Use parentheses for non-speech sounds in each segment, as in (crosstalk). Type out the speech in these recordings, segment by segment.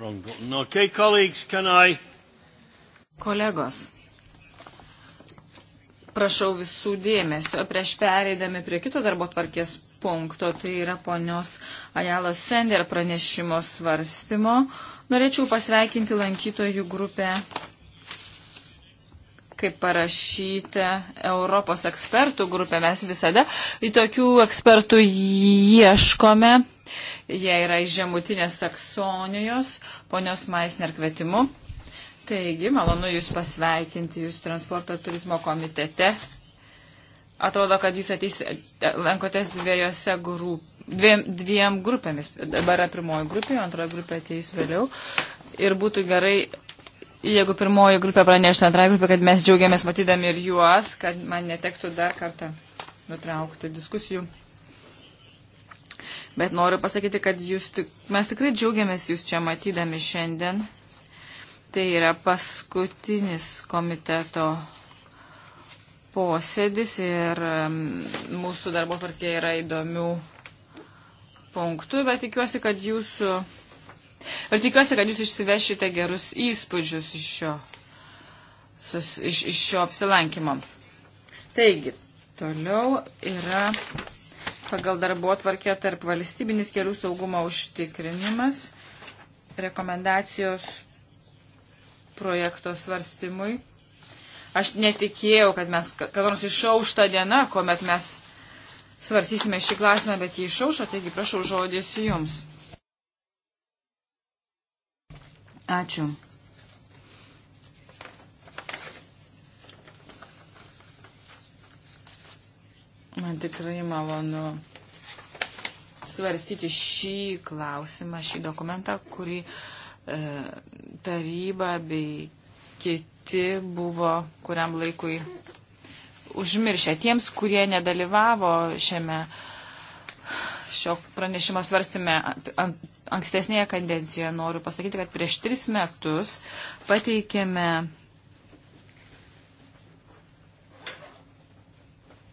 Wrong button. Okay, colleagues, can I... Kolegos, prašau visų dėmesio prieš pereidami prie kito darbo tvarkės punkto, tai yra ponios Ajalos Sender pranešimo svarstymo. Norėčiau pasveikinti lankytojų grupę, kaip parašyta, Europos ekspertų grupė. Mes visada į tokių ekspertų ieškome Jie yra iš žemutinės Saksonijos, ponios Maisner kvietimu. Taigi, malonu Jūs pasveikinti Jūs transporto ir turizmo komitete. Atrodo, kad Jūs ateis, lankotės dviejose grupėse. Dviem, dviem grupėmis. Dabar yra pirmoji grupė, antroji grupė ateis vėliau. Ir būtų gerai jeigu pirmoji grupė praneštų antrąją grupę, kad mes džiaugiamės matydami ir juos, kad man netektų dar kartą nutraukti diskusijų. Bet noriu pasakyti, kad jūs, tik, mes tikrai džiaugiamės jūs čia matydami šiandien. Tai yra paskutinis komiteto posėdis ir mūsų darbo tvarkė yra įdomių punktų, bet tikiuosi, kad jūsų. Ir tikiuosi, kad jūs išsivešite gerus įspūdžius iš šio, iš, iš šio apsilankimo. Taigi, toliau yra pagal darbo atvarkę tarp valstybinis kelių saugumo užtikrinimas, rekomendacijos projekto svarstymui. Aš netikėjau, kad mes, kad nors išaušta diena, kuomet mes svarstysime šį klausimą, bet jį išaušo, taigi prašau žodis jums. Ačiū. Man tikrai malonu svarstyti šį klausimą, šį dokumentą, kurį e, taryba bei kiti buvo kuriam laikui užmiršę. Tiems, kurie nedalyvavo šiame šio pranešimo svarstime ankstesnėje kadencijoje, noriu pasakyti, kad prieš tris metus pateikėme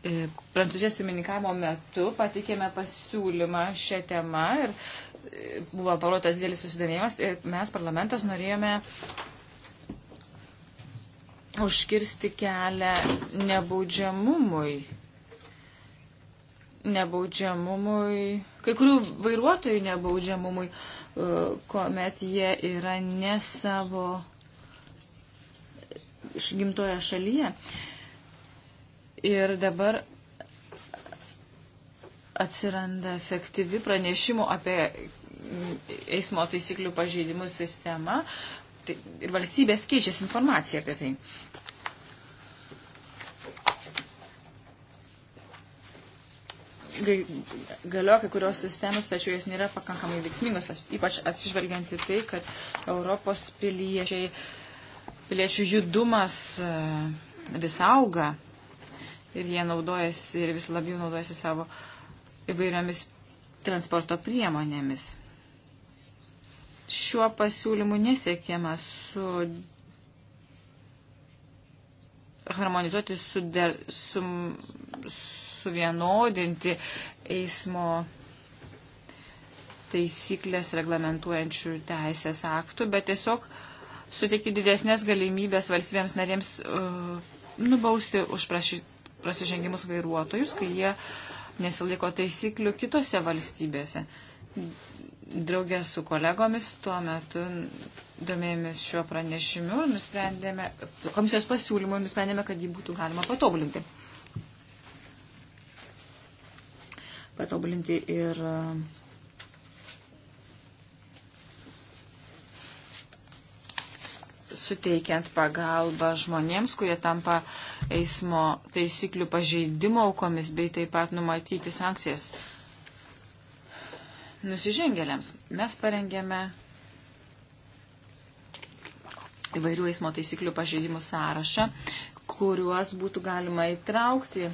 E, prancūzijos pirmininkavimo metu patikėme pasiūlymą šią temą ir e, buvo parotas dėlis susidomėjimas ir mes parlamentas norėjome užkirsti kelią nebaudžiamumui. Nebaudžiamumui, kai kurių vairuotojų nebaudžiamumui, e, kuomet jie yra ne savo gimtoje šalyje. Uh, Ir dabar atsiranda efektyvi pranešimų apie eismo taisyklių pažeidimų sistema. Tai, ir valstybės keičiasi informacija apie tai. galioja kai kurios sistemos, tačiau jos nėra pakankamai veiksmingos, ypač atsižvelgiant į tai, kad Europos piliečiai, piliečių judumas e, vis auga ir jie naudojasi ir vis labiau naudojasi savo įvairiomis transporto priemonėmis. Šiuo pasiūlymu nesiekiama su harmonizuoti, suder, su, suvienodinti eismo taisyklės reglamentuojančių teisės aktų, bet tiesiog suteikti didesnės galimybės valstybėms narėms uh, nubausti už prašyt prasižengimus vairuotojus, kai jie nesilaiko taisyklių kitose valstybėse. Draugė su kolegomis tuo metu domėjomės šiuo pranešimu ir nusprendėme, komisijos pasiūlymu nusprendėme, kad jį būtų galima patobulinti. Patobulinti ir uh, suteikiant pagalbą žmonėms, kurie tampa eismo taisyklių pažeidimo aukomis, bei taip pat numatyti sankcijas nusižengėliams. Mes parengėme įvairių eismo taisyklių pažeidimų sąrašą, kuriuos būtų galima įtraukti,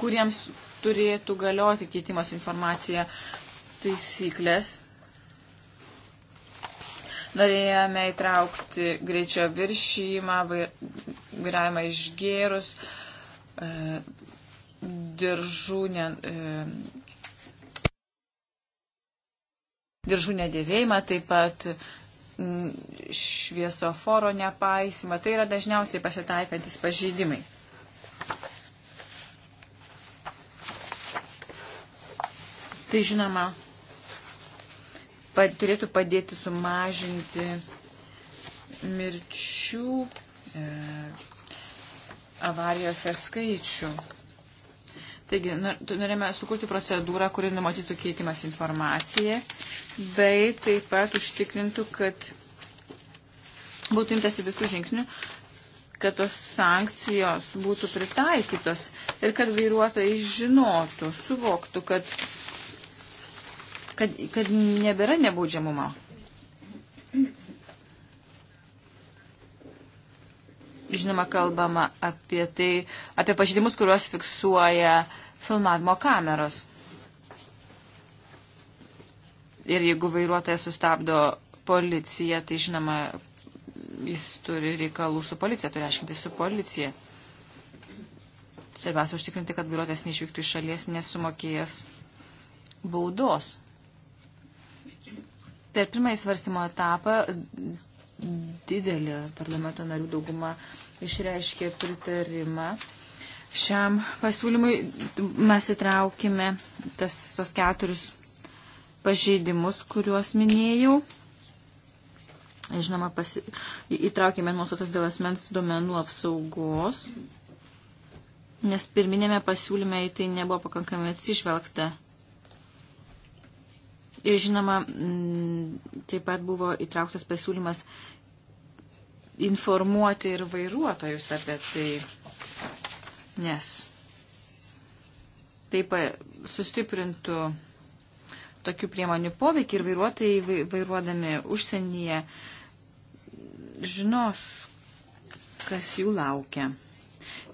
kuriems turėtų galioti keitimas informacija taisyklės Norėjome įtraukti greičio viršymą, vairavimą išgėrus, e, diržų, ne, e, diržų nedėvėjimą, taip pat šviesoforo nepaisimą. Tai yra dažniausiai pasitaikantis pažeidimai. Tai žinoma, pad, turėtų padėti sumažinti mirčių e, avarijose skaičių. Taigi, norime sukurti procedūrą, kuri numatytų keitimas informaciją, bei taip pat užtikrintų, kad būtų imtasi visų žingsnių, kad tos sankcijos būtų pritaikytos ir kad vairuotojai žinotų, suvoktų, kad kad, kad nebėra nebaudžiamumo. Žinoma, kalbama apie tai, apie pažydimus, kuriuos fiksuoja filmavimo kameros. Ir jeigu vairuotojas sustabdo policiją, tai žinoma, jis turi reikalų su policija, turi aiškinti su policija. Svarbiausia užtikrinti, kad vairuotojas neišvyktų iš šalies nesumokėjęs baudos. Per pirmąjį svarstymo etapą didelė parlamento narių dauguma išreiškė pritarimą. Šiam pasiūlymui mes įtraukime tas, tos keturis pažeidimus, kuriuos minėjau. Žinoma, pasi... įtraukėme nuostatas dėl asmens duomenų apsaugos, nes pirminėme pasiūlyme į tai nebuvo pakankamai atsižvelgta. Ir žinoma, mm, taip pat buvo įtrauktas pasiūlymas informuoti ir vairuotojus apie tai, nes taip sustiprintų tokių priemonių poveikį ir vairuotojai vairuodami užsienyje žinos, kas jų laukia.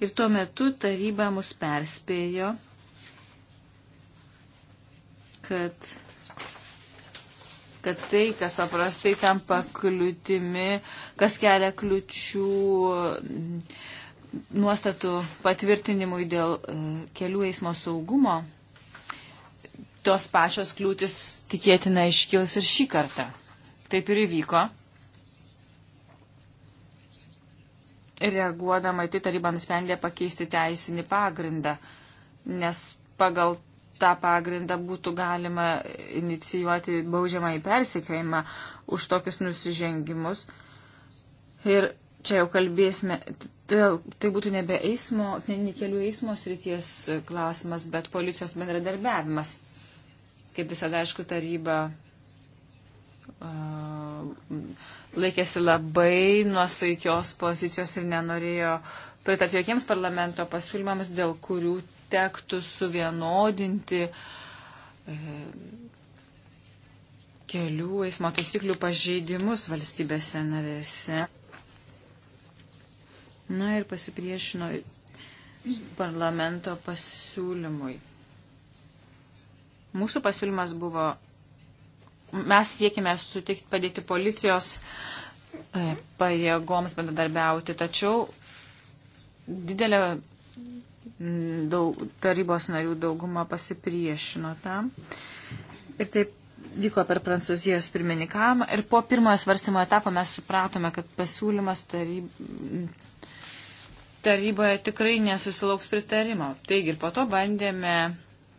Ir tuo metu taryba mus perspėjo, kad kad tai, kas paprastai tampa kliūtimi, kas kelia kliučių mm, nuostatų patvirtinimui dėl e, kelių eismo saugumo, tos pačios kliūtis tikėtina iškils ir šį kartą. Taip ir įvyko. reaguodama į tai taryba nusprendė pakeisti teisinį pagrindą, nes pagal tą pagrindą būtų galima inicijuoti baudžiamą į persikėjimą už tokius nusižengimus. Ir čia jau kalbėsime, tai, tai būtų nebe eismo, ne kelių eismo srities klausimas, bet policijos bendradarbiavimas. Kaip visada, aišku, taryba uh, laikėsi labai nuosaikios pozicijos ir nenorėjo pritarti jokiems parlamento pasiūlymams, dėl kurių tektų suvienodinti e, kelių eismo taisyklių pažeidimus valstybėse narėse. Na ir pasipriešino parlamento pasiūlymui. Mūsų pasiūlymas buvo, mes siekime sutikti, padėti policijos e, pajėgoms bendradarbiauti, tačiau didelė daug, tarybos narių dauguma pasipriešino tam. Ir taip vyko per Prancūzijos pirmininkavimą. Ir po pirmojo svarstymo etapo mes supratome, kad pasiūlymas taryb... taryboje tikrai nesusilauks pritarimo. Taigi ir po to bandėme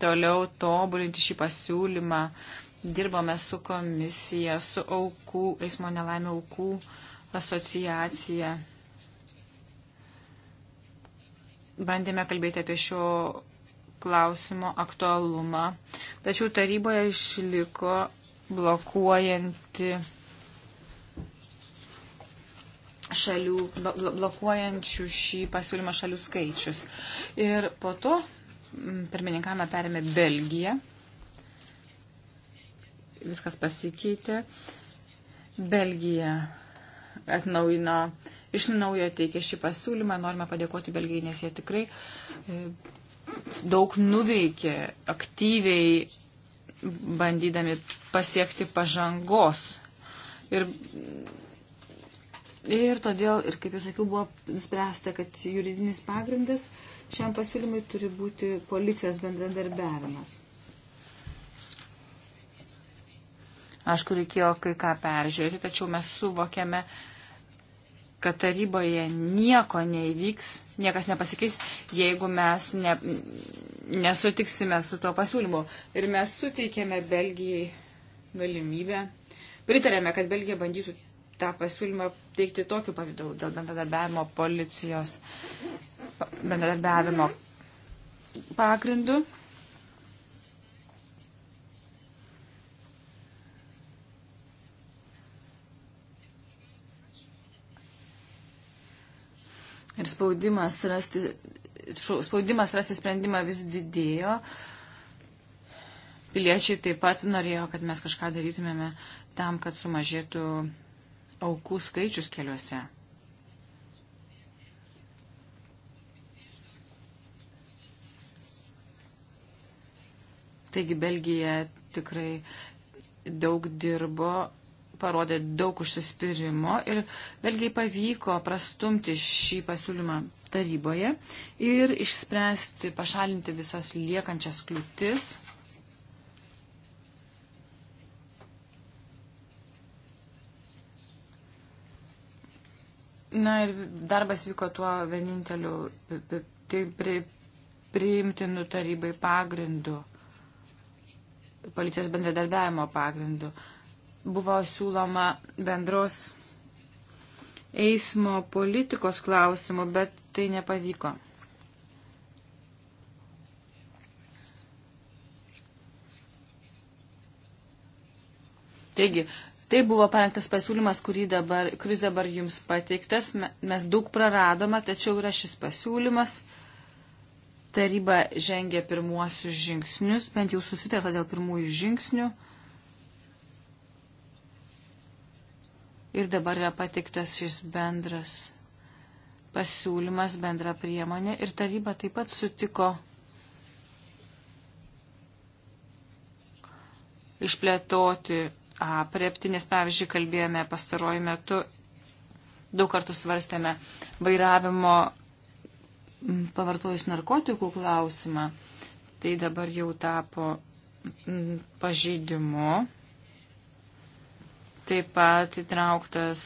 toliau tobulinti šį pasiūlymą. Dirbome su komisija, su aukų, eismo nelaimė aukų asociacija bandėme kalbėti apie šio klausimo aktualumą, tačiau taryboje išliko blokuojanti šalių, blokuojančių šį pasiūlymą šalių skaičius. Ir po to mm, pirmininkavimą perėmė Belgija. Viskas pasikeitė. Belgija atnaujino uh, iš naujo teikė šį pasiūlymą. Norime padėkoti Belgijai, nes jie tikrai e, daug nuveikė aktyviai bandydami pasiekti pažangos. Ir, ir todėl, ir kaip jau sakiau, buvo nuspręsta, kad juridinis pagrindas šiam pasiūlymui turi būti policijos bendradarbiavimas. Aišku, reikėjo kai ką peržiūrėti, tačiau mes suvokėme, kad taryboje nieko neįvyks, niekas nepasikeis, jeigu mes ne, nesutiksime su tuo pasiūlymu. Ir mes suteikėme Belgijai galimybę, pritarėme, kad Belgija bandytų tą pasiūlymą teikti tokiu pavydalu dėl bendradarbiavimo policijos bendradarbiavimo pagrindu. ir spaudimas rasti, spaudimas rasti sprendimą vis didėjo. Piliečiai taip pat norėjo, kad mes kažką darytumėme tam, kad sumažėtų aukų skaičius keliuose. Taigi Belgija tikrai daug dirbo parodė daug užsispyrimo ir Belgijai pavyko prastumti šį pasiūlymą taryboje ir išspręsti, pašalinti visas liekančias kliūtis. Na ir darbas vyko tuo vieninteliu tai pri, priimtinu tarybai pagrindu, policijos bendradarbiavimo pagrindu. Uh, buvo siūloma bendros eismo politikos klausimų, bet tai nepavyko. Taigi, tai buvo parengtas pasiūlymas, dabar, kuris dabar jums pateiktas. Mes daug praradome, tačiau yra šis pasiūlymas. Taryba žengė pirmuosius žingsnius, bent jau susitarta dėl pirmųjų žingsnių. ir dabar yra patiktas šis bendras pasiūlymas, bendra priemonė ir taryba taip pat sutiko išplėtoti aprepti, nes pavyzdžiui kalbėjome pastaruoju metu, daug kartų svarstėme vairavimo pavartojus narkotikų klausimą, tai dabar jau tapo pažeidimu taip pat įtrauktas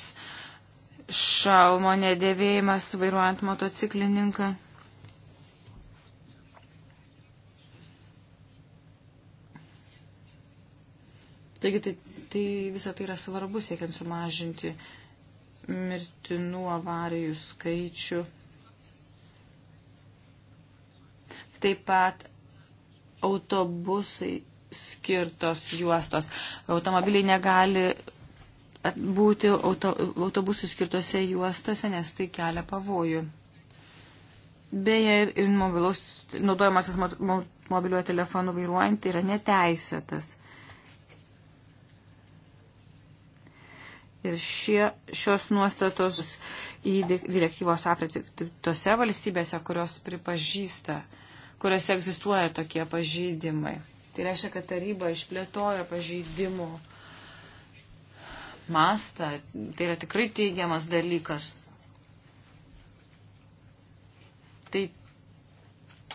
šalmo nedėvėjimas vairuojant motociklininką. Taigi tai, tai visą tai yra svarbu siekiant sumažinti mirtinų avarijų skaičių. Taip pat autobusai skirtos juostos. Automobiliai negali būti auto, autobusų skirtose juostose, nes tai kelia pavojų. Beje, ir, ir mobilos, naudojimasis mobiliuoju telefonu vairuojant yra neteisėtas. Ir šie, šios nuostatos į direktyvos apritį tose valstybėse, kurios pripažįsta, kuriuose egzistuoja tokie pažydimai. Tai reiškia, kad taryba išplėtojo pažydimų uh, mastą. Tai yra tikrai teigiamas dalykas. Tai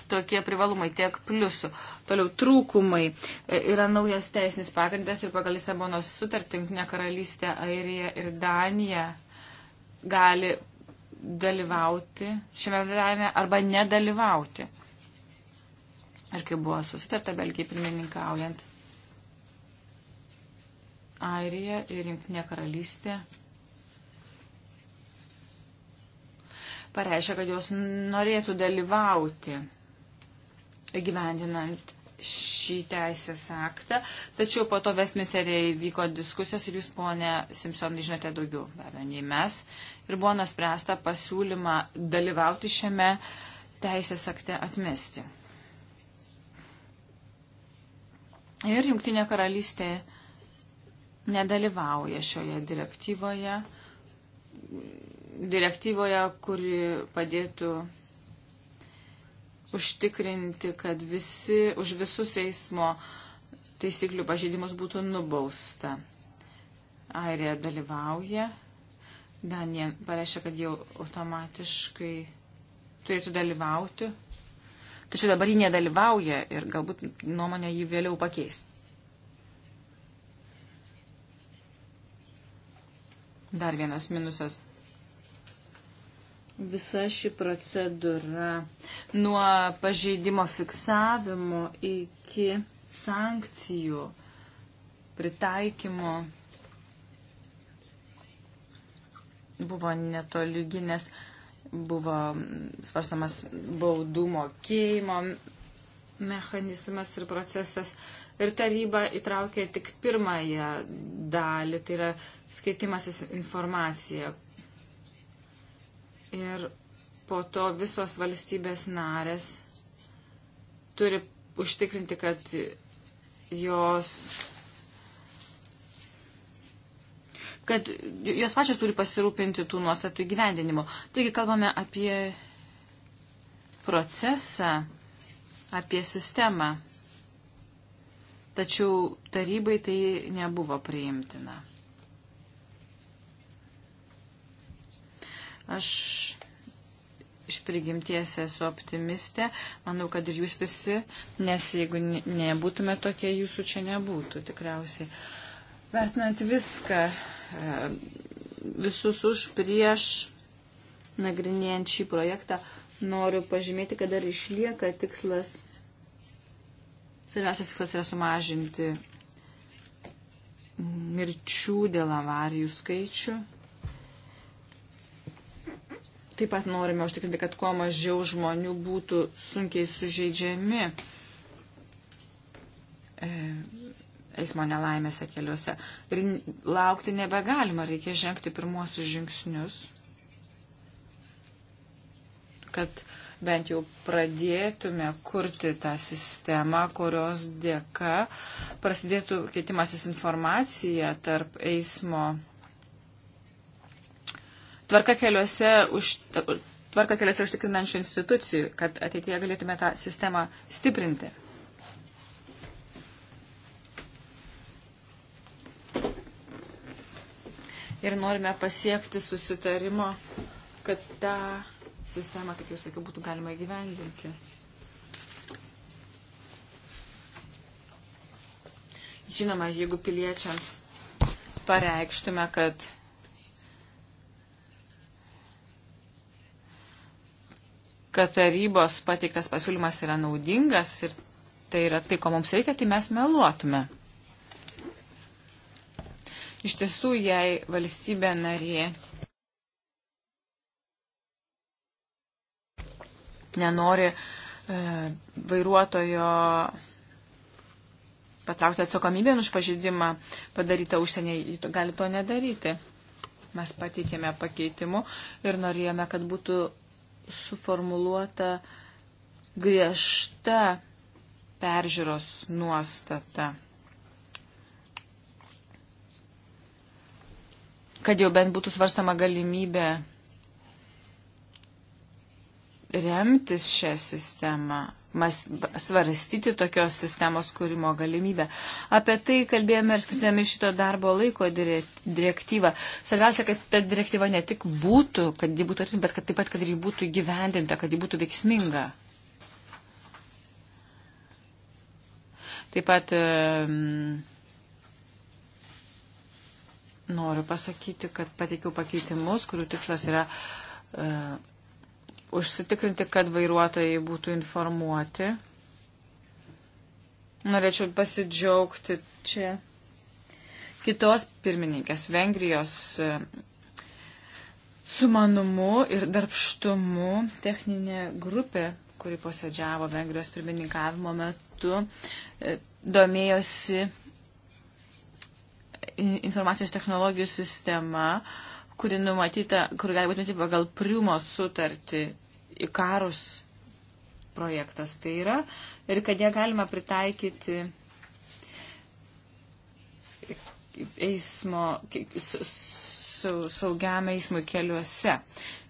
tokie privalumai, tiek pliusų. Toliau trūkumai. E, yra naujas teisinis pagrindas ir pagal Lisabonos sutartį Junktinė karalystė, Airija ir Danija gali dalyvauti šiame dalyvavime arba nedalyvauti. Ir kaip buvo susitarta Belgijai pirmininkaujant, Airija ir Junktinė karalystė pareiškia, kad jos norėtų dalyvauti gyvendinant šį teisės aktą, tačiau po to Vesmiserėje vyko diskusijos ir jūs, ponė Simpson, žinote daugiau, be abejo, nei mes, ir buvo nuspręsta pasiūlymą dalyvauti šiame teisės akte atmesti. Ir Junktinė karalystė nedalyvauja šioje direktyvoje, direktyvoje, kuri padėtų užtikrinti, kad visi, už visus eismo taisyklių pažeidimus būtų nubausta. Airija dalyvauja, Danija pareiškia, kad jau automatiškai turėtų dalyvauti, tačiau dabar ji nedalyvauja ir galbūt nuomonė jį vėliau pakeis. Dar vienas minusas. Visa ši procedūra nuo pažeidimo fiksavimo iki sankcijų pritaikymo buvo netolygi, nes buvo svarstamas baudų mokėjimo mechanizmas ir procesas ir taryba įtraukė tik pirmąją dalį, tai yra skaitimasis informacija. Ir po to visos valstybės narės turi užtikrinti, kad jos kad jos pačios turi pasirūpinti tų nuostatų įgyvendinimu. Taigi kalbame apie procesą, apie sistemą tačiau tarybai tai nebuvo priimtina. Aš iš prigimties esu optimistė, manau, kad ir jūs visi, nes jeigu nebūtume tokie, jūsų čia nebūtų tikriausiai. Vertinant viską, e, visus už prieš nagrinėjant šį projektą, noriu pažymėti, kad dar išlieka tikslas Svarbiausias tikslas yra sumažinti mirčių dėl avarijų skaičių. Taip pat norime užtikrinti, kad kuo mažiau žmonių būtų sunkiai sužeidžiami e, eismo nelaimėse keliuose. Ir laukti nebegalima, reikia žengti pirmuosius žingsnius, kad uh, bent jau pradėtume kurti tą sistemą, kurios dėka prasidėtų keitimasis informacija tarp eismo. Tvarka keliuose, už, tvarka keliuose užtikrinančių institucijų, kad ateityje galėtume tą sistemą stiprinti. ir norime pasiekti susitarimo, kad tą sistemą, kaip jau sakiau, būtų galima įgyvendinti. Žinoma, jeigu piliečiams pareikštume, kad kad tarybos pateiktas pasiūlymas yra naudingas ir tai yra tai, ko mums reikia, tai mes meluotume. Iš tiesų, jei valstybė narė nenori e, vairuotojo patraukti atsakomybę už pažydimą padarytą užsienyje, gali to nedaryti. Mes pateikėme pakeitimu ir norėjome, kad būtų suformuluota griežta peržiūros nuostata. Kad jau bent būtų svarstama galimybė remtis šią sistemą, mas, svarstyti tokios sistemos kūrimo galimybę. Apie tai kalbėjome ir skirtėme šito darbo laiko direktyvą. Svarbiausia, kad ta direktyva ne tik būtų, kad ji būtų atsimta, bet kad taip pat, kad ji būtų įgyvendinta, kad ji būtų veiksminga. Taip pat um, noriu pasakyti, kad pateikiau pakeitimus, kurių tikslas yra uh, užsitikrinti, kad vairuotojai būtų informuoti. Norėčiau pasidžiaugti čia kitos pirmininkės Vengrijos e, sumanumu ir darbštumu techninė grupė, kuri posėdžiavo Vengrijos pirmininkavimo metu, e, domėjosi informacijos technologijų sistema, kuri numatyta, kuri gali būti pagal Priumo sutartį Ikarus projektas tai yra ir kad ją galima pritaikyti eismo, saugiam eismui keliuose.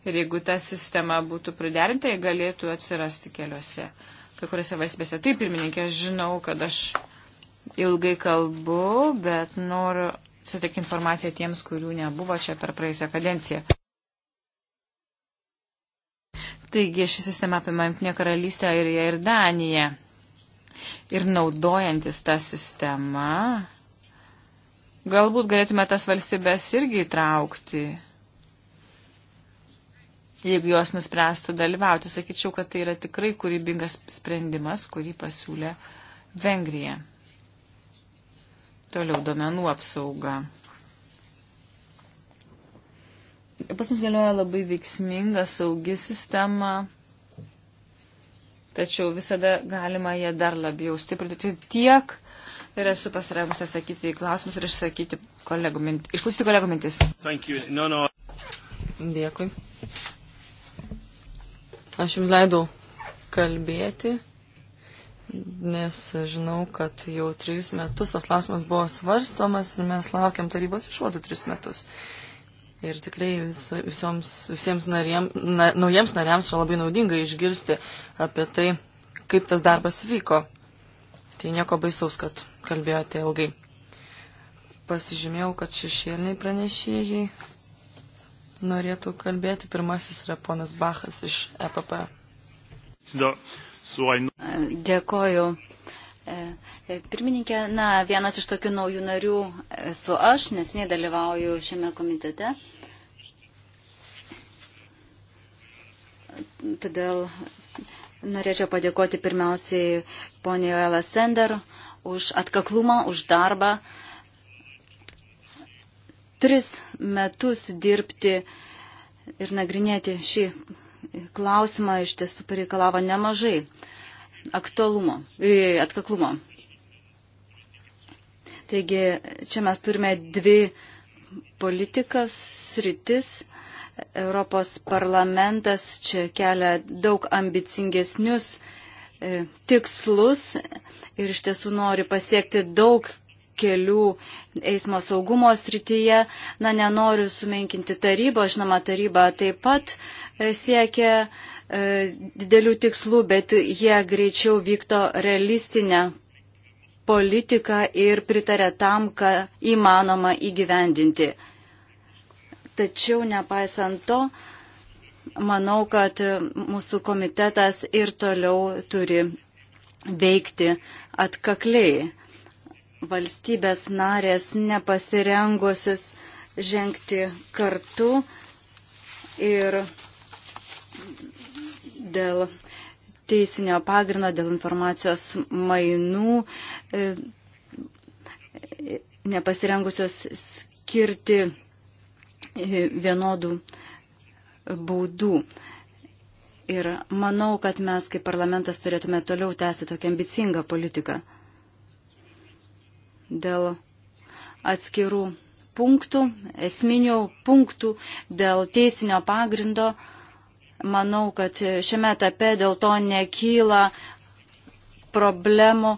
Ir jeigu ta sistema būtų priderinta, jie galėtų atsirasti keliuose. Kai kuriuose valstybėse. Taip, pirmininkė, žinau, kad aš ilgai kalbu, bet noriu sutikti informaciją tiems, kurių nebuvo čia per praėjusią kadenciją. Taigi ši sistema apima Junktinė karalystė, Airija ir Danija. Ir naudojantis tą sistemą, galbūt galėtume tas valstybės irgi įtraukti, jeigu jos nuspręstų dalyvauti. Sakyčiau, kad tai yra tikrai kūrybingas sprendimas, kurį pasiūlė Vengrija. Toliau duomenų apsauga. Pas mus galioja labai veiksminga, saugi sistema, tačiau visada galima ją dar labiau stiprinti. Tiek ir esu pasirengusi atsakyti į klausimus ir išsakyti kolegų mintis. Išklausyti kolegų mintis. No, no. Dėkui. Aš jums leidau kalbėti, nes žinau, kad jau trijus metus tas klausimas buvo svarstomas ir mes laukiam tarybos išvadų tris metus. Uh, Ir tikrai vis, visoms, visiems nariem, na, naujiems nariams yra labai naudinga išgirsti apie tai, kaip tas darbas vyko. Tai nieko baisaus, kad kalbėjote ilgai. Pasižymėjau, kad šešėliniai pranešėjai norėtų kalbėti. Pirmasis yra ponas Bachas iš EPP. Dėkoju. E, pirmininkė, na, vienas iš tokių naujų narių esu aš, nes nedalyvauju šiame komitete. Todėl norėčiau padėkoti pirmiausiai poniai Oela Sender už atkaklumą, už darbą. Tris metus dirbti ir nagrinėti šį klausimą iš tiesų pareikalavo nemažai aktualumo, e, atkaklumo. Taigi čia mes turime dvi politikas sritis. Europos parlamentas čia kelia daug ambicingesnius e, tikslus ir iš tiesų nori pasiekti daug kelių eismo saugumo srityje. Na, nenoriu sumenkinti tarybą, žinoma, taryba taip pat e, siekia E, didelių tikslų, bet jie greičiau vykto realistinę politiką ir pritarė tam, ką įmanoma įgyvendinti. Tačiau nepaisant to, manau, kad mūsų komitetas ir toliau turi veikti atkakliai. Valstybės narės nepasirengusius žengti kartu ir dėl teisinio pagrindo, dėl informacijos mainų e, nepasirengusios skirti e, vienodų baudų. Ir manau, kad mes kaip parlamentas turėtume toliau tęsti tokią ambicingą politiką dėl atskirų punktų, esminių punktų, dėl teisinio pagrindo Manau, kad šiame etape dėl to nekyla problemų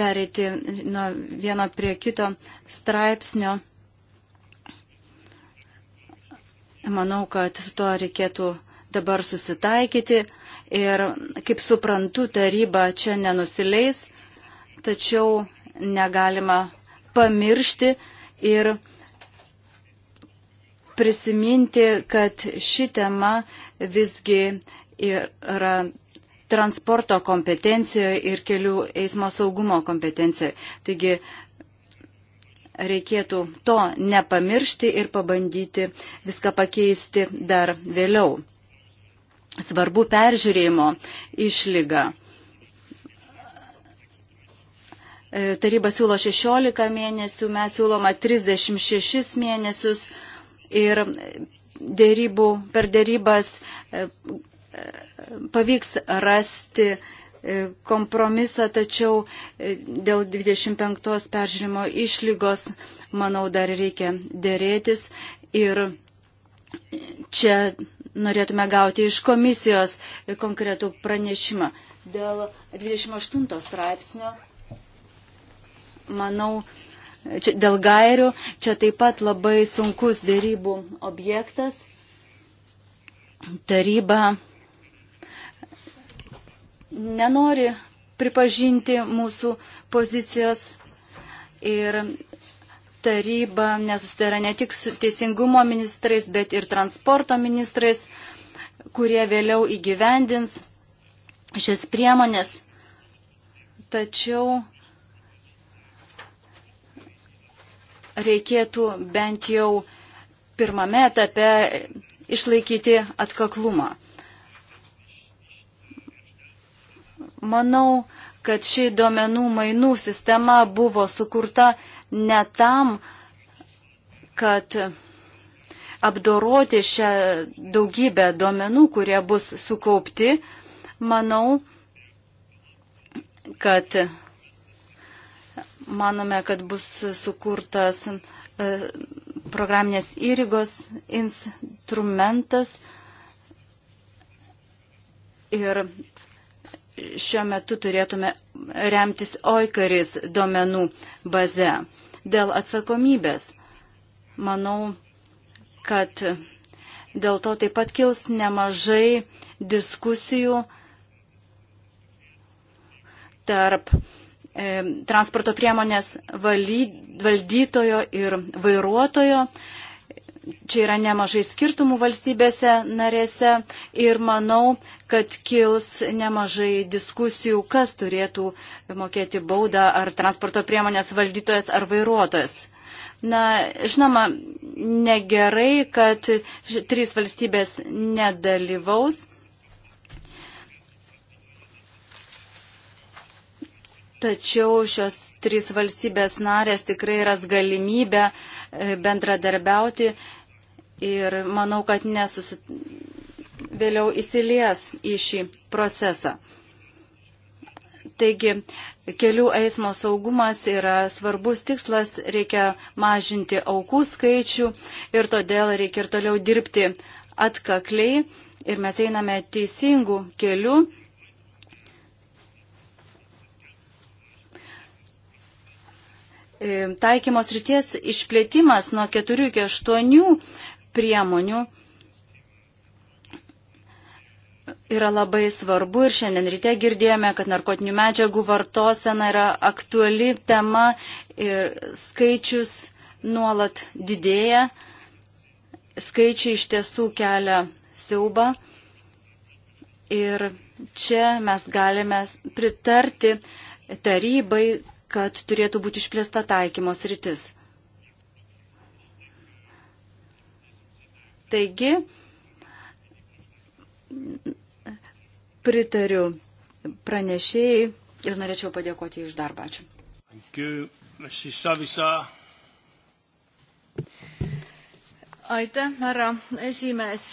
pereiti nuo vieno prie kito straipsnio. Manau, kad su tuo reikėtų dabar susitaikyti ir, kaip suprantu, taryba čia nenusileis, tačiau negalima pamiršti ir prisiminti, kad ši tema visgi yra transporto kompetencijoje ir kelių eismo saugumo kompetencijoje. Taigi reikėtų to nepamiršti ir pabandyti viską pakeisti dar vėliau. Svarbu peržiūrėjimo išlyga. E, taryba siūlo 16 mėnesių, mes siūloma 36 mėnesius ir dėrybų, per dėrybas e, e, pavyks rasti e, kompromisą, tačiau dėl 25 peržiūrimo išlygos, manau, dar reikia dėrėtis ir čia norėtume gauti iš komisijos konkretų pranešimą. Dėl 28 straipsnio, manau, čia, dėl gairių. Čia taip pat labai sunkus dėrybų objektas. Taryba nenori pripažinti mūsų pozicijos ir taryba nesusitara ne tik su teisingumo ministrais, bet ir transporto ministrais, kurie vėliau įgyvendins šias priemonės. Tačiau reikėtų bent jau pirmame etape išlaikyti atkaklumą. Manau, kad ši duomenų mainų sistema buvo sukurta ne tam, kad apdoroti šią daugybę duomenų, kurie bus sukaupti, manau, kad manome, kad bus sukurtas e, programinės įrygos instrumentas ir šiuo metu turėtume remtis oikaris duomenų baze. Dėl atsakomybės, manau, kad dėl to taip pat kils nemažai diskusijų tarp uh, E, transporto priemonės valdytojo ir vairuotojo. Čia yra nemažai skirtumų valstybėse narėse ir manau, kad kils nemažai diskusijų, kas turėtų mokėti baudą ar transporto priemonės valdytojas ar vairuotojas. Na, žinoma, negerai, kad trys valstybės nedalyvaus Tačiau šios trys valstybės narės tikrai ras galimybę e, bendradarbiauti ir manau, kad nesusit... vėliau įsilies į šį procesą. Taigi, kelių eismo saugumas yra svarbus tikslas, reikia mažinti aukų skaičių ir todėl reikia ir toliau dirbti atkakliai ir mes einame teisingų kelių E, taikymos ryties išplėtimas nuo 4 iki 8 priemonių yra labai svarbu ir šiandien ryte girdėjome, kad narkotinių medžiagų vartosena yra aktuali tema ir skaičius nuolat didėja. Skaičiai iš tiesų kelia siaubą ir čia mes galime pritarti tarybai, kad turėtų būti išplėsta taikymos rytis. Taigi, pritariu pranešėjai ir norėčiau padėkoti iš darbą. Ačiū. Aitäh, härra esimees.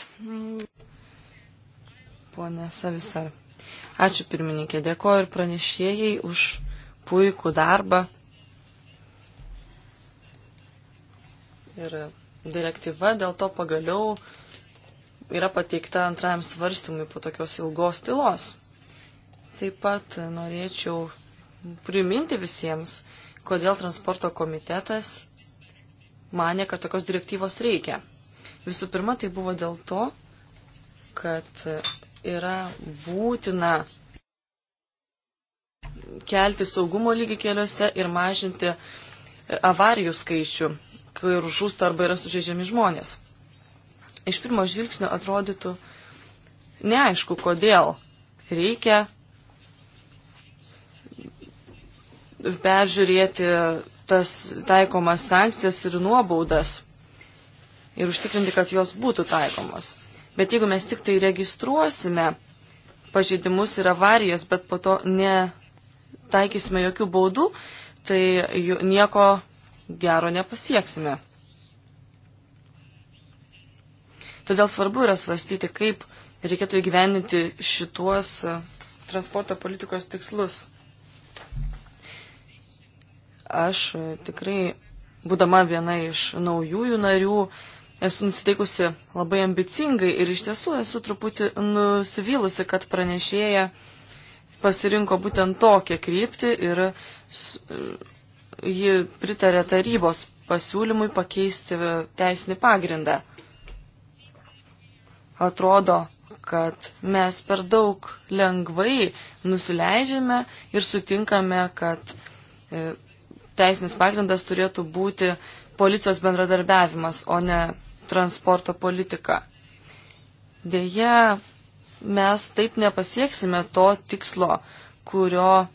Pone Savisar. Ačiū pirmininkė, dėkoju ir pranešėjai už puikų darbą. Ir direktyva dėl to pagaliau yra pateikta antrajam svarstymui po tokios ilgos tylos. Taip pat norėčiau priminti visiems, kodėl transporto komitetas mane, kad tokios direktyvos reikia. Visų pirma, tai buvo dėl to, kad yra būtina kelti saugumo lygį keliuose ir mažinti e, avarijų skaičių, kur žūsta arba yra sužeidžiami žmonės. Iš pirmo žvilgsnio atrodytų neaišku, kodėl reikia peržiūrėti tas taikomas sankcijas ir nuobaudas ir užtikrinti, kad jos būtų taikomos. Bet jeigu mes tik tai registruosime pažeidimus ir avarijas, bet po to ne taikysime jokių baudų, tai nieko gero nepasieksime. Todėl svarbu yra svarstyti, kaip reikėtų įgyveninti šituos e, transporto politikos tikslus. Aš e, tikrai, būdama viena iš naujųjų narių, esu nusiteikusi labai ambicingai ir iš tiesų esu truputį nusivylusi, kad pranešėja uh, pasirinko būtent tokią kryptį ir ji pritarė tarybos pasiūlymui pakeisti teisinį pagrindą. Atrodo, kad mes per daug lengvai nusileidžiame ir sutinkame, kad e, teisinis pagrindas turėtų būti policijos bendradarbiavimas, o ne transporto politika. Deja, mes taip nepasieksime to tikslo, kurio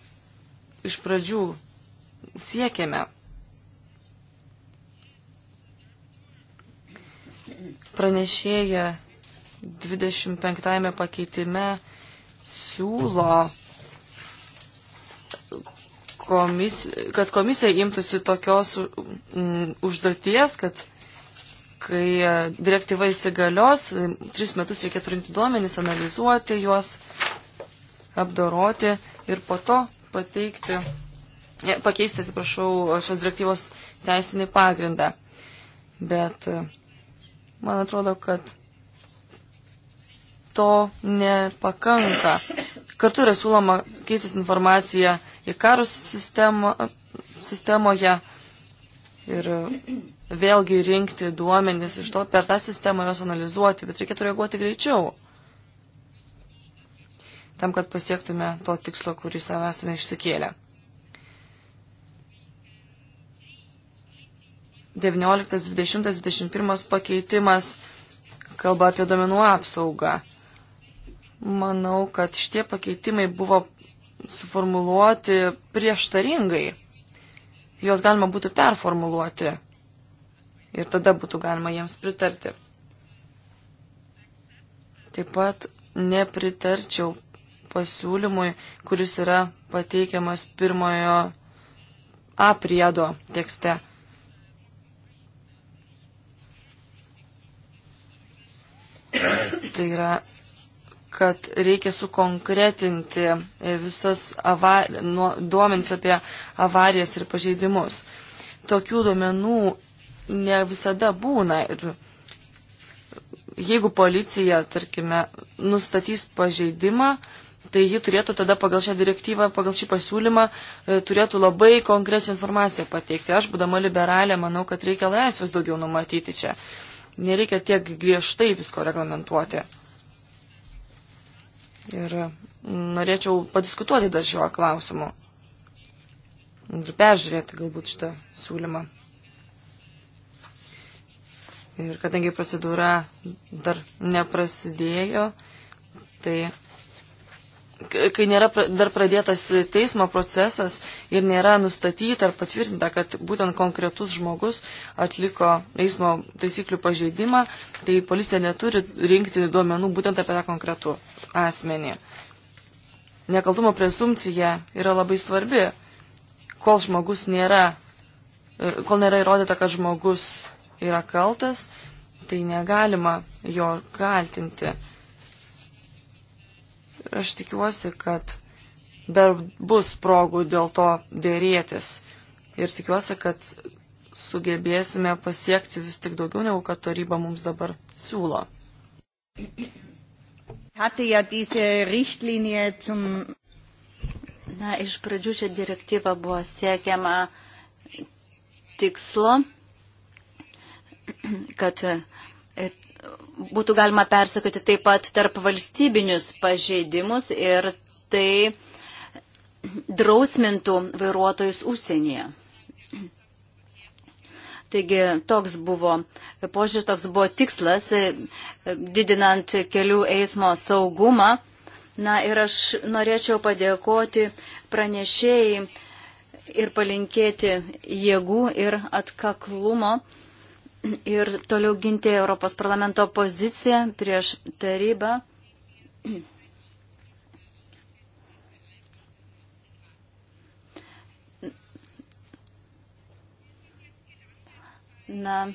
iš pradžių siekėme. Pranešėja 25 pakeitime siūlo, komis, kad komisija imtųsi tokios mm, užduoties, kad kai e, direktyva įsigalios, e, tris metus reikėtų rinkti duomenys, analizuoti juos, apdoroti ir po to pateikti, e, pakeisti, atsiprašau, šios direktyvos teisinį pagrindą. Bet man atrodo, kad to nepakanka. Kartu yra siūloma keistis informacija į karus sistemo, sistemoje ir vėlgi rinkti duomenis iš to, per tą sistemą jos analizuoti, bet reikėtų reaguoti greičiau, tam, kad pasiektume to tikslo, kurį savo esame išsikėlę. 19, 20, 21 pakeitimas kalba apie domenų apsaugą. Manau, kad šitie pakeitimai buvo suformuluoti prieštaringai. Juos galima būtų performuluoti ir tada būtų galima jiems pritarti. Taip pat nepritarčiau pasiūlymui, kuris yra pateikiamas pirmojo A priedo tekste. Tai yra, kad reikia sukonkretinti visas avar... duomenis apie avarijas ir pažeidimus. Tokių duomenų ne visada būna. Ir jeigu policija, tarkime, nustatys pažeidimą, tai ji turėtų tada pagal šią direktyvą, pagal šį pasiūlymą, e, turėtų labai konkrečią informaciją pateikti. Aš, būdama liberalė, manau, kad reikia laisvės daugiau numatyti čia. Nereikia tiek griežtai visko reglamentuoti. Ir mm, norėčiau padiskutuoti dar šiuo klausimu. Ir peržiūrėti galbūt šitą siūlymą. Ir kadangi procedūra dar neprasidėjo, tai kai nėra dar pradėtas teismo procesas ir nėra nustatyta ar patvirtinta, kad būtent konkretus žmogus atliko eismo taisyklių pažeidimą, tai policija neturi rinkti duomenų būtent apie tą konkretų asmenį. Nekaltumo prezumcija yra labai svarbi, kol žmogus nėra, e, kol nėra įrodyta, kad žmogus yra kaltas, tai negalima jo kaltinti. Aš tikiuosi, kad dar bus progų dėl to dėrėtis ir tikiuosi, kad sugebėsime pasiekti vis tik daugiau negu kad taryba mums dabar siūlo. Na, iš pradžių šią direktyvą buvo siekiama tikslo kad e, būtų galima persekoti taip pat tarp valstybinius pažeidimus ir tai drausmintų vairuotojus užsienyje. Taigi toks buvo požiūris, toks buvo tikslas, e, didinant kelių eismo saugumą. Na ir aš norėčiau padėkoti pranešėjai ir palinkėti jėgų ir atkaklumo ir toliau ginti Europos parlamento poziciją prieš tarybą. Na,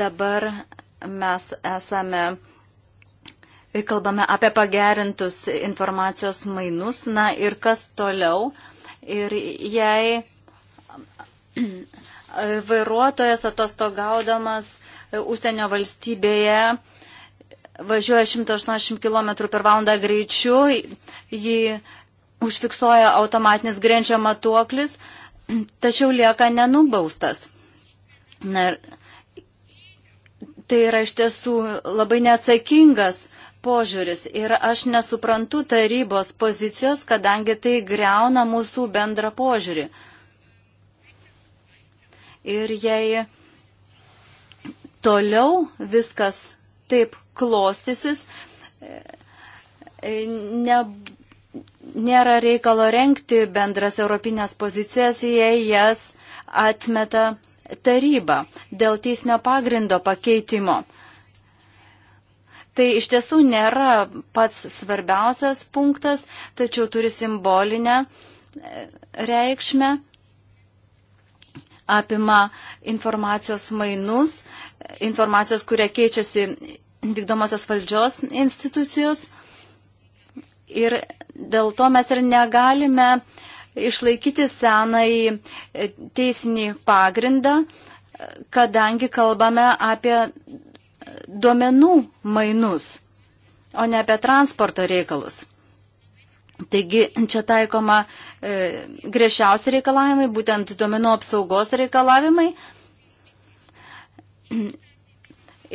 dabar mes esame, kalbame apie pagerintus informacijos mainus, na ir kas toliau. Ir jei vairuotojas atostogaudamas e, užsienio valstybėje važiuoja 180 km per valandą greičiu, jį užfiksuoja automatinis greičio matuoklis, tačiau lieka nenubaustas. Na, tai yra iš tiesų labai neatsakingas požiūris ir aš nesuprantu tarybos pozicijos, kadangi tai greuna mūsų bendrą požiūrį. Ir jei toliau viskas taip klostysis, e, ne, nėra reikalo renkti bendras europinės pozicijas, jei jas atmeta taryba dėl teisinio pagrindo pakeitimo. Tai iš tiesų nėra pats svarbiausias punktas, tačiau turi simbolinę e, reikšmę apima informacijos mainus, informacijos, kurie keičiasi vykdomosios valdžios institucijos. Ir dėl to mes ir negalime išlaikyti senai teisinį pagrindą, kadangi kalbame apie duomenų mainus, o ne apie transporto reikalus. Taigi čia taikoma e, griežčiausi reikalavimai, būtent duomenų apsaugos reikalavimai.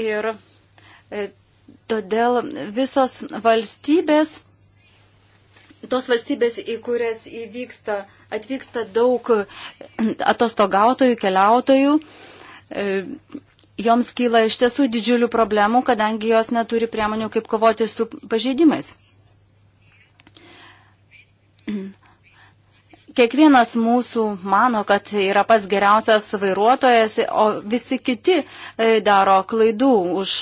Ir e, todėl visos valstybės, tos valstybės, į kurias įvyksta, atvyksta daug atostogautojų, keliautojų, e, joms kyla iš tiesų didžiulių problemų, kadangi jos neturi priemonių, kaip kovoti su pažeidimais. Kiekvienas mūsų mano, kad yra pats geriausias vairuotojas, o visi kiti e, daro klaidų už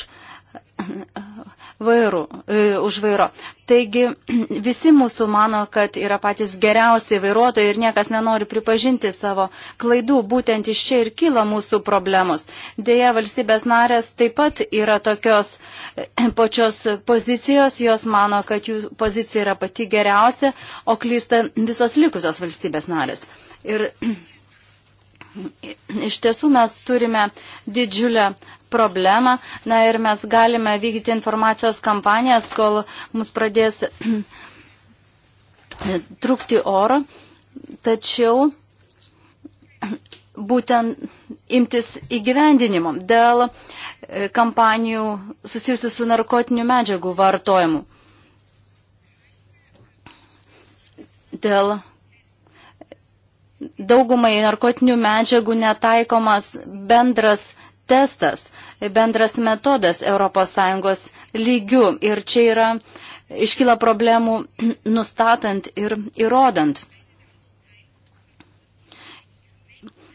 vairu, e, už vairo. Taigi (clears throat) visi mūsų mano, kad yra patys geriausiai vairuotojai ir niekas nenori pripažinti savo klaidų. Būtent iš čia ir kyla mūsų problemos. Deja, valstybės narės taip pat yra tokios e, (clears throat) pačios pozicijos, jos mano, kad jų pozicija yra pati geriausia, o klysta visos likusios valstybės narės. Ir (clears throat) Iš tiesų mes turime didžiulę problemą, na ir mes galime vykdyti informacijos kampanijas, kol mus pradės (clears throat) trūkti oro, tačiau būtent imtis įgyvendinimo dėl e, kampanijų susijusių su narkotinių medžiagų vartojimu. Dėl daugumai narkotinių medžiagų netaikomas bendras testas, bendras metodas ES lygių. Ir čia yra iškyla problemų (clears throat) nustatant ir įrodant.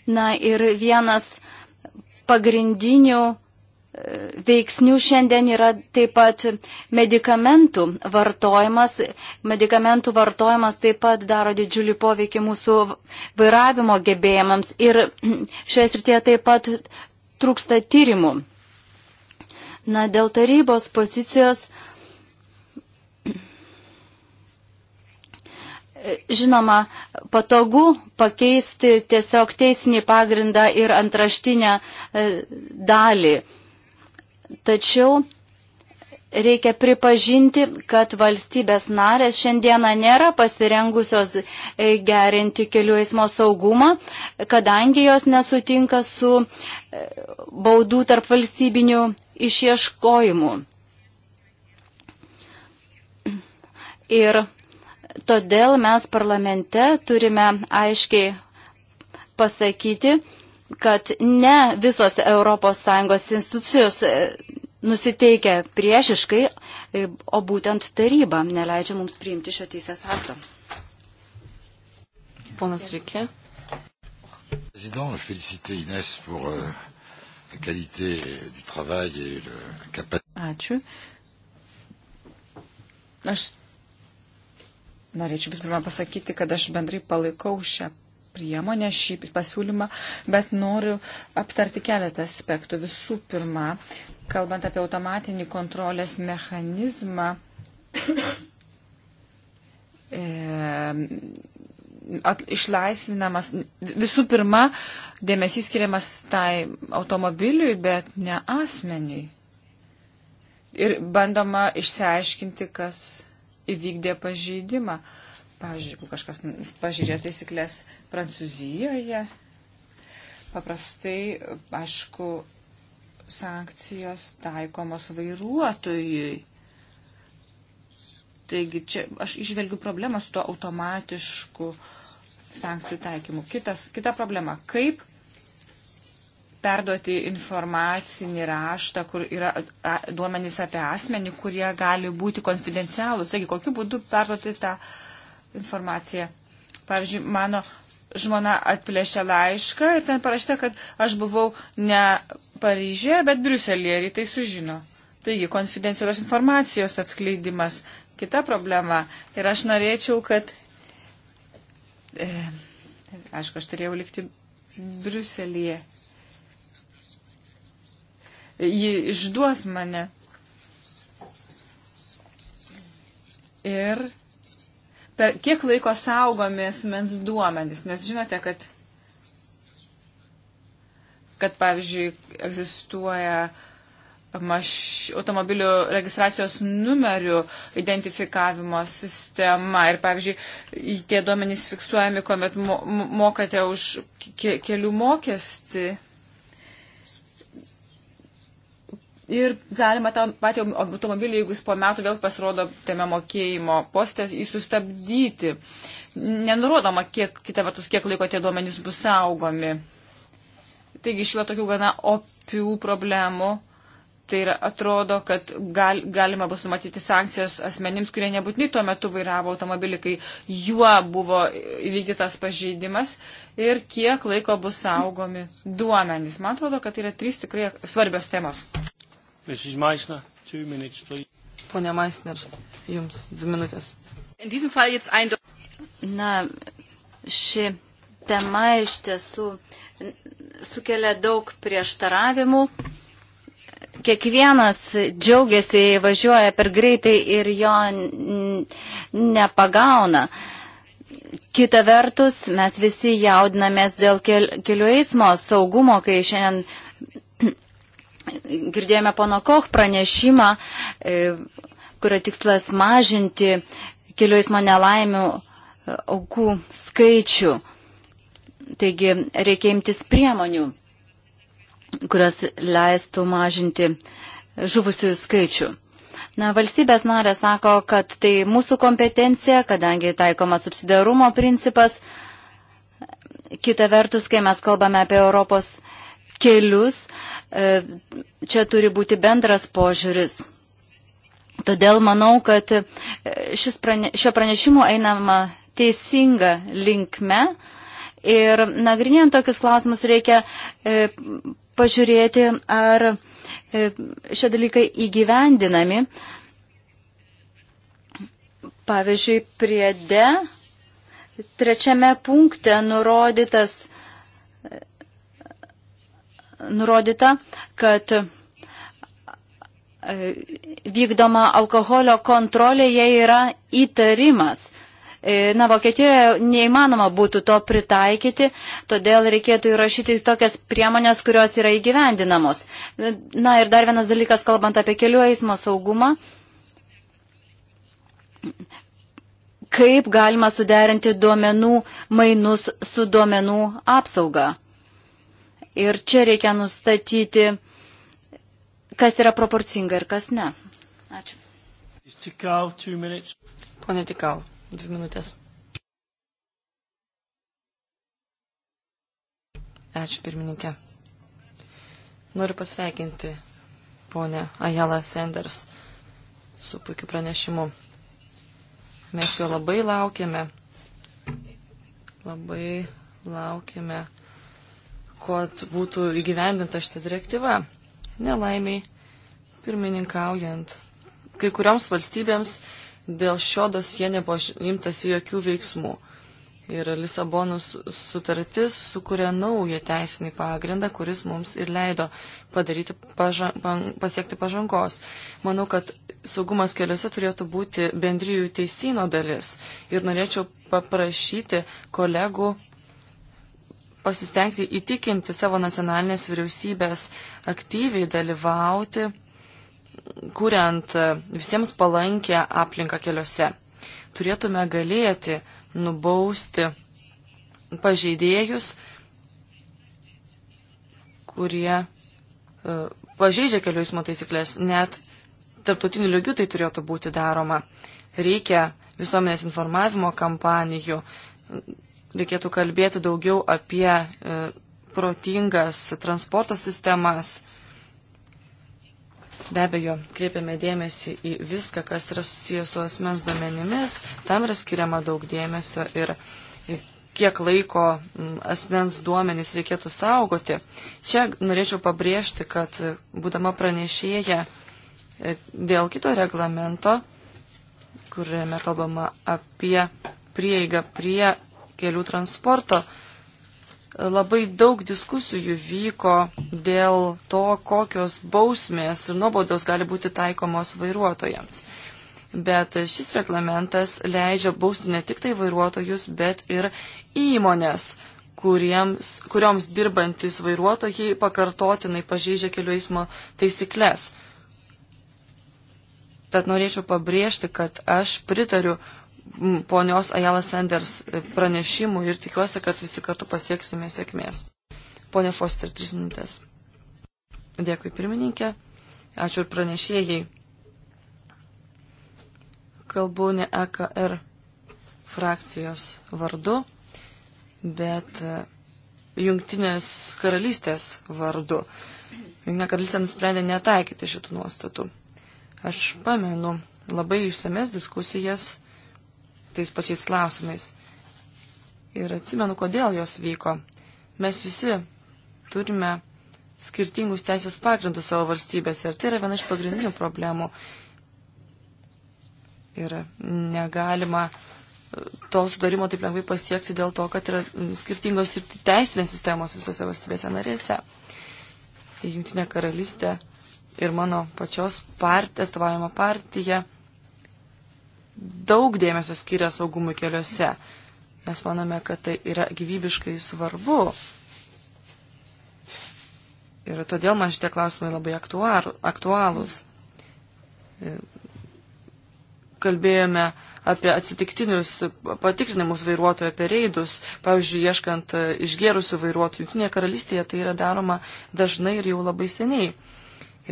Na ir vienas pagrindinių veiksnių šiandien yra taip pat medikamentų vartojimas. Medikamentų vartojimas taip pat daro didžiulį poveikį mūsų vairavimo gebėjimams ir šioje srityje taip pat trūksta tyrimų. Na, dėl tarybos pozicijos. Žinoma, patogu pakeisti tiesiog teisinį pagrindą ir antraštinę e, dalį. Tačiau reikia pripažinti, kad valstybės narės šiandieną nėra pasirengusios e, gerinti kelių eismo saugumą, kadangi jos nesutinka su e, baudų tarp valstybinių išieškojimų. Ir todėl mes parlamente turime aiškiai pasakyti, kad ne visos ES institucijos e, nusiteikia priešiškai, e, o būtent taryba neleidžia mums priimti šio teisės akto. Ponas Rikė. Président, je félicite Inès pour euh, la qualité du travail et le, la capacité. Ačiū. Aš norėčiau vis pirma pasakyti, kad aš bendrai palaikau šią priemonę, šį pasiūlymą, bet noriu aptarti keletą aspektų. Visų pirma, kalbant apie automatinį kontrolės mechanizmą, e, at, išlaisvinamas, visų pirma, dėmesys skiriamas tai automobiliui, bet ne asmeniui. Ir bandoma išsiaiškinti, kas įvykdė pažeidimą. E, Pavyzdžiui, jeigu kažkas pažiūrė taisyklės Prancūzijoje, paprastai, aišku, sankcijos taikomos vairuotojui. Taigi čia aš išvelgiu problemą su tuo automatišku sankcijų taikymu. Kitas, kita problema. Kaip perduoti informacinį raštą, kur yra duomenys apie asmenį, kurie gali būti konfidencialūs. Taigi, kokiu būdu perduoti tą informaciją. Pavyzdžiui, mano žmona atplėšė laišką ir ten parašyta, kad aš buvau ne Paryžėje, bet Briuselėje ir tai sužino. Taigi, konfidencialios informacijos atskleidimas - kita problema. Ir aš norėčiau, kad. E, aišku, aš turėjau likti Briuselėje. Ji išduos mane. Ir per kiek laiko saugomi asmens duomenys, nes žinote, kad, kad pavyzdžiui, egzistuoja maš, automobilių registracijos numerių identifikavimo sistema ir, pavyzdžiui, tie duomenys fiksuojami, kuomet mo, mokate už ke, kelių mokestį. Ir galima tą patį automobilį, jeigu jis po metų vėl pasirodo tame mokėjimo poste, jį sustabdyti. Nenurodoma, kiek, kita vertus, kiek laiko tie duomenys bus saugomi. Taigi išla tokių gana opių problemų. Tai yra, atrodo, kad gal, galima bus numatyti sankcijas asmenims, kurie nebūtinai tuo metu vairavo automobilį, kai juo buvo įvykdytas pažeidimas ir kiek laiko bus saugomi duomenys. Man atrodo, kad tai yra trys tikrai svarbios temos. Mrs. Meissner, two minutes, please. Pone Meissner, jums dvi minutės. Na, ši tema iš tiesų sukelia daug prieštaravimų. Kiekvienas džiaugiasi, važiuoja per greitai ir jo nepagauna. Kita vertus, mes visi jaudinamės dėl kelių eismo saugumo, kai šiandien girdėjome pono Koch pranešimą, e, kurio tikslas mažinti kelių eismo nelaimių e, aukų skaičių. Taigi reikia imtis priemonių, kurios leistų mažinti žuvusiųjų skaičių. Na, valstybės narė sako, kad tai mūsų kompetencija, kadangi taikoma subsidarumo principas. Kita vertus, kai mes kalbame apie Europos kelius. E, čia turi būti bendras požiūris. Todėl manau, kad e, prane, šio pranešimo einama teisinga linkme ir nagrinėjant tokius klausimus reikia e, pažiūrėti, ar e, šie dalykai įgyvendinami. Pavyzdžiui, priede trečiame punkte nurodytas nurodyta, kad e, vykdoma alkoholio kontrolė, jei yra įtarimas. E, na, Vokietijoje neįmanoma būtų to pritaikyti, todėl reikėtų įrašyti tokias priemonės, kurios yra įgyvendinamos. Na ir dar vienas dalykas, kalbant apie kelių eismo saugumą. Kaip galima suderinti duomenų mainus su duomenų apsauga? Ir čia reikia nustatyti, kas yra proporcinga ir kas ne. Ačiū. Pone Tikau, dvi minutės. Ačiū pirmininkė. Noriu pasveikinti ponę Ajala Sanders su puikiu pranešimu. Mes jo labai laukiame. Labai laukiame kad būtų įgyvendinta šitą direktyvą. Nelaimiai, pirmininkaujant, kai kurioms valstybėms dėl šio dosie nebuvo imtasi jokių veiksmų. Ir Lisabonos sutartis sukuria naują teisinį pagrindą, kuris mums ir leido padaryti pažang, pasiekti pažangos. Manau, kad saugumas keliuose turėtų būti bendryjų teisino dalis. Ir norėčiau paprašyti kolegų pasistengti įtikinti savo nacionalinės vyriausybės aktyviai dalyvauti, kuriant e, visiems palankę aplinką keliuose. Turėtume galėti nubausti pažeidėjus, kurie e, pažeidžia kelių eismo taisyklės, net tarptautiniu lygiu tai turėtų būti daroma. Reikia visuomenės informavimo kampanijų, reikėtų kalbėti daugiau apie e, protingas transporto sistemas. Be abejo, kreipiame dėmesį į viską, kas yra susijęs su asmens duomenimis, tam yra skiriama daug dėmesio ir kiek laiko asmens duomenys reikėtų saugoti. Čia norėčiau pabrėžti, kad e, būdama pranešėja e, dėl kito reglamento, kuriame kalbama apie prieigą prie kelių transporto. Labai daug diskusijų vyko dėl to, kokios bausmės ir nuobaudos gali būti taikomos vairuotojams. Bet šis reglamentas leidžia bausti ne tik tai vairuotojus, bet ir įmonės, kuriems, kurioms dirbantis vairuotojai pakartotinai pažeidžia kelių eismo taisyklės. Tad norėčiau pabrėžti, kad aš pritariu ponios Ajala Sanders pranešimų ir tikiuosi, kad visi kartu pasieksime sėkmės. Pone Foster, tris minutės. Dėkui pirmininkė, ačiū ir pranešėjai. Kalbu ne AKR e frakcijos vardu, bet e, Jungtinės karalystės vardu. Jungtinė karalystė nusprendė netaikyti šitų nuostatų. Aš pamenu labai išsames diskusijas tais pačiais klausimais. Ir atsimenu, kodėl jos vyko. Mes visi turime skirtingus teisės pagrindus savo valstybėse ir tai yra viena iš pagrindinių problemų. Ir negalima to sudarimo taip lengvai pasiekti dėl to, kad yra skirtingos ir teisinės sistemos visose valstybėse narėse. Jungtinė karalystė ir mano pačios part, atstovavimo partija, atstovavimo partija daug dėmesio skiria saugumui keliuose. Mes manome, kad tai yra gyvybiškai svarbu. Ir todėl man šitie klausimai labai aktualūs. E, kalbėjome apie atsitiktinius patikrinimus vairuotojo per reidus, pavyzdžiui, ieškant e, išgėrusių vairuotojų. Junktinėje karalystėje tai yra daroma dažnai ir jau labai seniai.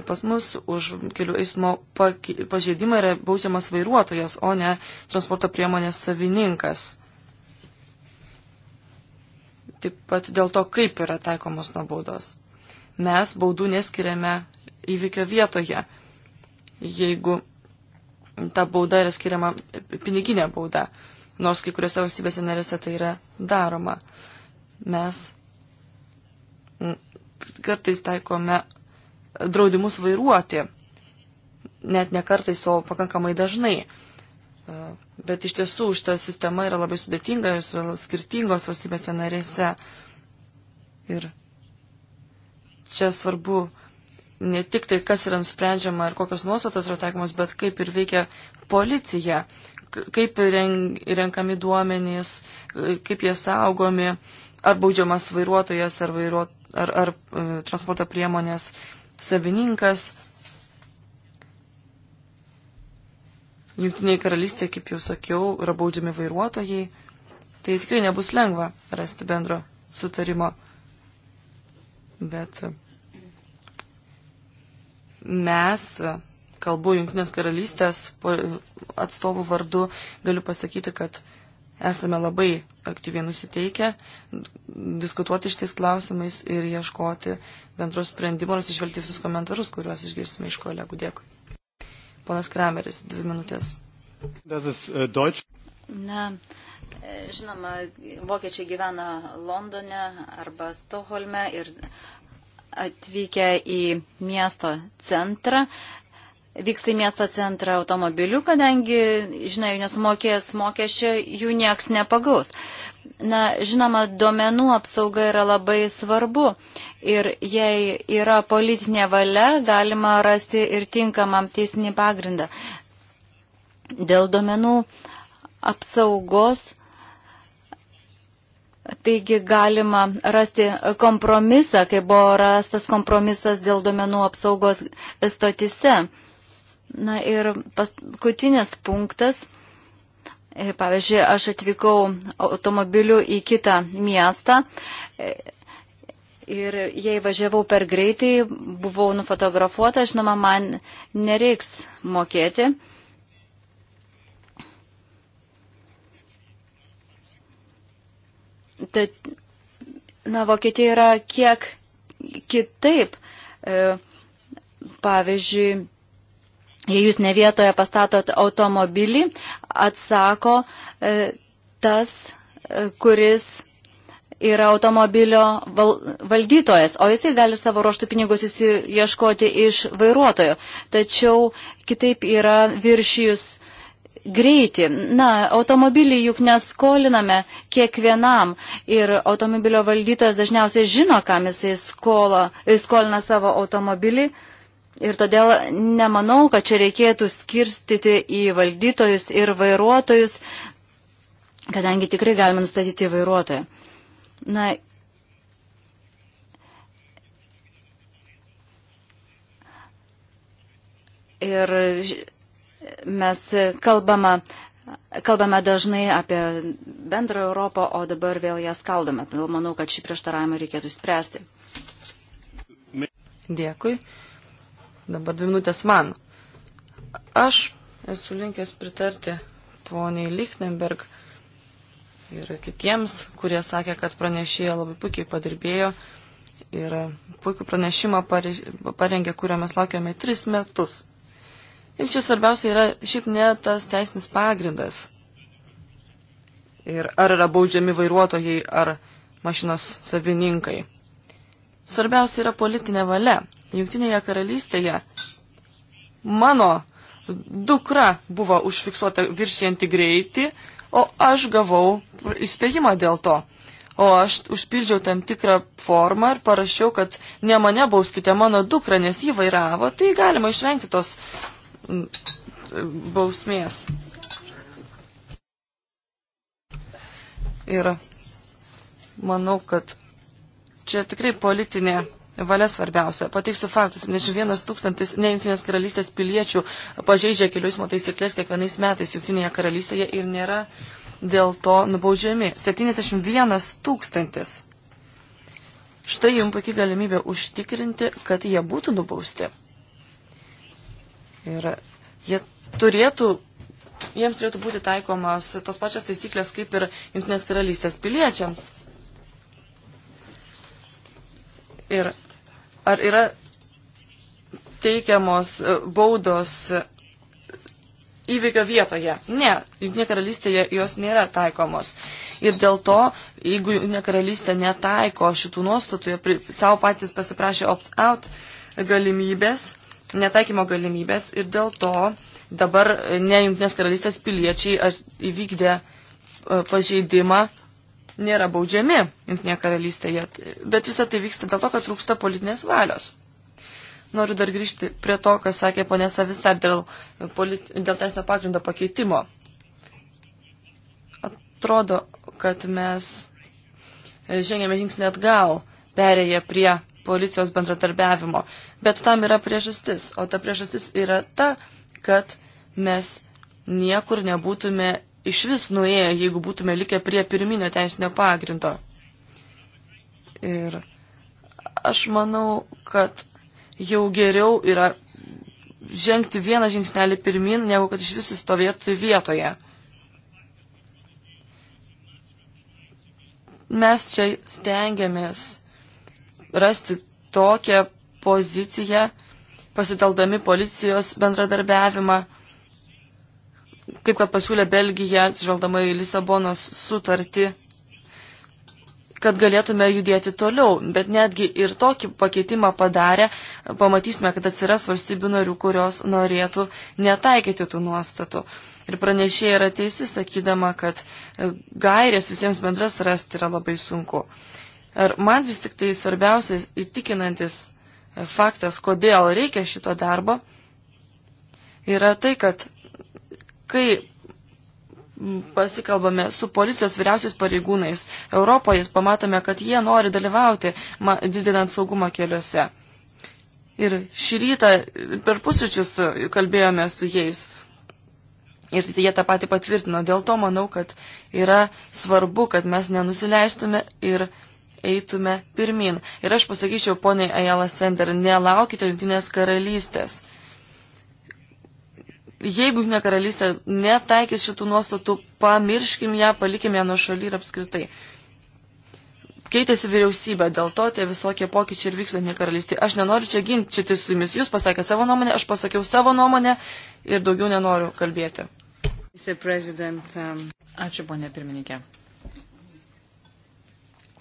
Pas mus už kelių eismo pažeidimą yra baudžiamas vairuotojas, o ne transporto priemonės savininkas. Taip pat dėl to, kaip yra taikomos nuobaudos. Mes baudų neskiriame įvykio vietoje. Jeigu ta bauda yra skiriama piniginė bauda, nors kai kuriuose valstybėse narėse tai yra daroma. Mes kartais taikome draudimus vairuoti. Net ne kartais, o pakankamai dažnai. E, bet iš tiesų šita sistema yra labai sudėtinga, jos yra skirtingos valstybėse narėse. Ir čia svarbu ne tik tai, kas yra nusprendžiama ir kokios nuostatos yra taikomos, bet kaip ir veikia policija, kaip renkami duomenys, kaip jie saugomi, ar baudžiamas vairuotojas, ar, vairuot, ar, ar e, transporto priemonės. Uh, savininkas. Junktiniai karalystė, kaip jau sakiau, yra baudžiami vairuotojai. Tai tikrai nebus lengva rasti bendro sutarimo. Bet e, mes, e, kalbu Junktinės karalystės e, atstovų vardu, galiu pasakyti, kad esame labai aktyviai nusiteikę diskutuoti šitais klausimais ir ieškoti bendros sprendimo ir atsižvelgti visus komentarus, kuriuos išgirsime iš kolegų. Dėkui. Ponas Krameris, dvi minutės. Uh, Na, žinoma, vokiečiai gyvena Londone arba Stoholme ir atvykę į miesto centrą, vyksta į miesto centrą automobiliu, kadangi, žinai, nesumokės mokesčio, jų nieks nepagaus. Na, žinoma, duomenų apsauga yra labai svarbu ir jei yra politinė valia, galima rasti ir tinkamam teisinį pagrindą. Dėl duomenų apsaugos Taigi galima rasti kompromisą, kai buvo rastas kompromisas dėl duomenų apsaugos stotise. Na ir paskutinis punktas. E, pavyzdžiui, aš atvykau automobiliu į kitą miestą e, ir jei važiavau per greitai, buvau nufotografuota, žinoma, man nereiks mokėti. Ta, na, Vokietija yra kiek kitaip. E, pavyzdžiui, jei jūs ne vietoje pastatot automobilį, atsako e, tas, e, kuris yra automobilio val, valdytojas, o jisai gali savo ruoštų pinigus įsieškoti iš vairuotojo. Tačiau kitaip yra viršijus greitį. Na, automobilį juk neskoliname kiekvienam ir automobilio valdytojas dažniausiai žino, kam jisai skola, jis skolina savo automobilį. Uh, Ir todėl nemanau, kad čia reikėtų skirstyti į valdytojus ir vairuotojus, kadangi tikrai galime nustatyti vairuotoją. Na, ir mes kalbama, kalbame dažnai apie bendrą Europą, o dabar vėl ją skaldome. Todėl manau, kad šį prieštaravimą reikėtų spręsti. Dėkui. Dabar dvi minutės man. Aš esu linkęs pritarti poniai Lichtenberg ir kitiems, kurie sakė, kad pranešėja labai puikiai padirbėjo ir puikų pranešimą parengė, kurio mes laukiame tris metus. Ir čia svarbiausia yra šiaip ne tas teisinis pagrindas. Ir ar yra baudžiami vairuotojai ar mašinos savininkai. Svarbiausia yra politinė valia. Jungtinėje karalystėje mano dukra buvo užfiksuota viršijantį greitį, o aš gavau įspėjimą dėl to. O aš užpildžiau tam tikrą formą ir parašiau, kad ne mane bauskite mano dukrą, nes jį vairavo, tai galima išvengti tos bausmės. Ir manau, kad Čia tikrai politinė valia svarbiausia. Pateiksiu faktus. 71 tūkstantis nejunktinės karalystės piliečių pažeidžia kelių eismo taisyklės kiekvienais metais Junktinėje karalystėje ir nėra dėl to nubaudžiami. 71 tūkstantis. Štai jums puikiai galimybė užtikrinti, kad jie būtų nubausti. Ir jie turėtų, jiems turėtų būti taikomos tos pačios taisyklės kaip ir Junktinės karalystės piliečiams. Ir ar yra teikiamos e, baudos e, įvykio vietoje. Ne, Junktinė karalystėje jos nėra taikomos. Ir dėl to, jeigu Junktinė karalystė netaiko šitų nuostatų, jie savo patys pasiprašė opt-out galimybės, netaikymo galimybės ir dėl to dabar ne Junktinės karalystės piliečiai įvykdė e, pažeidimą nėra baudžiami Junktinėje karalystėje, bet visa tai vyksta dėl to, kad trūksta politinės valios. Noriu dar grįžti prie to, ką sakė ponė Savisa dėl, politi... dėl teisinio pagrindo pakeitimo. Atrodo, kad mes žengėme žingsnį atgal, perėję prie policijos bendratarbiavimo. Bet tam yra priežastis. O ta priežastis yra ta, kad mes niekur nebūtume iš vis nuėję, jeigu būtume likę prie pirminio teisinio pagrindo. Ir aš manau, kad jau geriau yra žengti vieną žingsnelį pirmin, negu kad iš vis stovėtų vietoje. Mes čia stengiamės rasti tokią poziciją, pasitaldami policijos bendradarbiavimą kaip kad pasiūlė Belgija, žvelgdama į Lisabonos sutartį, kad galėtume judėti toliau. Bet netgi ir tokį pakeitimą padarę, pamatysime, kad atsiras valstybių narių, kurios norėtų netaikyti tų nuostatų. Ir pranešėja yra teisi, sakydama, kad e, gairės visiems bendras rasti yra labai sunku. Ir man vis tik tai svarbiausia įtikinantis e, faktas, kodėl reikia šito darbo, yra tai, kad Kai pasikalbame su policijos vyriausiais pareigūnais Europoje, pamatome, kad jie nori dalyvauti didinant saugumą keliuose. Ir šį rytą per pusryčius kalbėjome su jais. Ir tai jie tą patį patvirtino. Dėl to manau, kad yra svarbu, kad mes nenusileistume ir eitume pirmin. Ir aš pasakyčiau, poniai Ajala Sender, nelaukite Junktinės karalystės jeigu ne karalystė netaikys šitų nuostatų, pamirškim ją, palikim ją nuo šaly ir apskritai. Keitėsi vyriausybė, dėl to tie visokie pokyčiai ir vyksta ne karalystė. Aš nenoriu čia ginčyti su jumis. Jūs pasakė savo nuomonę, aš pasakiau savo nuomonę ir daugiau nenoriu kalbėti. Um, Ačiū, ponė pirmininkė.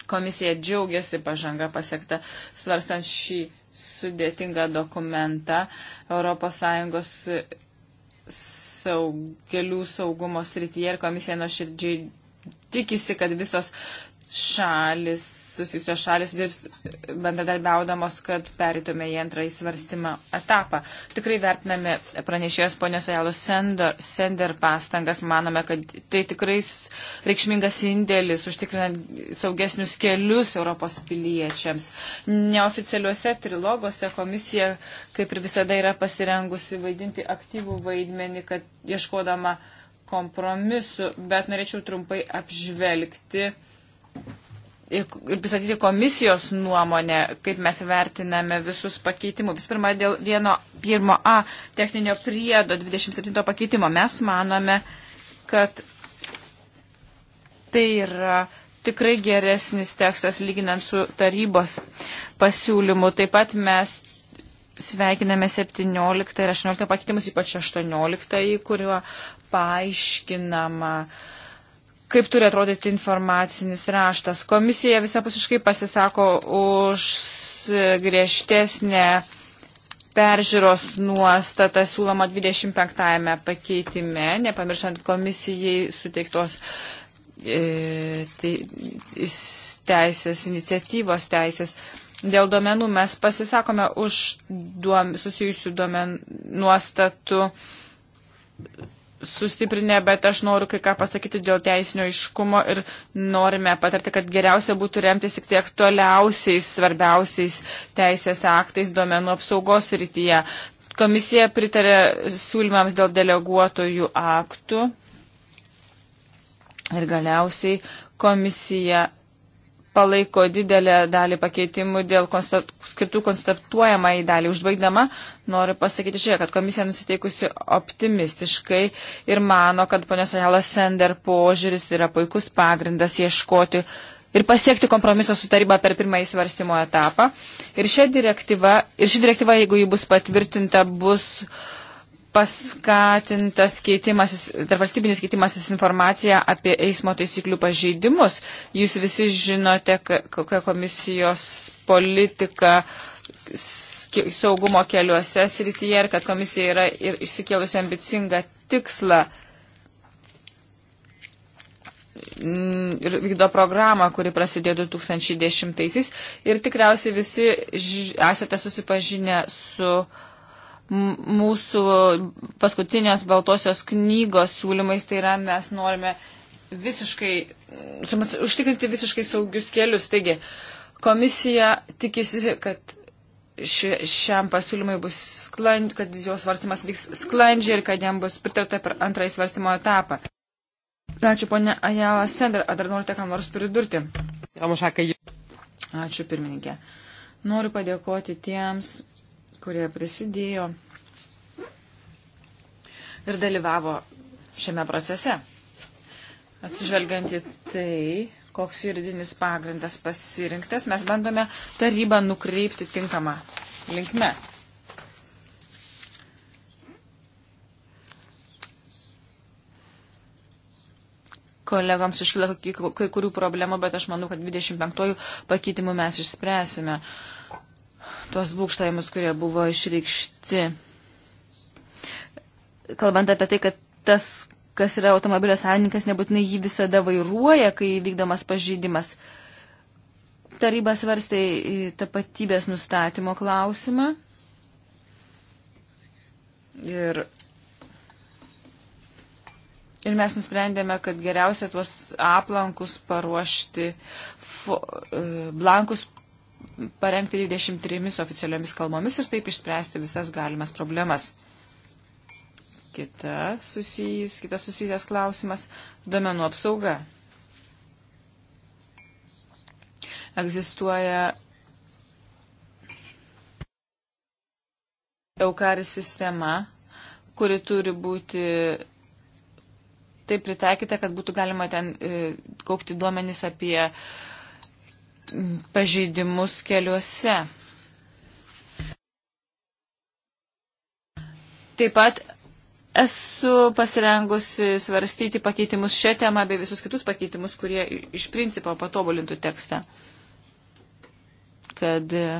Komisija džiaugiasi pažanga pasiekta svarstant šį sudėtingą dokumentą ES saug, kelių saugumo srityje ir komisija nuoširdžiai tikisi, kad visos šalis susijusios šalis dirbs bendradarbiaudamos, kad perėtume į antrąjį svarstymą etapą. Tikrai vertiname pranešėjos ponios Ajalos sender, sender pastangas, manome, kad tai tikrai reikšmingas indėlis užtikrinant saugesnius kelius Europos piliečiams. Neoficialiuose trilogose komisija, kaip ir visada, yra pasirengusi vaidinti aktyvų vaidmenį, kad ieškodama kompromisu, bet norėčiau trumpai apžvelgti ir pristatyti komisijos nuomonę, kaip mes vertiname visus pakeitimus. Vis pirma, dėl vieno pirmo A techninio priedo 27 pakeitimo mes manome, kad tai yra tikrai geresnis tekstas lyginant su tarybos pasiūlymu. Taip pat mes sveikiname 17 ir 18 pakeitimus, ypač 18, kuriuo paaiškinama uh, kaip turi atrodyti informacinis raštas. Komisija visapusiškai pasisako už griežtesnę peržiūros nuostatą siūloma 25-ame pakeitime, nepamirštant komisijai suteiktos e, tai teisės, iniciatyvos teisės. Dėl duomenų mes pasisakome už duom, susijusių duomen nuostatų sustiprinę, bet aš noriu kai ką pasakyti dėl teisinio iškumo ir norime patarti, kad geriausia būtų remtis tik tai aktualiausiais, svarbiausiais teisės aktais duomenų apsaugos rytyje. Komisija pritarė siūlymams dėl deleguotojų aktų ir galiausiai komisija palaiko didelę dalį pakeitimų dėl konstat, skirtų konstatuojamą į dalį. Užbaigdama noriu pasakyti šiek, kad komisija nusiteikusi optimistiškai ir mano, kad ponios Ajalas Sender požiūris yra puikus pagrindas ieškoti ir pasiekti kompromiso su taryba per pirmąjį svarstymo etapą. Ir, direktyva, ir ši direktyva, jeigu ji bus patvirtinta, bus uh, paskatintas keitimasis, tarpvalstybinis keitimasis informacija apie eismo taisyklių pažeidimus. Jūs visi žinote, kokia komisijos politika saugumo keliuose srityje ir kad komisija yra ir išsikėlusi ambicingą tikslą mm, ir vykdo programą, kuri prasidėjo 2010-aisiais ir tikriausiai visi esate susipažinę su uh, mūsų paskutinės baltosios knygos siūlymais, tai yra mes norime visiškai, sumas, užtikrinti visiškai saugius kelius. Taigi, komisija tikisi, kad ši, šiam pasiūlymui bus sklandžiai, kad jo svarstymas vyks sklandžiai ir kad jam bus pritarta per antrąjį svarstymo etapą. Ačiū, ponė Ajala Sender. Ar dar norite ką nors pridurti? Ačiū, pirmininkė. Noriu padėkoti tiems kurie prisidėjo ir dalyvavo šiame procese. Atsižvelgiant į tai, koks juridinis pagrindas pasirinktas, mes bandome tarybą nukreipti tinkamą linkme. Kolegoms iškila kai kurių problemų, bet aš manau, kad 25 pakeitimų mes išspręsime. Uh, tuos būkštavimus, kurie buvo išreikšti. Kalbant apie tai, kad tas, kas yra automobilio savininkas, nebūtinai jį visada vairuoja, kai vykdomas pažydimas. Taryba svarstė tapatybės nustatymo klausimą. Ir, ir mes nusprendėme, kad geriausia tuos aplankus paruošti, fo, e, blankus parengti 23 oficialiomis kalbomis ir taip išspręsti visas galimas problemas. Kita susijus, kitas susijęs klausimas - domenų apsauga. Egzistuoja eukaris sistema, kuri turi būti taip pritaikyta, kad būtų galima ten e, kaupti duomenys apie e, pažeidimus keliuose. Taip pat esu pasirengusi svarstyti pakeitimus šią temą bei visus kitus pakeitimus, kurie iš principo patobulintų tekstą. Kad e,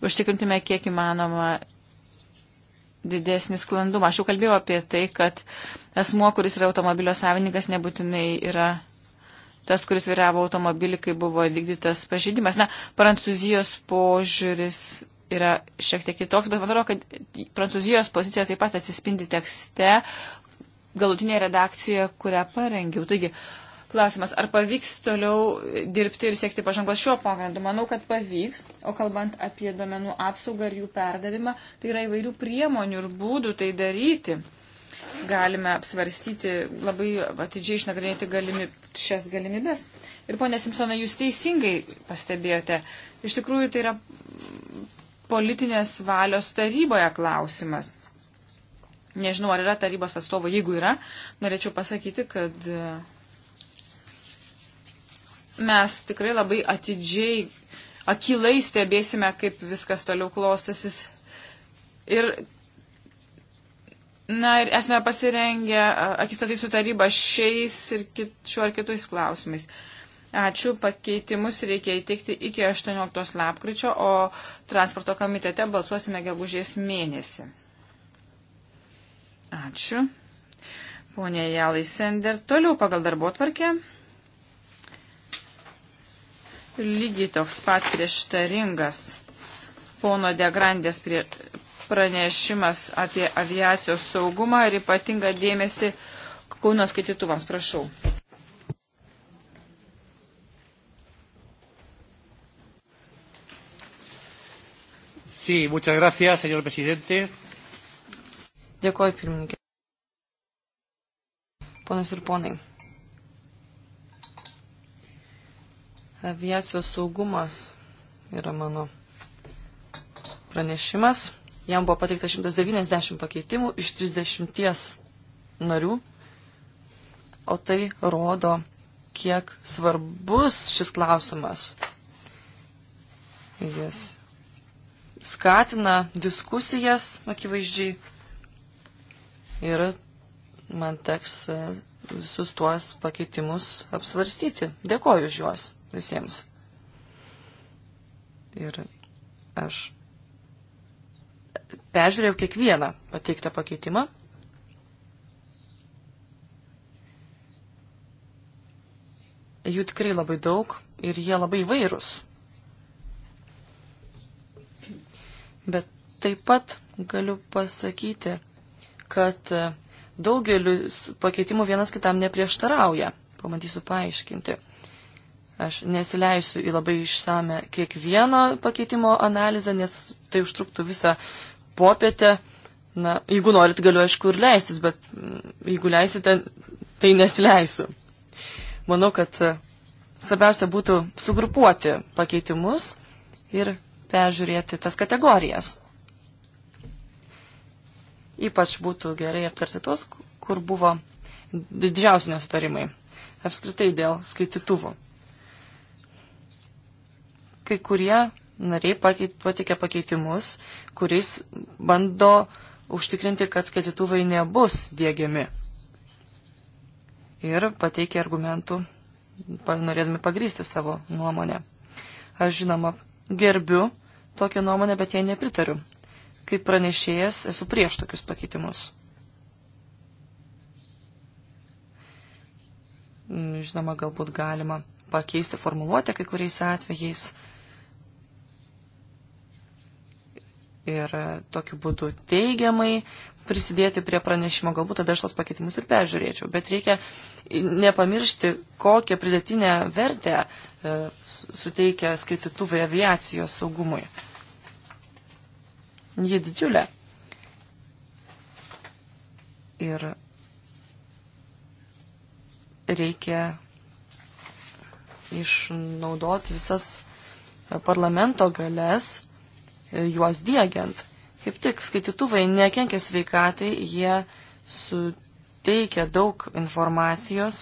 užtikrintume kiek įmanoma didesnį sklandumą. Aš jau kalbėjau apie tai, kad asmuo, kuris yra automobilio savininkas, nebūtinai yra tas, kuris vairavo automobilį, kai buvo vykdytas pažydimas. Na, Prancūzijos požiūris yra šiek tiek kitoks, bet manau, kad Prancūzijos pozicija taip pat atsispindi tekste, galutinėje redakcijoje, kurią parengiau. Taigi, klausimas, ar pavyks toliau dirbti ir siekti pažangos šiuo pagrindu? Manau, kad pavyks, o kalbant apie domenų apsaugą ir jų perdavimą, tai yra įvairių priemonių ir būdų tai daryti galime apsvarstyti, labai atidžiai išnagrinėti galimi, šias galimybės. Ir ponė Simpsona, jūs teisingai pastebėjote, iš tikrųjų tai yra politinės valios taryboje klausimas. Nežinau, ar yra tarybos atstovo, jeigu yra, norėčiau pasakyti, kad e, mes tikrai labai atidžiai, akilai stebėsime, kaip viskas toliau klostasis. Ir Na ir esame pasirengę akistatyti su taryba šiais ir kit, šiuo ar kitais klausimais. Ačiū, pakeitimus reikia įteikti iki 18 lapkričio, o transporto komitete balsuosime gegužės mėnesį. Ačiū. Pone Jalai Sender, toliau pagal darbo tvarkę. Lygiai toks pat prieštaringas pono Degrandės prie, pranešimas apie aviacijos saugumą ir ypatingą dėmesį Kauno skaitytuvams. Prašau. Sí, muchas gracias, señor presidente. Dėkoju, pirmininkė. Ponas ir ponai. Aviacijos saugumas yra mano pranešimas. Jam buvo pateikta 190 pakeitimų iš 30 narių, o tai rodo, kiek svarbus šis klausimas. Jis skatina diskusijas, akivaizdžiai. Ir man teks e, visus tuos pakeitimus apsvarstyti. Dėkoju už juos visiems. Ir aš peržiūrėjau kiekvieną pateiktą pakeitimą. Jų tikrai labai daug ir jie labai įvairūs. Bet taip pat galiu pasakyti, kad daugeliu pakeitimų vienas kitam neprieštarauja. Pamatysiu paaiškinti. Aš nesileisiu į labai išsame kiekvieno pakeitimo analizę, nes tai užtruktų visą popietę. Na, jeigu norit, galiu aišku ir leistis, bet mm, jeigu leisite, tai nesileisiu. Manau, kad e, svarbiausia būtų sugrupuoti pakeitimus ir peržiūrėti tas kategorijas. Ypač būtų gerai aptarti tuos, kur buvo didžiausi nesutarimai. Apskritai dėl skaitytuvų kai kurie nariai patikė pakeitimus, kuriais bando užtikrinti, kad skaitytuvai nebus dėgiami. Ir pateikė argumentų, norėdami pagrysti savo nuomonę. Aš žinoma gerbiu tokią nuomonę, bet jai nepritariu. Kaip pranešėjas esu prieš tokius pakeitimus. Žinoma, galbūt galima pakeisti formuluotę kai kuriais atvejais. ir e, tokiu būdu teigiamai prisidėti prie pranešimo, galbūt tada aš tos pakeitimus ir peržiūrėčiau, bet reikia nepamiršti, kokią pridėtinę vertę e, suteikia skaitytuvai aviacijos saugumui. Ji didžiulė. Ir reikia išnaudoti visas e, parlamento galės juos dėgiant. Kaip tik skaitytuvai nekenkia sveikatai, jie suteikia daug informacijos.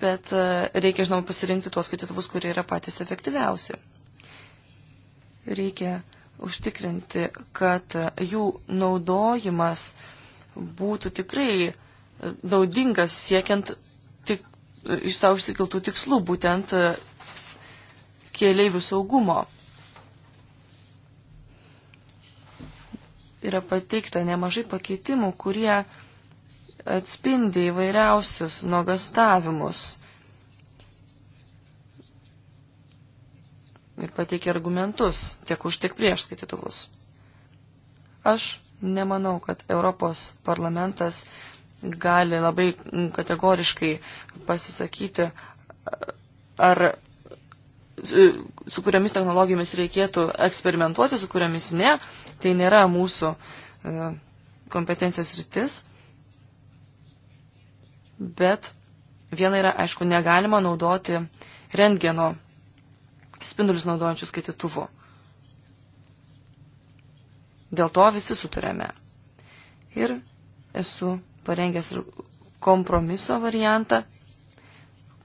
Bet e, reikia, žinoma, pasirinkti tuos skaitytuvus, kurie yra patys efektyviausi. Reikia užtikrinti, kad jų naudojimas būtų tikrai e, naudingas siekiant iš savo išsikeltų tikslų, būtent e, kėleivių saugumo. Yra pateikta nemažai pakeitimų, kurie atspindi įvairiausius nuogastavimus ir pateikia argumentus tiek už, tiek prieš skaitytuvus. Aš nemanau, kad Europos parlamentas gali labai kategoriškai pasisakyti, ar su kuriamis technologijomis reikėtų eksperimentuoti, su kuriamis ne, tai nėra mūsų e, kompetencijos rytis. Bet viena yra, aišku, negalima naudoti rentgeno spindulius naudojančių skaitytuvų. Dėl to visi sutarėme. Ir esu parengęs kompromiso variantą,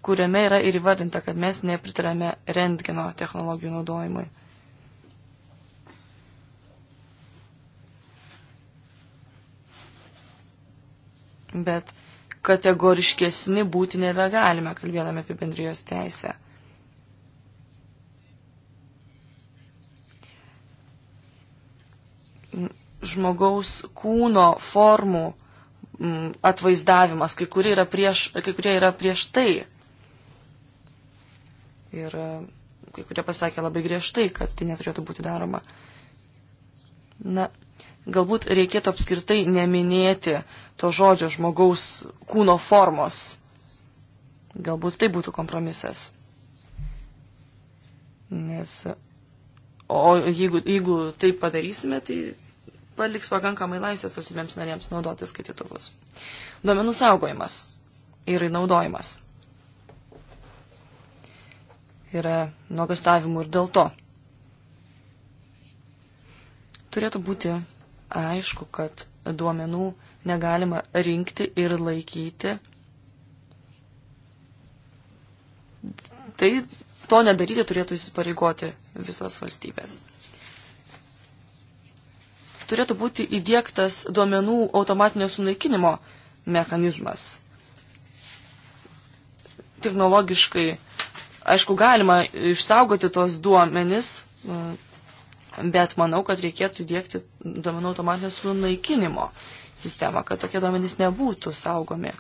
kuriame yra ir įvardinta, kad mes nepritarėme rentgeno technologijų naudojimui. Bet kategoriškesni būti nebegalime, kalbėdami apie bendrijos teisę. Žmogaus kūno formų Mm, atvaizdavimas, kai kurie yra prieš, kai kurie yra prieš tai. Ir e, kai kurie pasakė labai griežtai, kad tai neturėtų būti daroma. Na, galbūt reikėtų apskritai neminėti to žodžio žmogaus kūno formos. Galbūt tai būtų kompromisas. Nes, o jeigu, jeigu tai padarysime, tai paliks pakankamai laisvės valstybėms narėms naudoti skaitytuvus. Duomenų saugojimas ir naudojimas. Yra nuogastavimų ir dėl to. Turėtų būti aišku, kad duomenų negalima rinkti ir laikyti. Tai to nedaryti turėtų įsipareigoti visos valstybės turėtų būti įdėktas duomenų automatinio sunaikinimo mechanizmas. Technologiškai, aišku, galima išsaugoti tos duomenis, mm, bet manau, kad reikėtų įdėkti duomenų automatinio sunaikinimo sistemą, kad tokie duomenys nebūtų saugomi.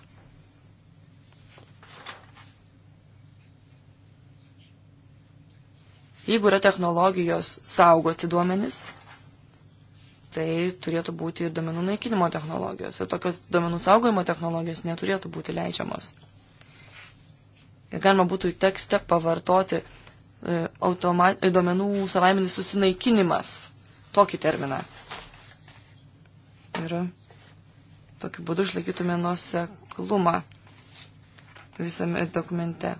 Jeigu yra technologijos saugoti duomenis, tai turėtų būti ir domenų naikinimo technologijos. Ir tokios domenų saugojimo technologijos neturėtų būti leidžiamos. Ir galima būtų į tekstą pavartoti e, automa, e, domenų savaiminis susinaikinimas. Tokį terminą. Ir tokiu būdu išlaikytume nuoseklumą visame dokumente.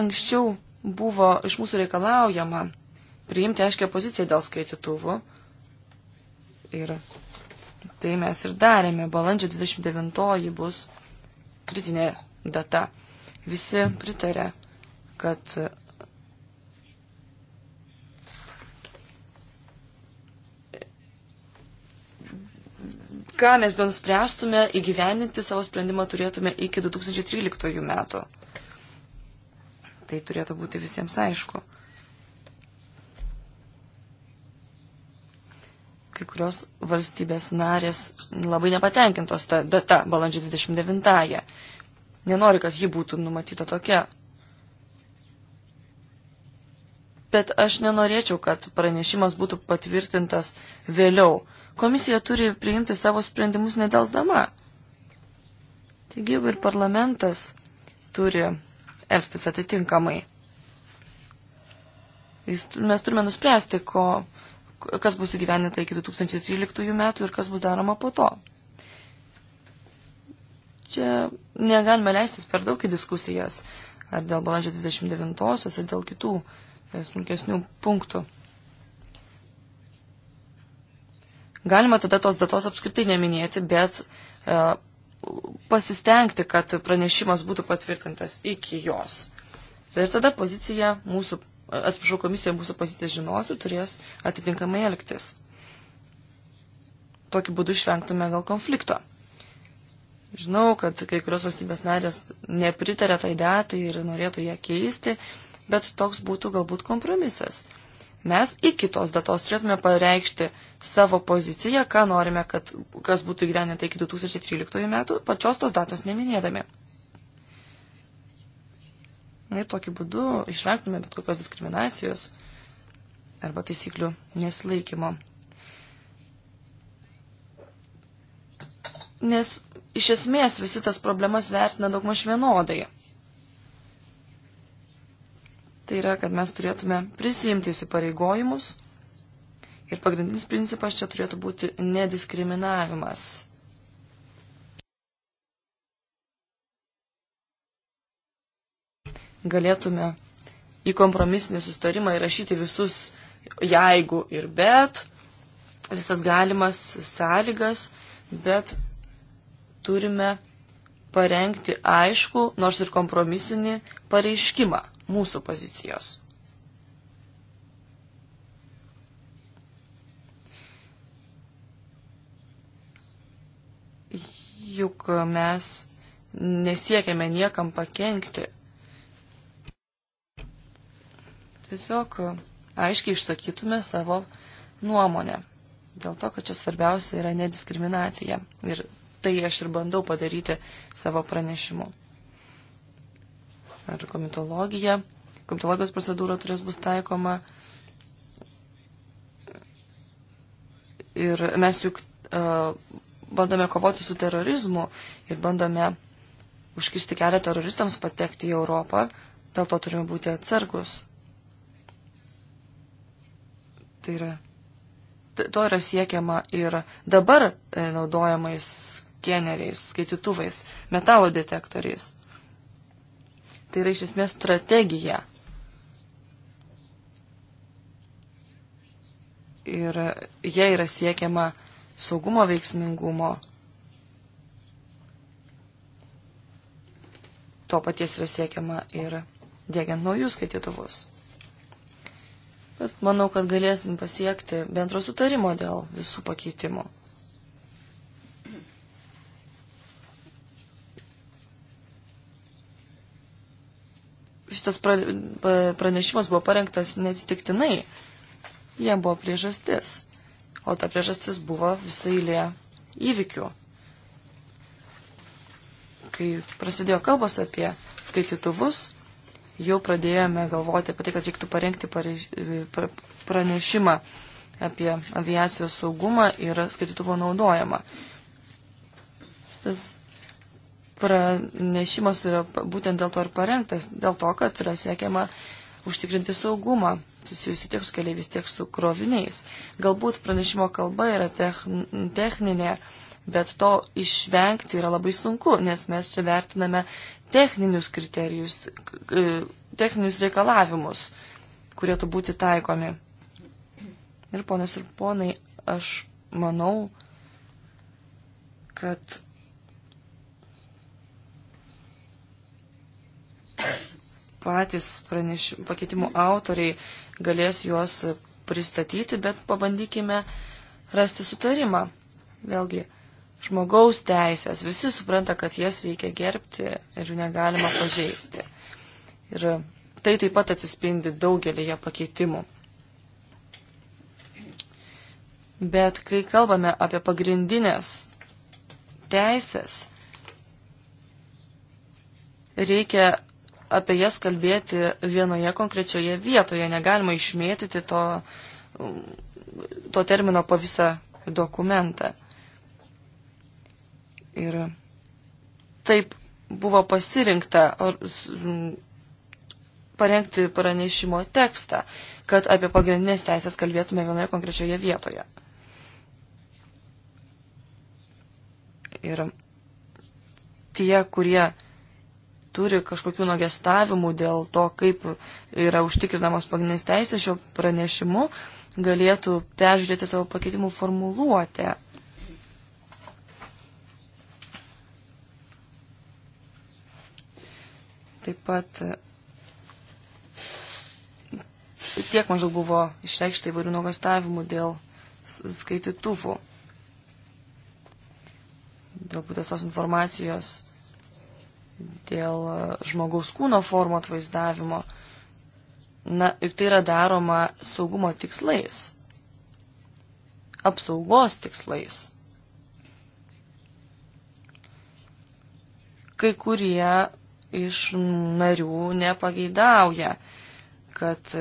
Anksčiau buvo iš mūsų reikalaujama priimti aiškę poziciją dėl skaitytuvų. Ir tai mes ir darėme. Balandžio 29 bus kritinė data. Visi pritarė, kad ką mes bent spręstume, įgyveninti savo sprendimą turėtume iki 2013 metų. Tai turėtų būti visiems aišku. kai kurios valstybės narės labai nepatenkintos ta data, balandžio 29-ąją. Nenori, kad ji būtų numatyta tokia. Bet aš nenorėčiau, kad pranešimas būtų patvirtintas vėliau. Komisija turi priimti savo sprendimus nedelsdama. Taigi ir parlamentas turi elgtis atitinkamai. Mes turime nuspręsti, ko kas bus įgyveninta iki 2013 metų ir kas bus daroma po to. Čia negalime leistis per daug į diskusijas ar dėl balandžio 29-osios, ar dėl kitų e, smulkesnių punktų. Galima tada tos datos apskritai neminėti, bet e, pasistengti, kad pranešimas būtų patvirtintas iki jos. Tai ir tada pozicija mūsų atsiprašau, komisija mūsų poziciją žinos ir turės atitinkamai elgtis. Tokiu būdu išvengtume gal konflikto. Žinau, kad kai kurios valstybės narės nepritarė tai datai ir norėtų ją keisti, bet toks būtų galbūt kompromisas. Mes iki tos datos turėtume pareikšti savo poziciją, ką norime, kad kas būtų įgyveninta iki 2013 metų, pačios tos datos neminėdami. Ir tokiu būdu išvengtume bet kokios diskriminacijos arba taisyklių nesilaikymo. Nes iš esmės visi tas problemas vertina daugmaž vienodai. Tai yra, kad mes turėtume prisimti įsipareigojimus ir pagrindinis principas čia turėtų būti nediskriminavimas. galėtume į kompromisinį sustarimą įrašyti visus jeigu ir bet, visas galimas sąlygas, bet turime parengti aišku, nors ir kompromisinį pareiškimą mūsų pozicijos. Juk mes nesiekėme niekam pakengti. tiesiog aiškiai išsakytume savo nuomonę. Dėl to, kad čia svarbiausia yra nediskriminacija. Ir tai aš ir bandau padaryti savo pranešimu. Ar komitologija, komitologijos procedūra turės bus taikoma. Ir mes juk uh, bandome kovoti su terorizmu ir bandome užkirsti kelią teroristams patekti į Europą, dėl to turime būti atsargus. Tai yra, to yra siekiama ir dabar e, naudojamais skeneriais, skaitytuvais, metalo detektoriais. Tai yra iš esmės strategija. Ir jie yra siekiama saugumo veiksmingumo. To paties yra siekiama ir dėgiant naujus skaitytuvus bet manau, kad galėsim pasiekti bendro sutarimo dėl visų pakeitimų. Šitas pranešimas buvo parengtas neatsitiktinai. Jie buvo priežastis. O ta priežastis buvo visai lė įvykių. Kai prasidėjo kalbos apie skaitytuvus, jau pradėjome galvoti apie tai, kad reiktų parengti pareiž... pranešimą apie aviacijos saugumą ir skaitytuvo naudojimą. Tas pranešimas yra būtent dėl to ir parengtas, dėl to, kad yra siekiama užtikrinti saugumą susijusi tiek su keliaivis, tiek su kroviniais. Galbūt pranešimo kalba yra techninė, bet to išvengti yra labai sunku, nes mes čia vertiname techninius kriterijus, e, techninius reikalavimus, kurie tu būti taikomi. Ir ponas ir ponai, aš manau, kad patys pranešim, pakeitimų autoriai galės juos pristatyti, bet pabandykime rasti sutarimą. Vėlgi, žmogaus teisės, visi supranta, kad jas reikia gerbti ir jų negalima pažeisti. Ir tai taip pat atsispindi daugelįje pakeitimų. Bet kai kalbame apie pagrindinės teisės, reikia apie jas kalbėti vienoje konkrečioje vietoje, negalima išmėtyti to, to termino po visą dokumentą. Ir taip buvo pasirinkta parengti pranešimo tekstą, kad apie pagrindinės teisės kalbėtume vienoje konkrečioje vietoje. Ir tie, kurie turi kažkokių nuogestavimų dėl to, kaip yra užtikrinamos pagrindinės teisės šio pranešimu, galėtų peržiūrėti savo pakeitimų formuluotę Taip pat tiek maždaug buvo išreikšta įvairių nuogastavimų dėl skaitytuvų, dėl būtės tos informacijos, dėl e, žmogaus kūno formų atvaizdavimo. Na, juk tai yra daroma saugumo tikslais, apsaugos tikslais. Kai kurie iš narių nepageidauja, kad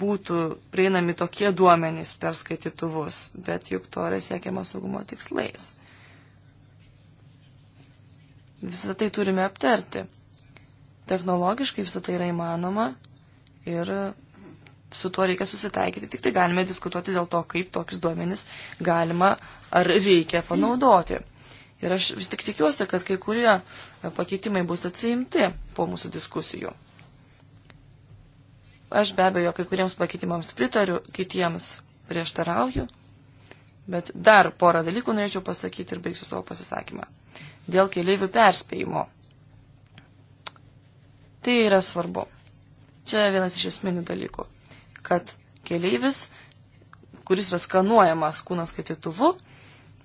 būtų prieinami tokie duomenys per skaitytuvus, bet juk to yra siekiama saugumo tikslais. Visą tai turime aptarti. Technologiškai visą tai yra įmanoma ir su tuo reikia susitaikyti, tik tai galime diskutuoti dėl to, kaip tokius duomenis galima ar reikia panaudoti. Mm. Ir aš vis tik tikiuosi, kad kai kurie e, pakeitimai bus atsiimti po mūsų diskusijų. Aš be abejo kai kuriems pakeitimams pritariu, kitiems prieštarauju, bet dar porą dalykų norėčiau pasakyti ir baigsiu savo pasisakymą. Dėl keliaivių perspėjimo. Tai yra svarbu. Čia vienas iš esminių dalykų, kad keleivis, kuris yra skanuojamas kūno skaitytuvu,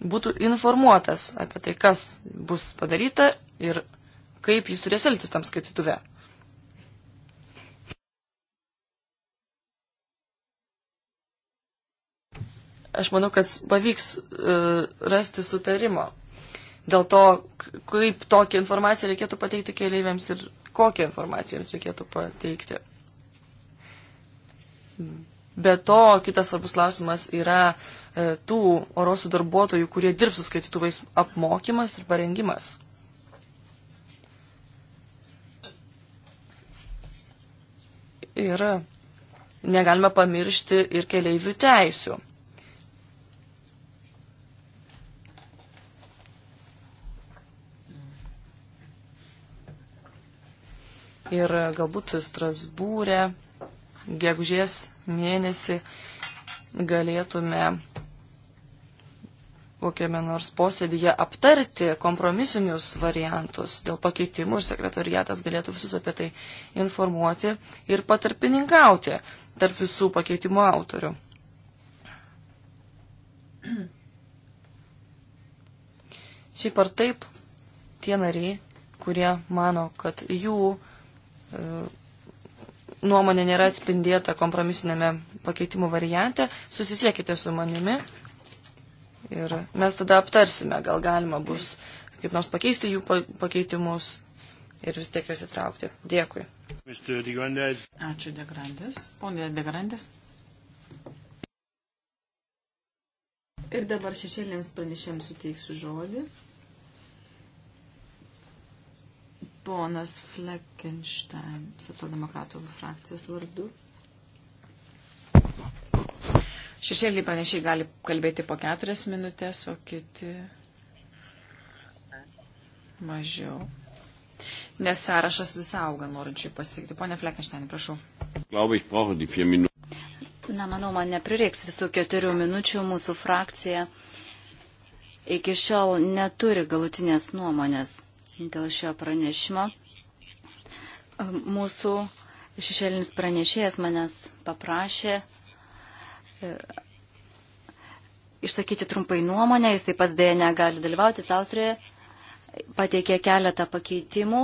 būtų informuotas apie tai, kas bus padaryta ir kaip jis turės elgtis tam skaitytuve. Aš manau, kad pavyks uh, rasti sutarimo dėl to, kaip tokią informaciją reikėtų pateikti keliaiviams ir kokią informaciją jiems reikėtų pateikti. Be to, kitas svarbus klausimas yra uh, E, tų orosų darbuotojų, kurie dirbs su skaitytuvais apmokymas ir parengimas. Ir negalime pamiršti ir keleivių teisių. ir galbūt Strasbūrė gegužės mėnesį galėtume kokiame nors posėdėje aptarti kompromisinius variantus dėl pakeitimų ir sekretariatas galėtų visus apie tai informuoti ir patarpininkauti tarp visų pakeitimų autorių. (clears throat) Šiaip ar taip, tie nariai, kurie mano, kad jų e, nuomonė nėra atspindėta kompromisinėme pakeitimų variante, susisiekite su manimi Ir mes tada aptarsime, gal galima bus kaip nors pakeisti jų pakeitimus ir vis tiek juos įtraukti. Dėkui. Ačiū, Degrandės. Pone Degrandės. Ir dabar šešėlėms pranešėms suteiksiu žodį. Ponas Fleckenstein, socialdemokratų frakcijos vardu. Šešėliai pranešiai gali kalbėti po keturias minutės, o kiti mažiau. Nes sąrašas vis auga norinčių pasiekti. Pone Flekenšteinė, prašau. Na, manau, man neprireiks visų keturių minučių. Mūsų frakcija iki šiol neturi galutinės nuomonės dėl šio pranešimo. Mūsų šešėlinis pranešėjas manęs paprašė išsakyti trumpai nuomonę, jis taip pats dėja negali dalyvauti, jis Austrijoje pateikė keletą pakeitimų,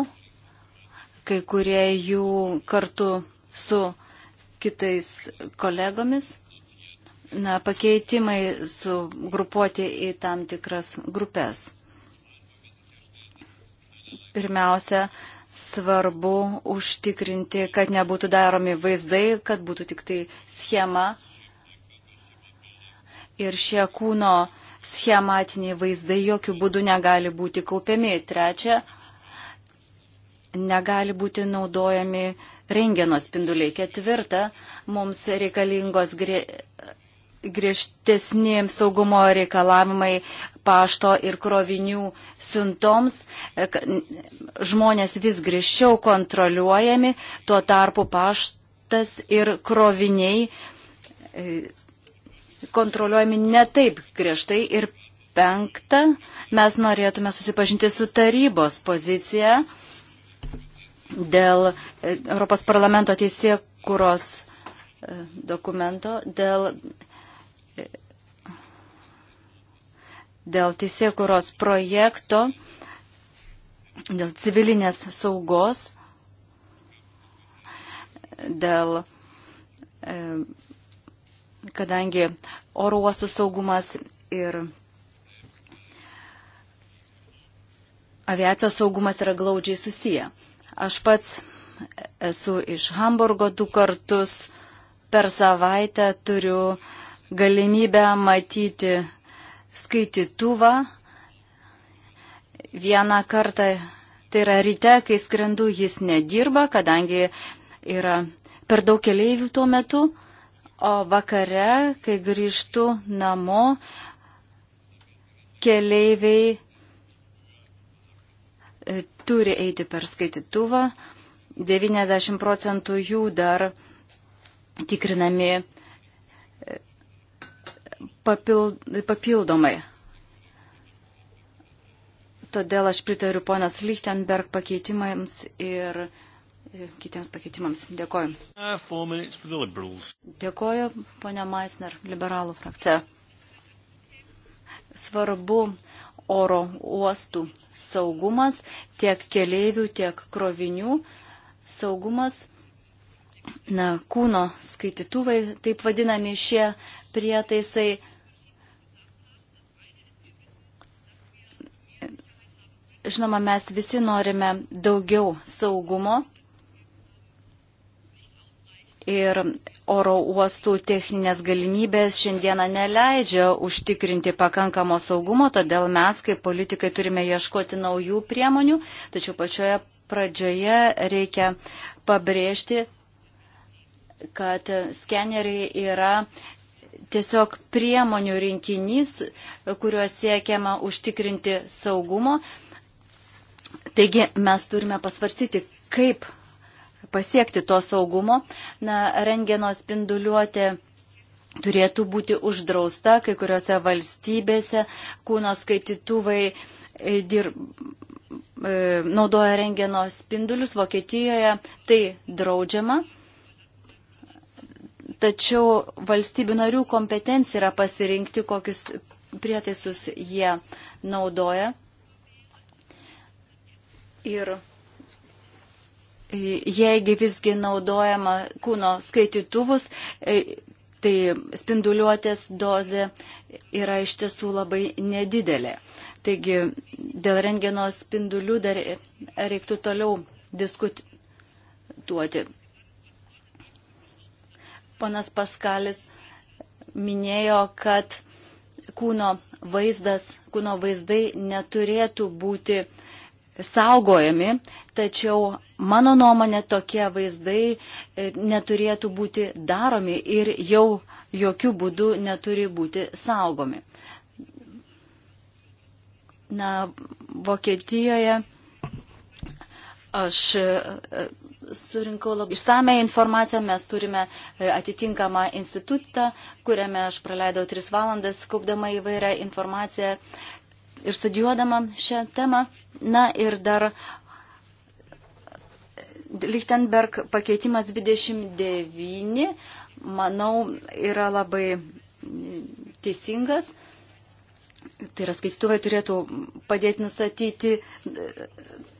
kai kurie jų kartu su kitais kolegomis. Na, pakeitimai sugrupuoti į tam tikras grupės. Pirmiausia, svarbu užtikrinti, kad nebūtų daromi vaizdai, kad būtų tik tai schema ir šie kūno schematiniai vaizdai jokių būdų negali būti kaupiami. Trečia, negali būti naudojami rengeno spinduliai. Ketvirta, mums reikalingos grie, griežtesni saugumo reikalavimai pašto ir krovinių siuntoms. Žmonės vis griežčiau kontroliuojami, tuo tarpu paštas ir kroviniai kontroliuojami ne taip griežtai. Ir penkta, mes norėtume susipažinti su tarybos pozicija dėl e, Europos parlamento teisėkuros e, dokumento, dėl, e, dėl teisėkuros projekto, dėl civilinės saugos, dėl e, kadangi oro uostų saugumas ir aviacijos saugumas yra glaudžiai susiję. Aš pats esu iš Hamburgo du kartus per savaitę turiu galimybę matyti skaitytuvą. Vieną kartą, tai yra ryte, kai skrendu, jis nedirba, kadangi yra per daug keleivių tuo metu o vakare, kai grįžtu namo, keleiviai e, turi eiti per skaitytuvą, 90 procentų jų dar tikrinami e, papildomai. Todėl aš pritariu ponas Lichtenberg pakeitimams ir E, kitiems pakeitimams. Dėkoju. Uh, Dėkoju, ponia Maisner, liberalų frakcija. Svarbu oro uostų saugumas, tiek keleivių, tiek krovinių saugumas. Na, kūno skaitytuvai, taip vadinami šie prietaisai. Žinoma, mes visi norime daugiau saugumo ir oro uostų techninės galimybės šiandieną neleidžia užtikrinti pakankamo saugumo, todėl mes kaip politikai turime ieškoti naujų priemonių, tačiau pačioje pradžioje reikia pabrėžti, kad skeneriai yra tiesiog priemonių rinkinys, kuriuos siekiama užtikrinti saugumo. Taigi mes turime pasvarstyti, kaip pasiekti to saugumo. Na, rengeno spinduliuotė turėtų būti uždrausta, kai kuriuose valstybėse kūno skaitytuvai e, dirb, e, naudoja rengeno spindulius, Vokietijoje tai draudžiama. Tačiau valstybių narių kompetencija yra pasirinkti, kokius prietaisus jie naudoja. Ir Jeigu visgi naudojama kūno skaitytuvus, e, tai spinduliuotės dozė yra iš tiesų labai nedidelė. Taigi dėl rengeno spindulių dar reiktų toliau diskutuoti. Ponas Paskalis minėjo, kad kūno vaizdas, kūno vaizdai neturėtų būti uh, saugojami, tačiau mano nuomonė tokie vaizdai e, neturėtų būti daromi ir jau jokių būdų neturi būti saugomi. Na, Vokietijoje aš e, surinkau labai išsame informaciją, mes turime e, atitinkamą institutą, kuriame aš praleidau tris valandas, kaupdama įvairią informaciją ir studijuodama šią temą. Na ir dar Lichtenberg pakeitimas 29, manau, yra labai teisingas. Tai yra skaitytuvai turėtų padėti nustatyti e,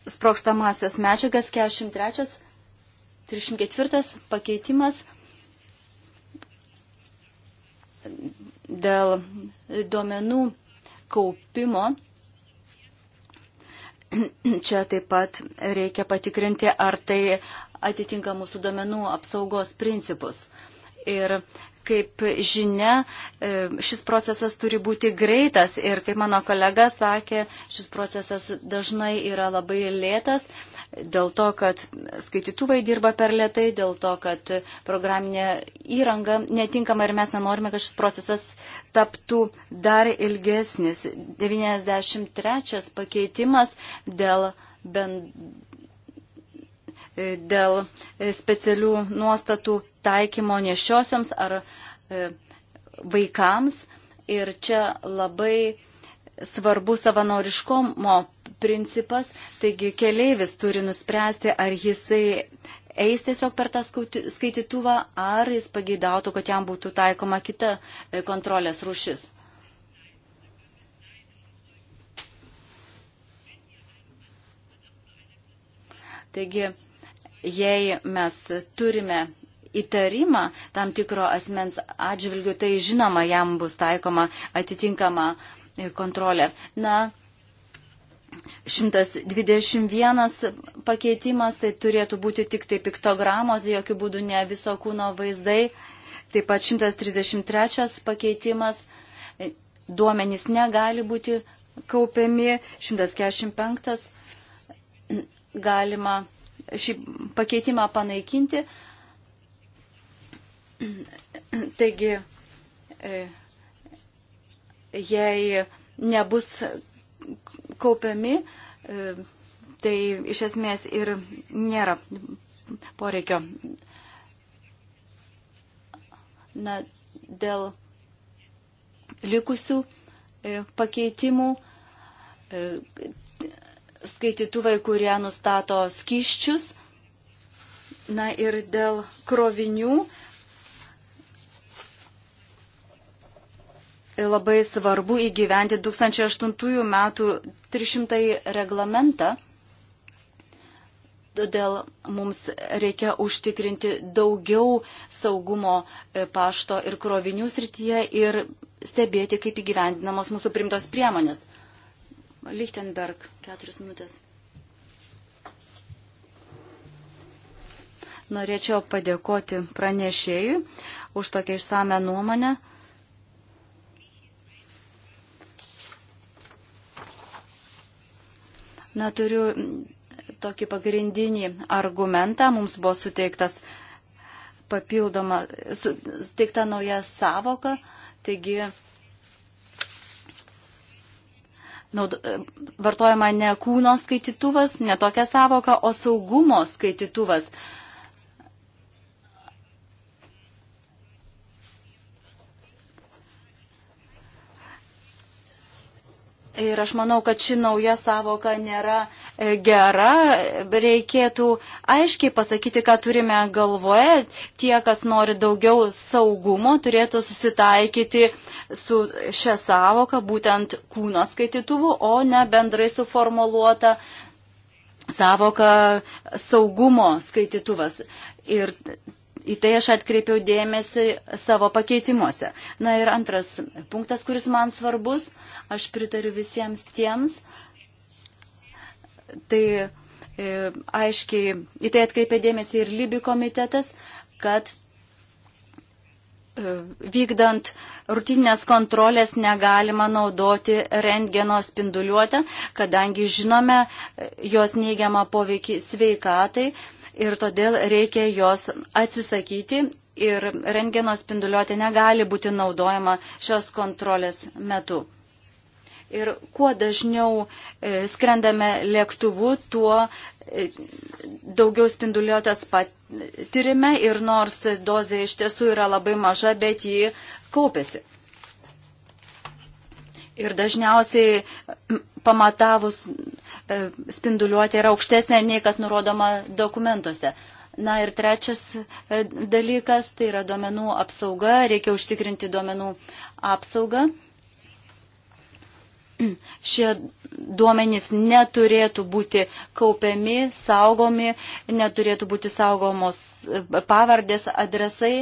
sprokstamasias medžiagas 43, 34 pakeitimas dėl duomenų kaupimo. Čia taip pat reikia patikrinti, ar tai atitinka mūsų duomenų apsaugos principus. Ir kaip žinia, e, šis procesas turi būti greitas ir, kaip mano kolega sakė, šis procesas dažnai yra labai lėtas dėl to, kad skaitytuvai dirba per lietai, dėl to, kad programinė įranga netinkama ir mes nenorime, kad šis procesas taptų dar ilgesnis. 93 pakeitimas dėl bend dėl specialių nuostatų taikymo nešiosioms ar e, vaikams. Ir čia labai svarbu savanoriškomo principas, taigi keleivis turi nuspręsti, ar jisai eis tiesiog per tą skaitytuvą, ar jis pageidautų, kad jam būtų taikoma kita e, kontrolės rušis. Taigi, jei mes turime įtarimą tam tikro asmens atžvilgių, tai žinoma, jam bus taikoma atitinkama e, kontrolė. Na, 121 pakeitimas, tai turėtų būti tik tai piktogramos, jokių būdų ne viso kūno vaizdai. Taip pat 133 pakeitimas, duomenys negali būti kaupiami, 145 galima šį pakeitimą panaikinti. Taigi, e, jei nebus kaupiami, e, tai iš esmės ir nėra poreikio. Na, dėl likusių e, pakeitimų e, skaitytuvai, kurie nustato skiščius. Na ir dėl krovinių labai svarbu įgyventi 2008 metų 300 reglamentą. Todėl mums reikia užtikrinti daugiau saugumo e, pašto ir krovinių srityje ir stebėti, kaip įgyvendinamos mūsų primtos priemonės. Lichtenberg, keturis minutės. Norėčiau padėkoti pranešėjui už tokią išsame nuomonę. Na, turiu tokį pagrindinį argumentą. Mums buvo suteiktas papildoma, su, suteikta nauja savoka. Taigi, naud, vartojama ne kūno skaitytuvas, ne tokia savoka, o saugumo skaitytuvas. Uh, Ir aš manau, kad ši nauja savoka nėra e, gera. Reikėtų aiškiai pasakyti, ką turime galvoje. Tie, kas nori daugiau saugumo, turėtų susitaikyti su šią savoką, būtent kūno skaitytuvu, o ne bendrai suformuoluota savoka saugumo skaitytuvas. Ir Į tai aš atkreipiau dėmesį savo pakeitimuose. Na ir antras punktas, kuris man svarbus, aš pritariu visiems tiems, tai e, aiškiai į tai atkreipė dėmesį ir Libi komitetas, kad e, vykdant rutinės kontrolės negalima naudoti rentgeno spinduliuotę, kadangi žinome e, jos neigiamą poveikį sveikatai. Tai ir todėl reikia jos atsisakyti ir rengeno spinduliuotė negali būti naudojama šios kontrolės metu. Ir kuo dažniau e, skrendame lėktuvu, tuo e, daugiau spinduliuotės patirime ir nors dozė iš tiesų yra labai maža, bet ji kaupėsi. Ir dažniausiai pamatavus e, spinduliuotė yra aukštesnė nei kad nurodoma dokumentuose. Na ir trečias e, dalykas tai yra duomenų apsauga, reikia užtikrinti duomenų apsaugą. Šie duomenys neturėtų būti kaupiami, saugomi, neturėtų būti saugomos e, pavardės, adresai.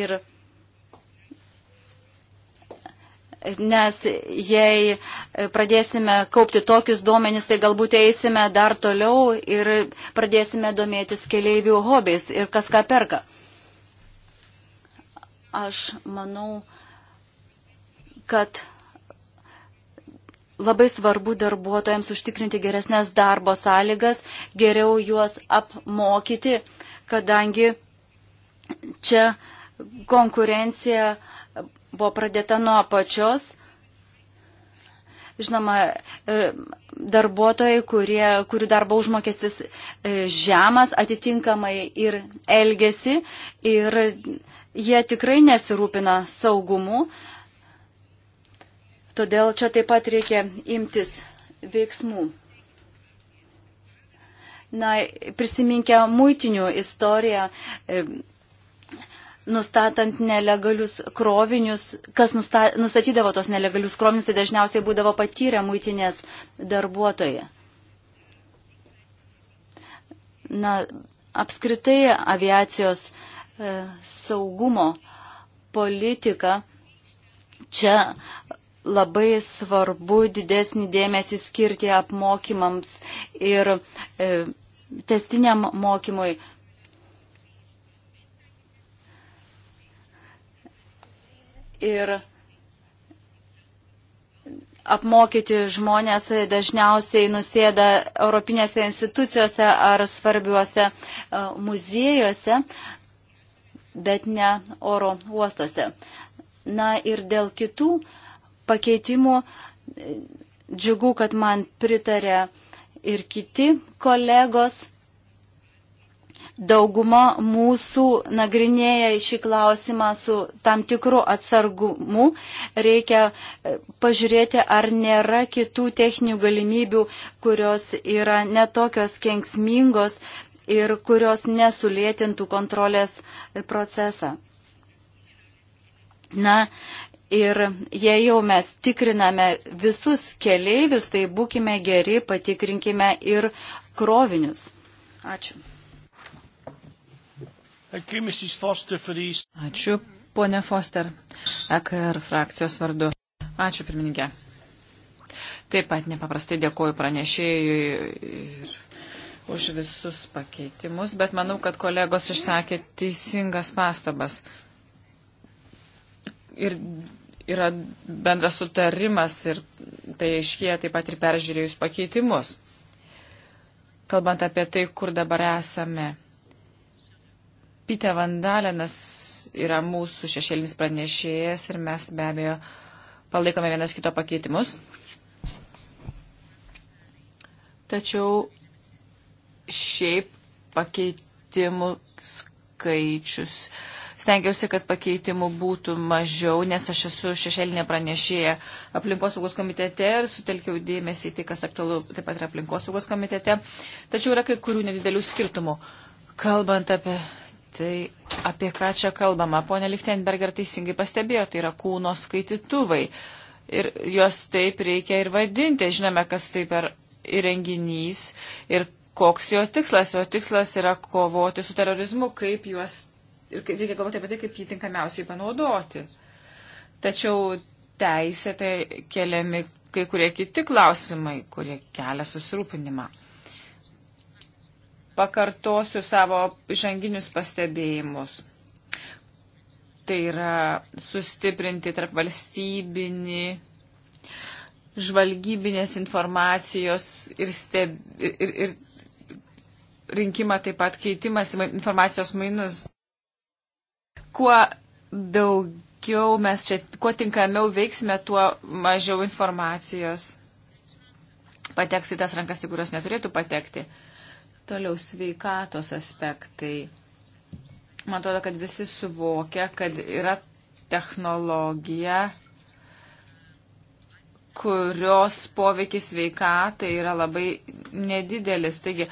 Ir nes jei pradėsime kaupti tokius duomenys, tai galbūt eisime dar toliau ir pradėsime domėtis keliaivių hobiais ir kas ką perka. Aš manau, kad labai svarbu darbuotojams užtikrinti geresnės darbo sąlygas, geriau juos apmokyti, kadangi čia konkurencija uh, buvo pradėta nuo apačios. Žinoma, e, darbuotojai, kurie, kurių darbo užmokestis e, žemas, atitinkamai ir elgesi ir jie tikrai nesirūpina saugumu. Todėl čia taip pat reikia imtis veiksmų. Na, prisiminkę muitinių istoriją, e, nustatant nelegalius krovinius, kas nusta, nustatydavo tos nelegalius krovinius, tai dažniausiai būdavo patyrę muitinės darbuotojai. Na, apskritai aviacijos e, saugumo politika čia labai svarbu didesnį dėmesį skirti apmokymams ir e, testiniam mokymui. E, ir apmokyti žmonės dažniausiai nusėda Europinėse institucijose ar svarbiuose e, muziejuose, bet ne oro uostuose. Na ir dėl kitų pakeitimų e, džiugu, kad man pritarė ir kiti kolegos. Dauguma mūsų nagrinėja šį klausimą su tam tikru atsargumu. Reikia e, pažiūrėti, ar nėra kitų techninių galimybių, kurios yra netokios kenksmingos ir kurios nesulėtintų kontrolės e, procesą. Na, Ir jei jau mes tikriname visus keleivius, tai būkime geri, patikrinkime ir krovinius. Ačiū. Ačiū, ponė Foster, EKR frakcijos vardu. Ačiū, pirmininkė. Taip pat nepaprastai dėkoju pranešėjui ir už visus pakeitimus, bet manau, kad kolegos išsakė teisingas pastabas. Ir yra bendras sutarimas ir tai aiškėja taip pat ir peržiūrėjus pakeitimus. Kalbant apie tai, kur dabar esame Pite Vandalenas yra mūsų šešėlinis pranešėjas ir mes be abejo palaikome vienas kito pakeitimus. Tačiau šiaip pakeitimų skaičius. Stengiausi, kad pakeitimų būtų mažiau, nes aš esu šešėlinė pranešėja aplinkosaugos komitete ir sutelkiau dėmesį į tai, kas aktualu taip pat yra aplinkosaugos komitete. Tačiau yra kai kurių nedidelių skirtumų. Kalbant apie tai apie ką čia kalbama. Pone Lichtenberger teisingai pastebėjo, tai yra kūno skaitytuvai. Ir juos taip reikia ir vadinti. Žinome, kas tai per įrenginys ir koks jo tikslas. Jo tikslas yra kovoti su terorizmu, kaip juos. Ir reikia galvoti apie tai, kaip jį tinkamiausiai panaudoti. Tačiau teisė tai keliami kai kurie kiti klausimai, kurie kelia susirūpinimą pakartosiu savo žanginius pastebėjimus. Tai yra sustiprinti tarp valstybinį žvalgybinės informacijos ir, steb, ir, ir rinkimą taip pat keitimas informacijos mainus. Kuo daugiau mes čia, kuo tinkamiau veiksime, tuo mažiau informacijos pateks į tas rankas, į kurios neturėtų patekti. Uh, Toliau sveikatos aspektai. Man atrodo, kad visi suvokia, kad yra technologija, kurios poveikis sveikatai yra labai nedidelis. Taigi,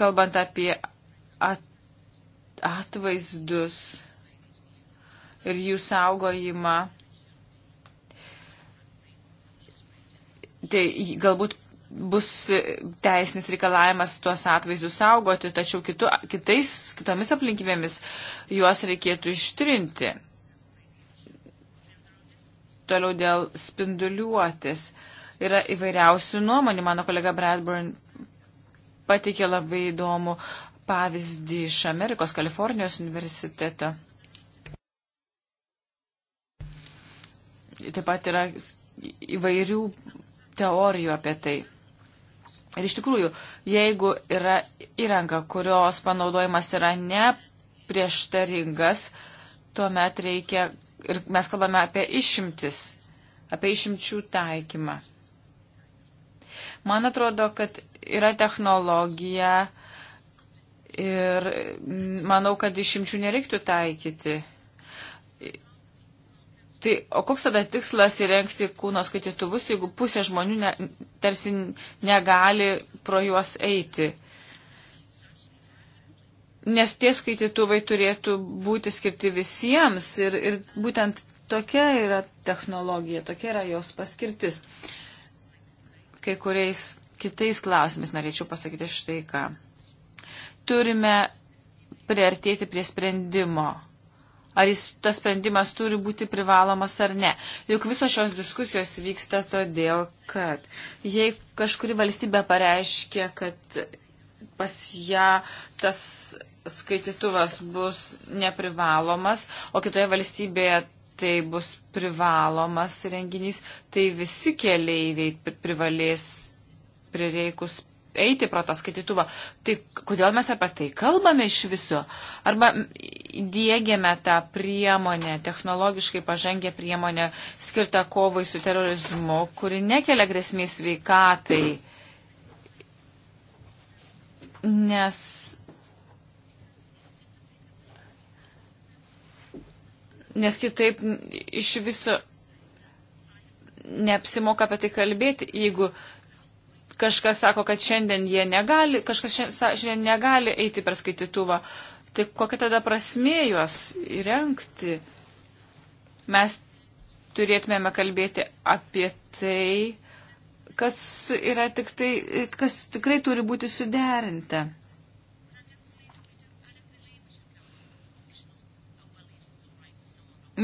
kalbant apie atvaizdus ir jų saugojimą, tai galbūt bus teisnis reikalavimas tuos atvaizdus saugoti, tačiau kitu, kitais, kitomis aplinkybėmis juos reikėtų ištrinti. Toliau dėl spinduliuotis. Yra įvairiausių nuomonių. Mano kolega Bradburn pateikė labai įdomų pavyzdį iš Amerikos Kalifornijos universiteto. Taip pat yra įvairių teorijų apie tai. Ir iš tikrųjų, jeigu yra įranga, kurios panaudojimas yra neprieštaringas, tuomet reikia, ir mes kalbame apie išimtis, apie išimčių taikymą. Man atrodo, kad yra technologija ir manau, kad išimčių nereiktų taikyti. Tai, o koks tada tikslas įrengti kūno skaitytuvus, jeigu pusė žmonių ne, tarsi negali pro juos eiti? Nes tie skaitytuvai turėtų būti skirti visiems ir, ir būtent tokia yra technologija, tokia yra jos paskirtis. Kai kuriais kitais klausimais norėčiau pasakyti štai ką. Turime priartėti prie sprendimo ar jis, tas sprendimas turi būti privalomas ar ne. Juk visos šios diskusijos vyksta todėl, kad jei kažkuri valstybė pareiškia, kad pas ją tas skaitytuvas bus neprivalomas, o kitoje valstybėje tai bus privalomas renginys, tai visi keleiviai privalės prireikus eiti pro tą skaitytuvą. Tai kodėl mes apie tai kalbame iš viso? Arba dėgiame tą priemonę, technologiškai pažangę priemonę skirtą kovai su terorizmu, kuri nekelia grėsmės veikatai. Nes nes kitaip iš viso neapsimoka apie tai kalbėti, jeigu Kažkas sako, kad šiandien jie negali, kažkas šiandien negali eiti per skaitytuvą. Tai kokia tada prasmė juos įrengti? Mes turėtumėme kalbėti apie tai, kas, yra tik tai, kas tikrai turi būti suderinta.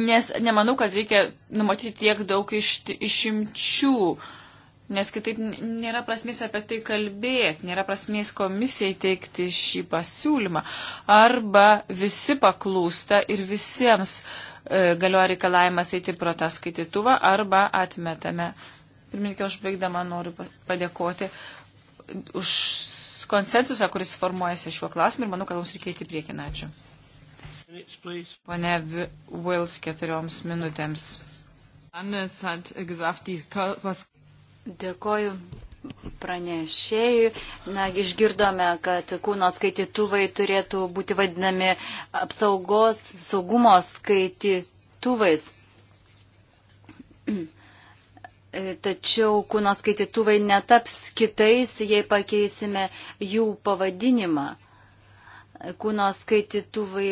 Nes nemanau, kad reikia numatyti tiek daug iš, išimčių. Iš nes kitaip nėra prasmės apie tai kalbėti, nėra prasmės komisijai teikti šį pasiūlymą. Arba visi paklūsta ir visiems e, galioja reikalavimas eiti pro tą skaitytuvą, arba atmetame. Pirmininkė, užbaigdama noriu padėkoti už konsensusą, kuris formuojasi šiuo klausimu ir manau, kad mums reikia eiti priekin. Ačiū. Pone Vils keturioms minutėms. Anders hat gesagt, die was Dėkoju pranešėjui. Na, išgirdome, kad kūno skaitytuvai turėtų būti vadinami apsaugos, saugumo skaitytuvais. (clears throat) Tačiau kūno skaitytuvai netaps kitais, jei pakeisime jų pavadinimą. Kūno skaitytuvai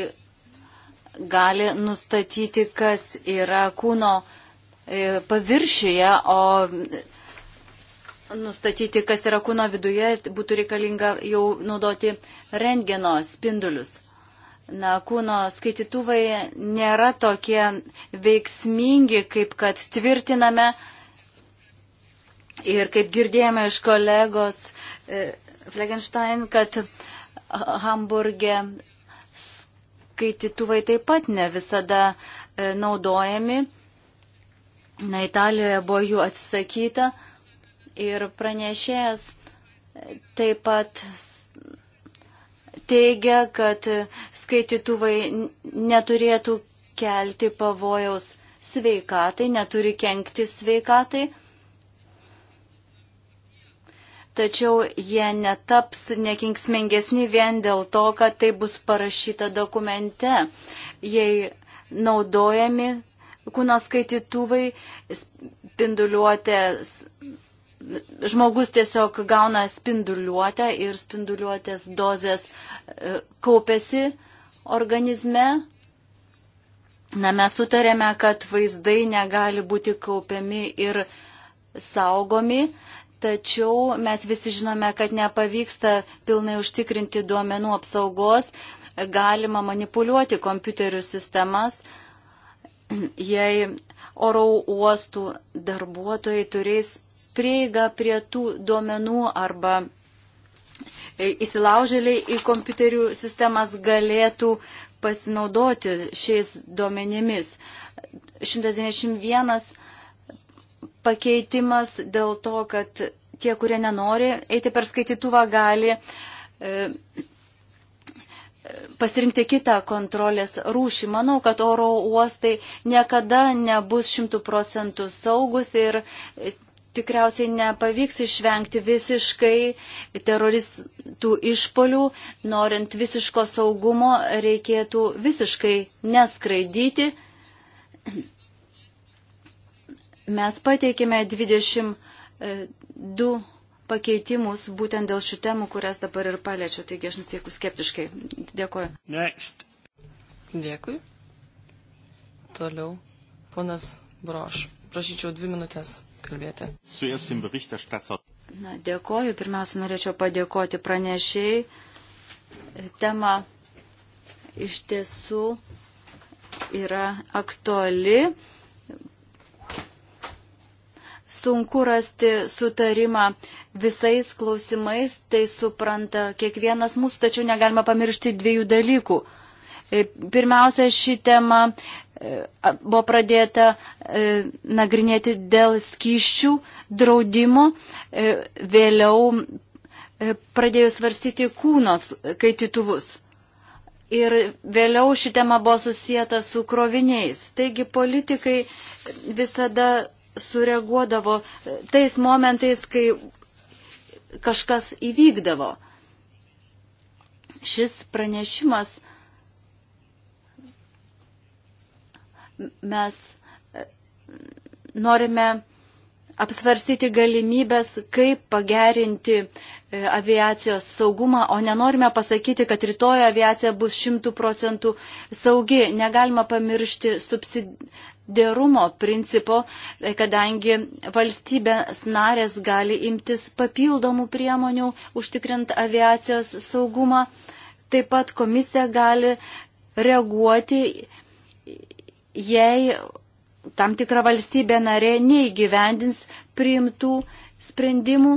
gali nustatyti, kas yra kūno e, paviršiuje, o nustatyti, kas yra kūno viduje, būtų reikalinga jau naudoti rengeno spindulius. Na, kūno skaitytuvai nėra tokie veiksmingi, kaip kad tvirtiname ir kaip girdėjome iš kolegos e, Flegenstein, kad Hamburgė skaitytuvai taip pat ne visada e, naudojami. Na, Italijoje buvo jų atsisakyta ir pranešėjas taip pat teigia, kad skaitytuvai neturėtų kelti pavojaus sveikatai, neturi kenkti sveikatai, tačiau jie netaps nekinksmingesni vien dėl to, kad tai bus parašyta dokumente. Jei naudojami kūno skaitytuvai, spinduliuotės žmogus tiesiog gauna spinduliuotę ir spinduliuotės dozės e, kaupiasi organizme. Na, mes sutarėme, kad vaizdai negali būti kaupiami ir saugomi, tačiau mes visi žinome, kad nepavyksta pilnai užtikrinti duomenų apsaugos, galima manipuliuoti kompiuterių sistemas, jei oro uostų darbuotojai turės prieiga prie tų duomenų arba e, įsilaužėliai į kompiuterių sistemas galėtų pasinaudoti šiais duomenimis. 191 pakeitimas dėl to, kad tie, kurie nenori eiti per skaitytuvą, gali e, pasirinkti kitą kontrolės rūšį. Manau, kad oro uostai niekada nebus šimtų procentų saugus ir tikriausiai nepavyks išvengti visiškai teroristų išpolių. Norint visiško saugumo, reikėtų visiškai neskraidyti. Mes pateikėme 22 e, pakeitimus būtent dėl šių temų, kurias dabar ir paliečiu. Taigi aš nusteiku skeptiškai. Dėkuoju. Next. Dėkui. Toliau. Ponas Broš. Prašyčiau dvi minutės kalbėti. Na, dėkoju. Pirmiausia, norėčiau padėkoti pranešiai. Tema iš tiesų yra aktuali. Sunku rasti sutarimą visais klausimais, tai supranta kiekvienas mūsų, tačiau negalima pamiršti dviejų dalykų. E, pirmiausia, ši tema buvo pradėta e, nagrinėti dėl skyščių draudimo, e, vėliau e, pradėjus svarstyti kūnos kaitituvus. Ir vėliau ši tema buvo susijęta su kroviniais. Taigi politikai visada sureaguodavo tais momentais, kai kažkas įvykdavo. Šis pranešimas mes e, norime apsvarstyti galimybės, kaip pagerinti e, aviacijos saugumą, o nenorime pasakyti, kad rytoj aviacija bus šimtų procentų saugi. Negalima pamiršti subsidiarumo principo, e, kadangi valstybės narės gali imtis papildomų priemonių užtikrint aviacijos saugumą. Taip pat komisija gali reaguoti jei tam tikra valstybė narė neįgyvendins priimtų sprendimų.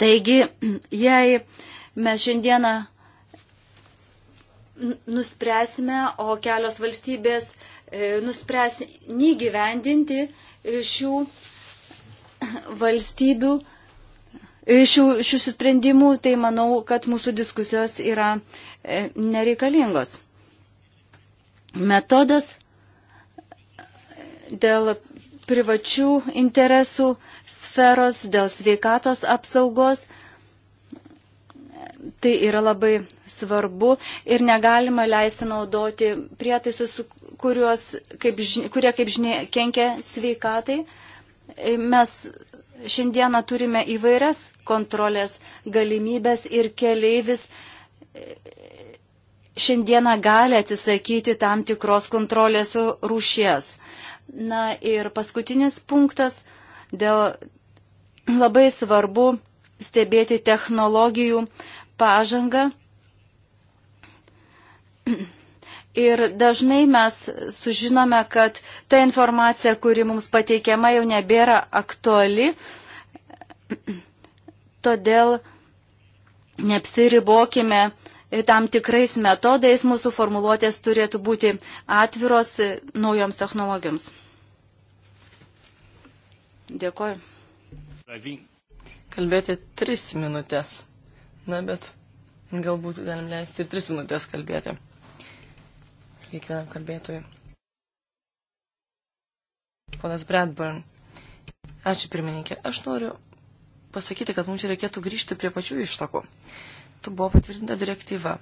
Taigi, jei mes šiandieną nuspręsime, o kelios valstybės e, nuspręs neįgyvendinti šių valstybių, e, šių, šių sprendimų, tai manau, kad mūsų diskusijos yra e, nereikalingos metodas dėl privačių interesų sferos, dėl sveikatos apsaugos. Tai yra labai svarbu ir negalima leisti naudoti prietaisus, kuriuos, kaip, kurie, kaip žinia, kenkia sveikatai. Mes šiandieną turime įvairias kontrolės galimybės ir keleivis šiandieną gali atsisakyti tam tikros kontrolės rūšies. Na ir paskutinis punktas, dėl labai svarbu stebėti technologijų pažangą. Ir dažnai mes sužinome, kad ta informacija, kuri mums pateikiama, jau nebėra aktuali. Todėl neapsiribokime uh, tam tikrais metodais mūsų formuluotės turėtų būti atviros naujoms technologijoms. Dėkoju. Kalbėti tris minutės. Na, bet galbūt galim leisti ir tris minutės kalbėti. Kiekvienam kalbėtojui. Ponas Bradburn. Ačiū pirmininkė. Aš noriu pasakyti, kad mums reikėtų grįžti prie pačių ištakų metų buvo patvirtinta direktyva.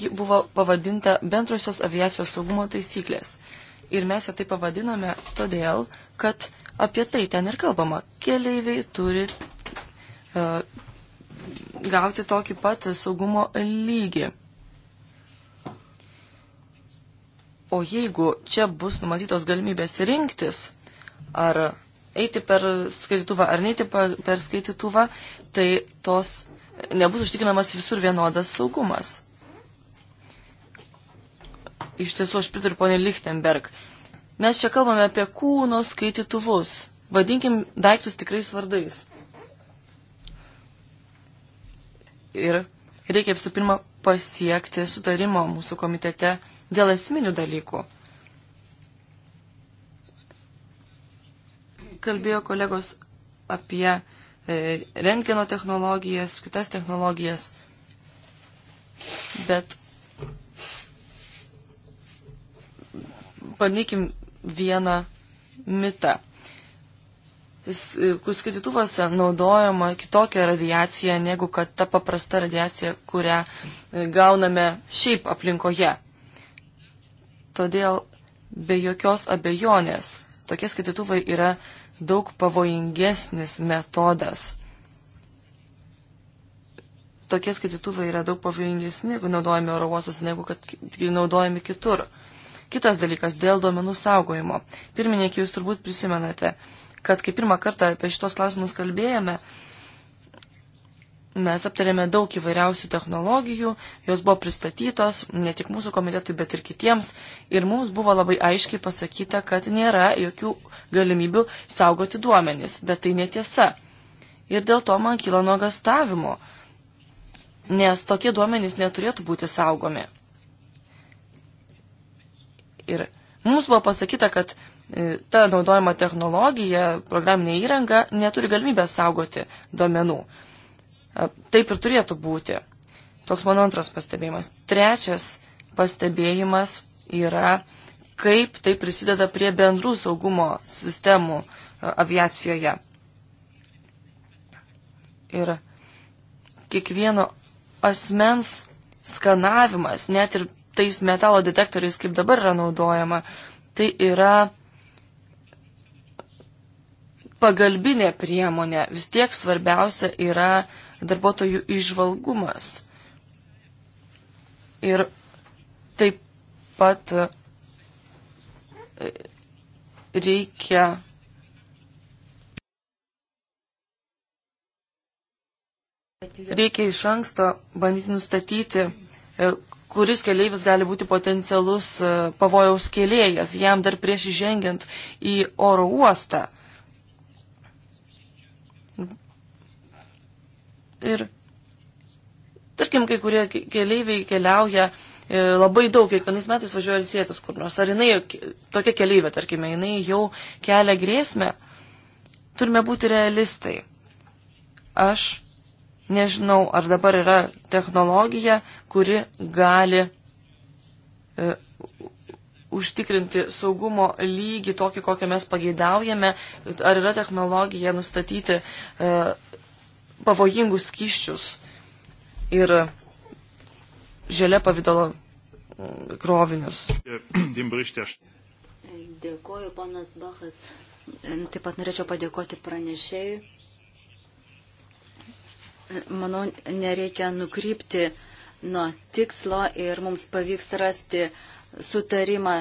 Ji buvo pavadinta bendrosios aviacijos saugumo taisyklės. Ir mes ją tai pavadinome todėl, kad apie tai ten ir kalbama. Keleiviai turi uh, gauti tokį pat saugumo lygį. O jeigu čia bus numatytos galimybės rinktis, ar eiti per skaitytuvą, ar neiti per skaitytuvą, tai tos nebus užtikrinamas visur vienodas saugumas. Iš tiesų, aš pritariu ponė Lichtenberg. Mes čia kalbame apie kūno skaitytuvus. Vadinkim daiktus tikrais vardais. Ir reikia visų pirma pasiekti sutarimo mūsų komitete dėl esminių dalykų. Kalbėjo kolegos apie E, rentgeno technologijas, kitas technologijas. Bet panikim vieną mitą. E, Skaitytuvuose naudojama kitokia radiacija negu kad ta paprasta radiacija, kurią e, gauname šiaip aplinkoje. Todėl be jokios abejonės tokie skaitytuvai yra daug pavojingesnis metodas. Tokie skaitytuvai yra daug pavojingesni, jeigu naudojami oro uostose, negu kad naudojami kitur. Kitas dalykas - dėl duomenų saugojimo. Pirmininkė, jūs turbūt prisimenate, kad kai pirmą kartą apie šitos klausimus kalbėjome, Mes aptarėme daug įvairiausių technologijų, jos buvo pristatytos ne tik mūsų komitetui, bet ir kitiems. Ir mums buvo labai aiškiai pasakyta, kad nėra jokių galimybių saugoti duomenys, bet tai netiesa. Ir dėl to man kilo nuogastavimo, nes tokie duomenys neturėtų būti saugomi. Ir mums buvo pasakyta, kad e, ta naudojama technologija, programinė įranga neturi galimybę saugoti duomenų. Taip ir turėtų būti. Toks mano antras pastebėjimas. Trečias pastebėjimas yra, kaip tai prisideda prie bendrų saugumo sistemų aviacijoje. Ir kiekvieno asmens skanavimas, net ir tais metalo detektoriais, kaip dabar yra naudojama, tai yra pagalbinė priemonė. Vis tiek svarbiausia yra uh, darbuotojų išvalgumas. Ir taip pat e, reikia Reikia iš anksto bandyti nustatyti, e, kuris keleivis gali būti potencialus e, pavojaus kelėjas, jam dar prieš įžengiant į oro uostą. Ir, tarkim, kai kurie keleiviai keliauja e, labai daug, kiekvienais metais važiuoja ilsėtis kur nors. Ar jinai, tokia keleivė, tarkime, jinai jau kelia grėsmę. Turime būti realistai. Aš nežinau, ar dabar yra technologija, kuri gali e, užtikrinti saugumo lygį tokį, kokį mes pageidaujame, ar yra technologija nustatyti e, pavojingus skyščius ir žalia pavydalo krovinius. Dėkoju, ponas Bachas. Taip pat norėčiau padėkoti pranešėjai. Manau, nereikia nukrypti nuo tikslo ir mums pavyks rasti sutarimą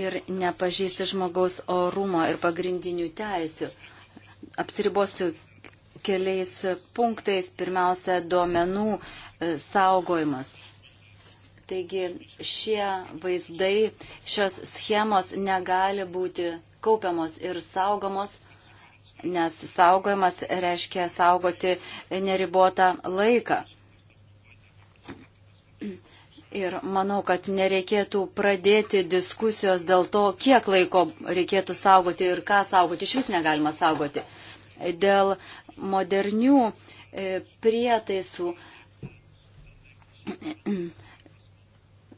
ir nepažįsti žmogaus orumo ir pagrindinių teisių. Apsiribosiu keliais punktais. Pirmiausia, duomenų e, saugojimas. Taigi šie vaizdai, šios schemos negali būti kaupiamos ir saugomos, nes saugojimas reiškia saugoti neribotą laiką. Ir manau, kad nereikėtų pradėti diskusijos dėl to, kiek laiko reikėtų saugoti ir ką saugoti. Iš vis negalima saugoti. Dėl modernių e, prietaisų.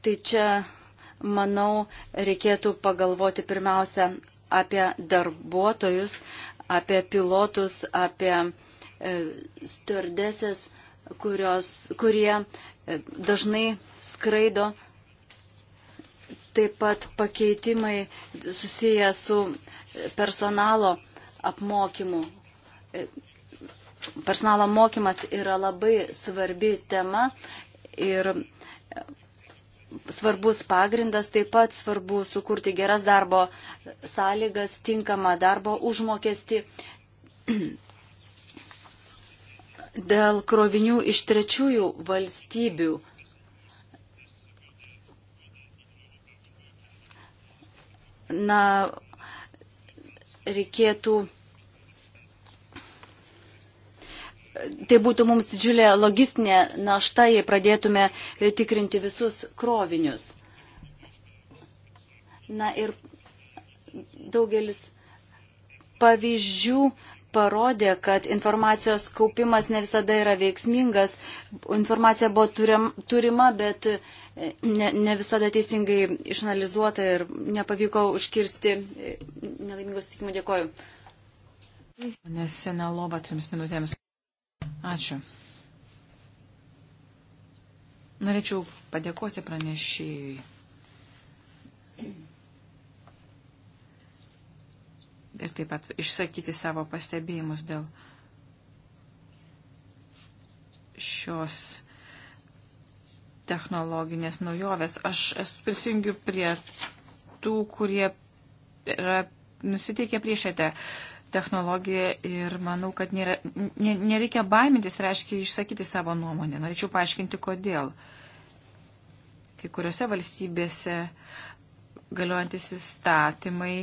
Tai čia, manau, reikėtų pagalvoti pirmiausia apie darbuotojus, apie pilotus, apie e, stordesės, kurie e, dažnai skraido taip pat pakeitimai susiję su personalo apmokymu personalo mokymas yra labai svarbi tema ir svarbus pagrindas, taip pat svarbu sukurti geras darbo sąlygas, tinkamą darbo užmokestį. (clears throat) Dėl krovinių iš trečiųjų valstybių na, reikėtų tai būtų mums didžiulė logistinė našta, jei pradėtume e, tikrinti visus krovinius. Na ir daugelis pavyzdžių parodė, kad informacijos kaupimas ne visada yra veiksmingas. Informacija buvo turim, turima, bet e, ne, ne visada teisingai išanalizuota ir nepavyko užkirsti e, nelaimingos sutikimų. Dėkoju. Nes Senelova trims minutėms. Ačiū. Norėčiau padėkoti pranešėjui. Ir taip pat išsakyti savo pastebėjimus dėl šios technologinės naujovės. Aš prisijungiu prie tų, kurie yra nusiteikę prieš šią technologija ir manau, kad nėra, nereikia baimintis, reiškia išsakyti savo nuomonę. Norėčiau paaiškinti, kodėl. Kai kuriuose valstybėse galiojantis įstatymai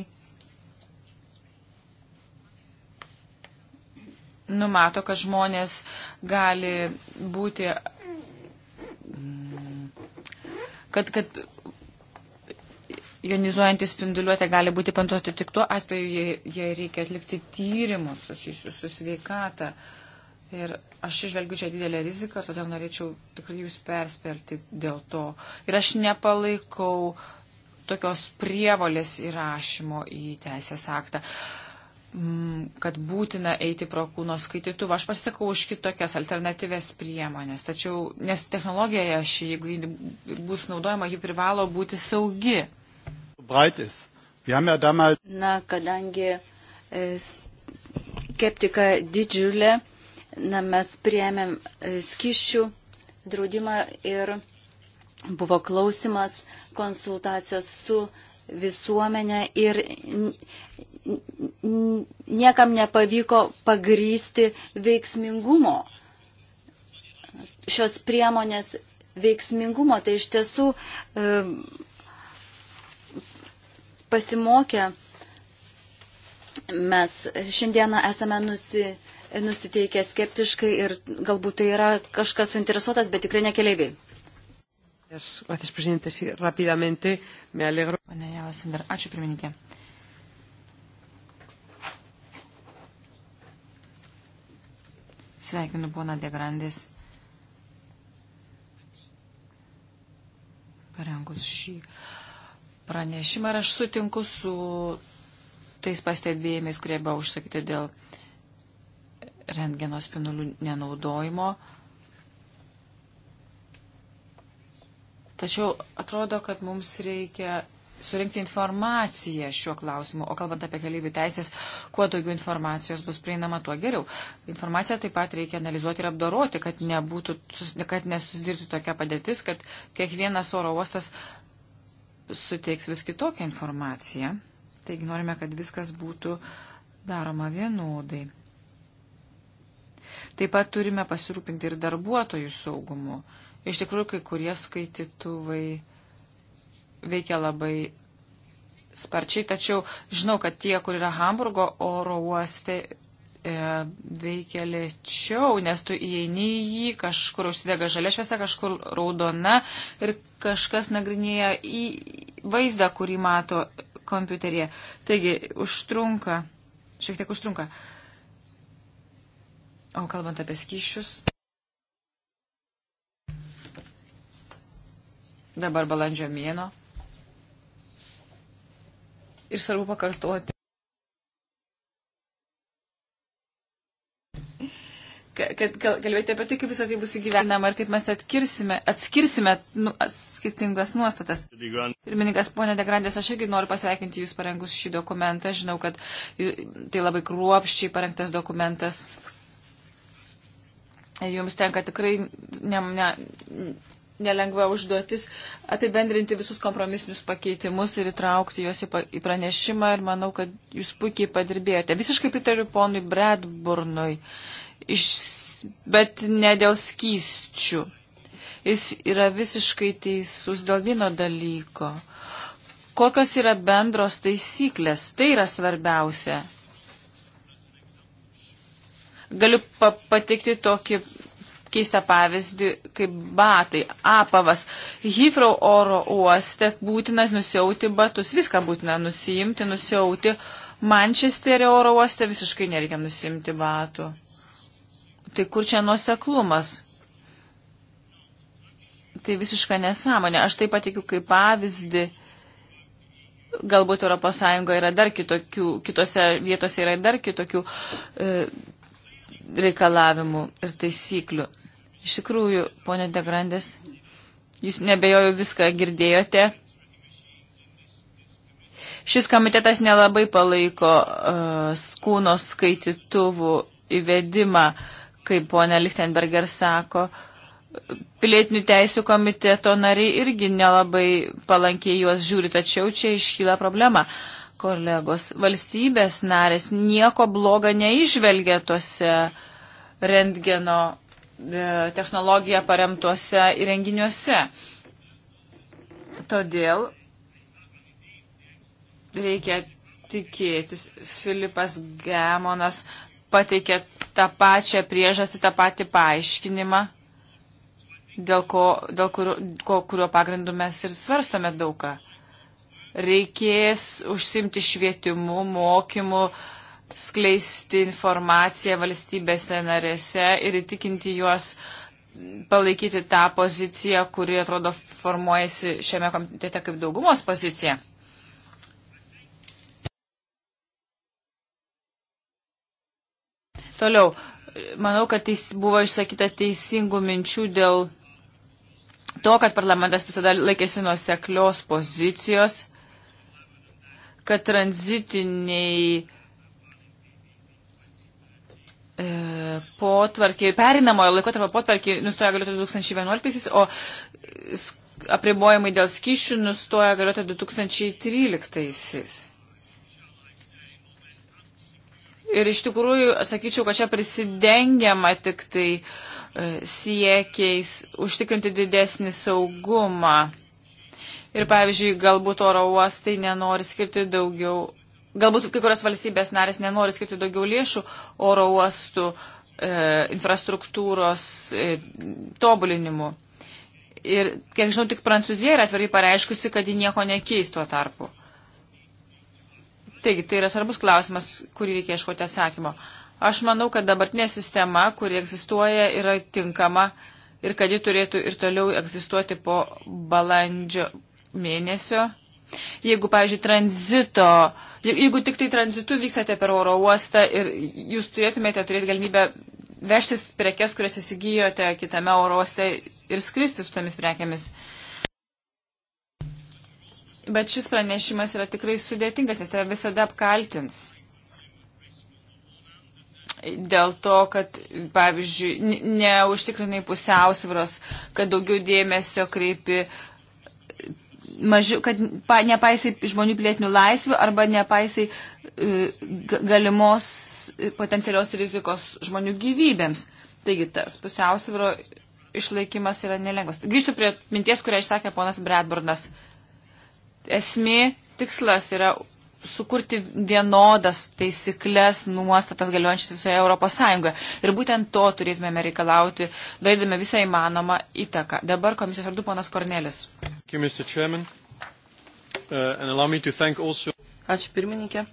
numato, kad žmonės gali būti, mm, kad, kad jonizuojantį spinduliuotę gali būti pantuoti tik tuo atveju, jei, jei reikia atlikti tyrimus susijusius su sveikata. Ir aš išvelgiu čia didelę riziką, todėl norėčiau tikrai jūs persperti dėl to. Ir aš nepalaikau tokios prievolės įrašymo į teisės aktą, mm, kad būtina eiti pro kūno skaitytuvą. Aš pasisakau už kitokias alternatyves priemonės, tačiau nes technologijoje ši, jeigu bus naudojama, ji privalo būti saugi breit ist. Wir haben ja damals. Na, kadangi e, skeptika didžiulė, na, mes priemėm e, skiščių draudimą ir buvo klausimas, konsultacijos su visuomenė ir niekam nepavyko pagrysti veiksmingumo šios priemonės veiksmingumo. Tai iš tiesų e, pasimokę mes šiandieną esame nusi, nusiteikę skeptiškai ir galbūt tai yra kažkas suinteresuotas, bet tikrai ne keliaiviai. Gracias, presidente. Sí, rápidamente me alegro. Pane Jalasender, ačiū pirmininkė. Sveikinu poną Degrandės parengus šį pranešimą ir aš sutinku su tais pastebėjimais, kurie buvo užsakyti dėl rentgeno spinulių nenaudojimo. Tačiau atrodo, kad mums reikia surinkti informaciją šiuo klausimu, o kalbant apie keliaivių teisės, kuo daugiau informacijos bus prieinama, tuo geriau. Informaciją taip pat reikia analizuoti ir apdoroti, kad, nebūtų, kad nesusidirtų tokia padėtis, kad kiekvienas oro uostas suteiks vis kitokią informaciją. Taigi norime, kad viskas būtų daroma vienodai. Taip pat turime pasirūpinti ir darbuotojų saugumu. Iš tikrųjų, kai kurie skaitytuvai veikia labai sparčiai, tačiau žinau, kad tie, kur yra Hamburgo oro uoste, E, veikia lėčiau, nes tu įeini į jį, kažkur užsidega žalia šviesa, kažkur raudona ir kažkas nagrinėja į vaizdą, kurį mato kompiuterėje. Taigi, užtrunka, šiek tiek užtrunka. O kalbant apie skyšius. Dabar balandžio mėno. Ir svarbu pakartoti. kad kalbėti apie tai, kaip visą tai bus įgyvenama ir kaip mes atkirsime, atskirsime nu, skirtingas nuostatas. Pirmininkas, ponė Degrandės, aš irgi noriu pasveikinti Jūs parengus šį dokumentą. Žinau, kad tai labai kruopščiai parengtas dokumentas. Jums tenka tikrai ne, ne, nelengva užduotis apibendrinti visus kompromisinius pakeitimus ir įtraukti juos į pranešimą ir manau, kad jūs puikiai padirbėjote. Visiškai pritariu ponui Bradburnui iš, bet ne dėl skysčių. Jis yra visiškai teisus dėl vieno dalyko. Kokios yra bendros taisyklės? Tai yra svarbiausia. Galiu pa pateikti tokį keistą pavyzdį, kaip batai, apavas. Hifrau oro uoste būtina nusiauti batus, viską būtina nusiimti, nusiauti. Mančesterio oro uoste visiškai nereikia nusimti batų. Tai kur čia nuoseklumas? Tai visiška nesąmonė. Aš tai patikiu kaip pavyzdį. Galbūt ES yra dar kitokių, kitose vietose yra dar kitokių e, reikalavimų ir taisyklių. Iš tikrųjų, ponė Degrandės, jūs nebejoju viską girdėjote. Šis komitetas nelabai palaiko uh, e, kūno skaitytuvų įvedimą. Uh, kaip ponia Lichtenberger sako, pilietinių teisų komiteto nariai irgi nelabai palankiai juos žiūri, tačiau čia iškyla problema. Kolegos, valstybės narės nieko bloga neižvelgia tuose rentgeno e, technologiją paremtuose įrenginiuose. Todėl reikia tikėtis, Filipas Gemonas pateikė tą pačią priežastį, tą patį paaiškinimą, dėl, ko, dėl kurio, ko, kurio pagrindu mes ir svarstame daugą. Reikės užsimti švietimu, mokymu, skleisti informaciją valstybėse narėse ir įtikinti juos palaikyti tą poziciją, kuri atrodo formuojasi šiame komitete kaip daugumos pozicija. Toliau, manau, kad teis, buvo išsakyta teisingų minčių dėl to, kad parlamentas visada laikėsi nuoseklios pozicijos, kad tranzitiniai e, potvarkiai, perinamojo laikotarpio potvarkiai nustoja galioti 2011, o apribojimai dėl skyšių nustoja galioti 2013. Ir iš tikrųjų, sakyčiau, kad čia prisidengiama tik tai e, siekiais užtikrinti didesnį saugumą. Ir pavyzdžiui, galbūt oro uostai nenori skirti daugiau, galbūt kai kurios valstybės narės nenori skirti daugiau lėšų oro uostų e, infrastruktūros e, tobulinimu. Ir, kiek žinau, tik Prancūzija yra atvirai pareiškusi, kad ji nieko nekeis tuo tarpu. Taigi, tai yra svarbus klausimas, kurį reikia ieškoti atsakymo. Aš manau, kad dabartinė sistema, kuri egzistuoja, yra tinkama ir kad ji turėtų ir toliau egzistuoti po balandžio mėnesio. Jeigu, pavyzdžiui, tranzito, jeigu tik tai tranzitu vyksate per oro uostą ir jūs turėtumėte turėti galimybę vežtis prekes, kurias įsigijote kitame oro uoste ir skristi su tomis prekėmis. Uh, Bet šis pranešimas yra tikrai sudėtingas, nes tave visada apkaltins. Dėl to, kad, pavyzdžiui, neužtikrinai pusiausvros, kad daugiau dėmesio kreipi, maži, kad pa, nepaisai žmonių pilietinių laisvių arba nepaisai e, galimos potencialios rizikos žmonių gyvybėms. Taigi tas pusiausvro išlaikimas yra nelengvas. Grįšiu prie minties, kurią išsakė ponas Bradburnas. Uh, esmė tikslas yra sukurti vienodas taisyklės, nuostatas galiojančias visoje Europos Sąjungoje. Ir būtent to turėtumėme reikalauti, darydami visą įmanomą įtaką. Dabar komisijos vardu ponas Kornelis. Uh, Ačiū pirmininkė.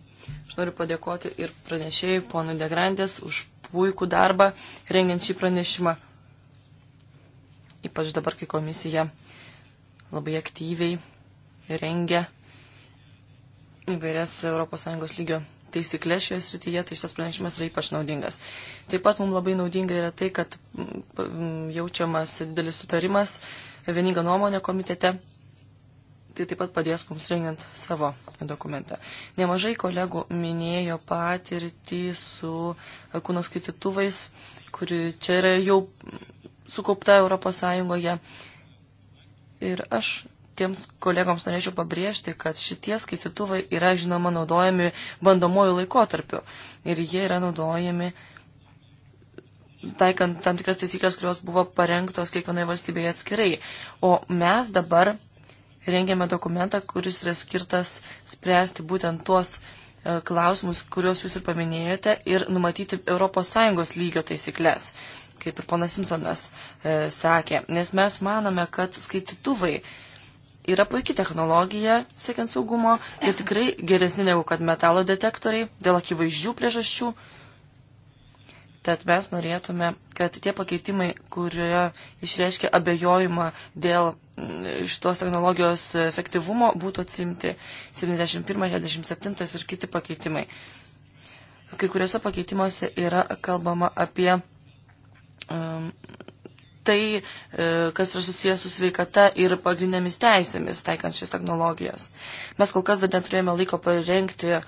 Aš noriu padėkoti ir pranešėjai ponui Degrandės už puikų darbą rengiant šį pranešimą. Ypač dabar, kai komisija labai aktyviai rengia įvairias ES lygio taisyklės šioje srityje, tai šitas pranešimas yra ypač naudingas. Taip pat mums labai naudinga yra tai, kad mm, jaučiamas didelis sutarimas, vieninga nuomonė komitete. Tai taip pat padės mums rengiant savo dokumentą. Nemažai kolegų minėjo patirtį su kūno skaitytuvais, kuri čia yra jau sukaupta Europos Sąjungoje. Ir aš tiems kolegoms norėčiau pabrėžti, kad šitie skaitytuvai yra, žinoma, naudojami bandomojų laikotarpiu ir jie yra naudojami taikant tam tikras taisyklės, kurios buvo parengtos kiekvienoje valstybėje atskirai. O mes dabar rengiame dokumentą, kuris yra skirtas spręsti būtent tuos e, klausimus, kuriuos jūs ir paminėjote, ir numatyti ES lygio taisyklės, kaip ir ponas Simpsonas e, sakė. Nes mes manome, kad skaitytuvai yra puikia technologija siekiant saugumo, jie tikrai geresni negu kad metalo detektoriai dėl akivaizdžių priežasčių. Tad mes norėtume, kad tie pakeitimai, kurie išreiškia abejojimą dėl šitos technologijos efektyvumo, būtų atsimti 71, 67 ir kiti pakeitimai. Kai kuriuose pakeitimuose yra kalbama apie um, tai, e, kas yra susijęs su sveikata ir pagrindinėmis teisėmis, taikant šias technologijas. Mes kol kas dar neturėjome laiko parengti e,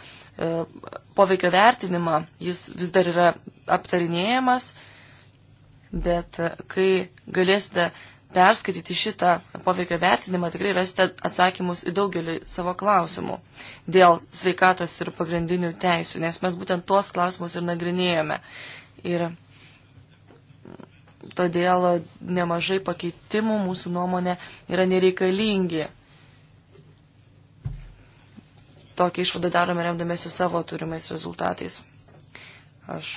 poveikio vertinimą, jis vis dar yra aptarinėjamas, bet e, kai galėsite perskaityti šitą poveikio vertinimą, tikrai rasite atsakymus į daugelį savo klausimų dėl sveikatos ir pagrindinių teisų, nes mes būtent tuos klausimus ir nagrinėjome. Ir todėl nemažai pakeitimų mūsų nuomonė yra nereikalingi. Tokią išvadą darome remdamėsi savo turimais rezultatais. Aš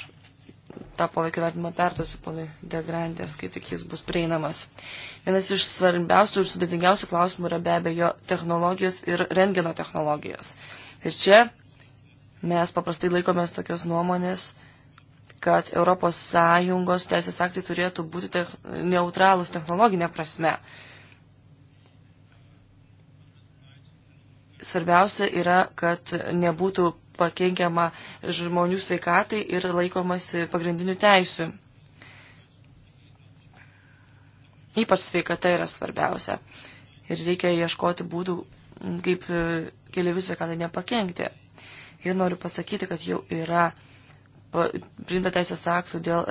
tą poveikio vertimą perduosiu ponui Degrandės, kai tik jis bus prieinamas. Vienas iš svarbiausių ir sudėtingiausių klausimų yra be abejo technologijos ir rengeno technologijos. Ir čia mes paprastai laikomės tokios nuomonės, kad ES teisės aktai turėtų būti te neutralūs technologinė prasme. Svarbiausia yra, kad nebūtų pakenkiama žmonių sveikatai ir laikomasi pagrindinių teisių. Ypač sveikata yra svarbiausia. Ir reikia ieškoti būdų, kaip keliavių sveikatai nepakenkti. Ir noriu pasakyti, kad jau yra priimta teisės aktų dėl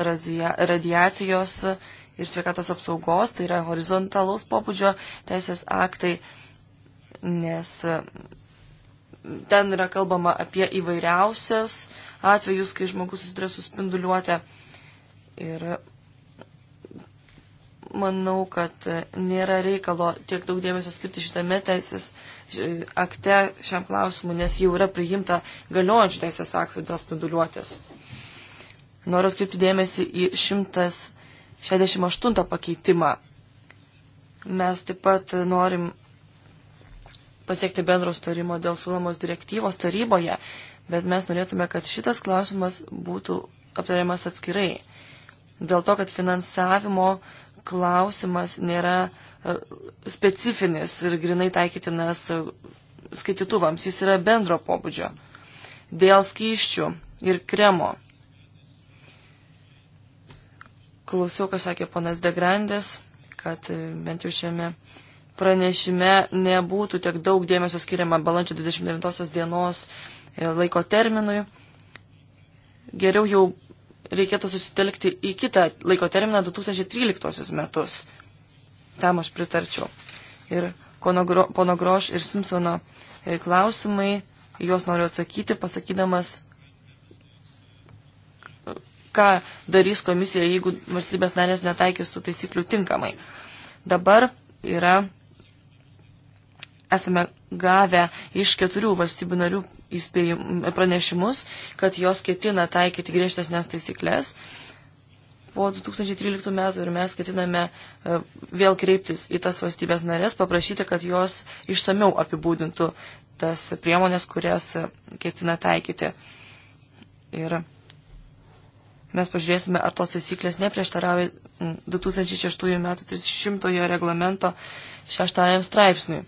radiacijos ir sveikatos apsaugos, tai yra horizontalaus pobūdžio teisės aktai, nes ten yra kalbama apie įvairiausias atvejus, kai žmogus susiduria su spinduliuote. Ir manau, kad nėra reikalo tiek daug dėmesio skirti šitame teisės akte šiam klausimui, nes jau yra priimta galiojančių teisės aktų dėl spinduliuotės. Noriu atkreipti dėmesį į 168 pakeitimą. Mes taip pat norim pasiekti bendro starimo dėl siūlomos direktyvos taryboje, bet mes norėtume, kad šitas klausimas būtų aptariamas atskirai. Dėl to, kad finansavimo klausimas nėra e, specifinis ir grinai taikytinas e, skaitytuvams, jis yra bendro pobūdžio. Dėl skyščių ir kremo klausiau, ką sakė ponas Degrandės, kad e, bent jau šiame pranešime nebūtų tiek daug dėmesio skiriama balandžio 29 dienos e, laiko terminui. Geriau jau reikėtų susitelkti į kitą laiko terminą 2013 metus. Tam aš pritarčiau. Ir pono Groš ir Simpsono e, klausimai, juos noriu atsakyti, pasakydamas ką darys komisija, jeigu valstybės narės netaikys tų taisyklių tinkamai. Dabar yra, esame gavę iš keturių valstybių narių įspėjim, pranešimus, kad jos ketina taikyti griežtesnės taisyklės po 2013 metų ir mes ketiname e, vėl kreiptis į tas valstybės narės, paprašyti, kad jos išsameu apibūdintų tas priemonės, kurias e, ketina taikyti. Ir mes pažiūrėsime, ar tos taisyklės neprieštarauja 2006 m. 300 reglamento 6 straipsniui.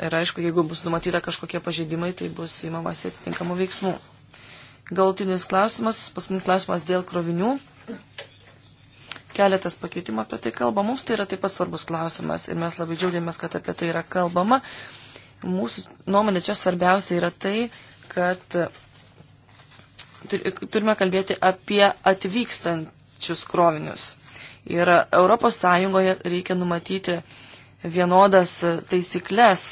Ir aišku, jeigu bus numatyta kažkokie pažeidimai, tai bus įmamasi atitinkamų veiksmų. Galutinis klausimas, paskutinis klausimas dėl krovinių. Keletas pakeitimų apie tai kalba. Mums tai yra taip pat svarbus klausimas ir mes labai džiaugiamės, kad apie tai yra kalbama. Mūsų nuomonė čia svarbiausia yra tai, kad turime kalbėti apie atvykstančius krovinius. Ir ES reikia numatyti vienodas taisyklės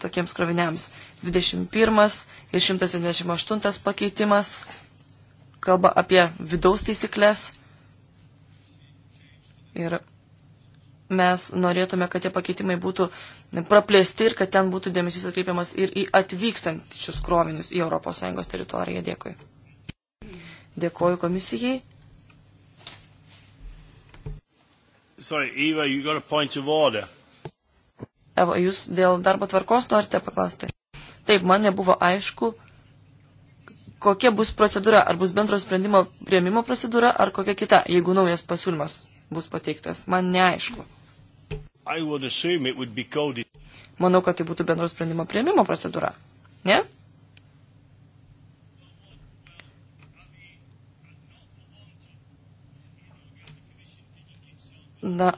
tokiems kroviniams. 21 ir 178 pakeitimas kalba apie vidaus taisyklės. Ir mes norėtume, kad tie pakeitimai būtų praplėsti ir kad ten būtų dėmesys atkreipiamas ir į atvykstančius krovinius į ES teritoriją. Dėkui. Dėkoju komisijai. Sorry, Eva, you got a point of order. Eva, jūs dėl darbo tvarkos norite paklausti? Taip, man nebuvo aišku, kokia bus procedūra, ar bus bendro sprendimo prieimimo procedūra, ar kokia kita, jeigu naujas pasiūlymas bus pateiktas. Man neaišku. Manau, kad tai būtų bendros sprendimo prieimimo procedūra. Ne? Na,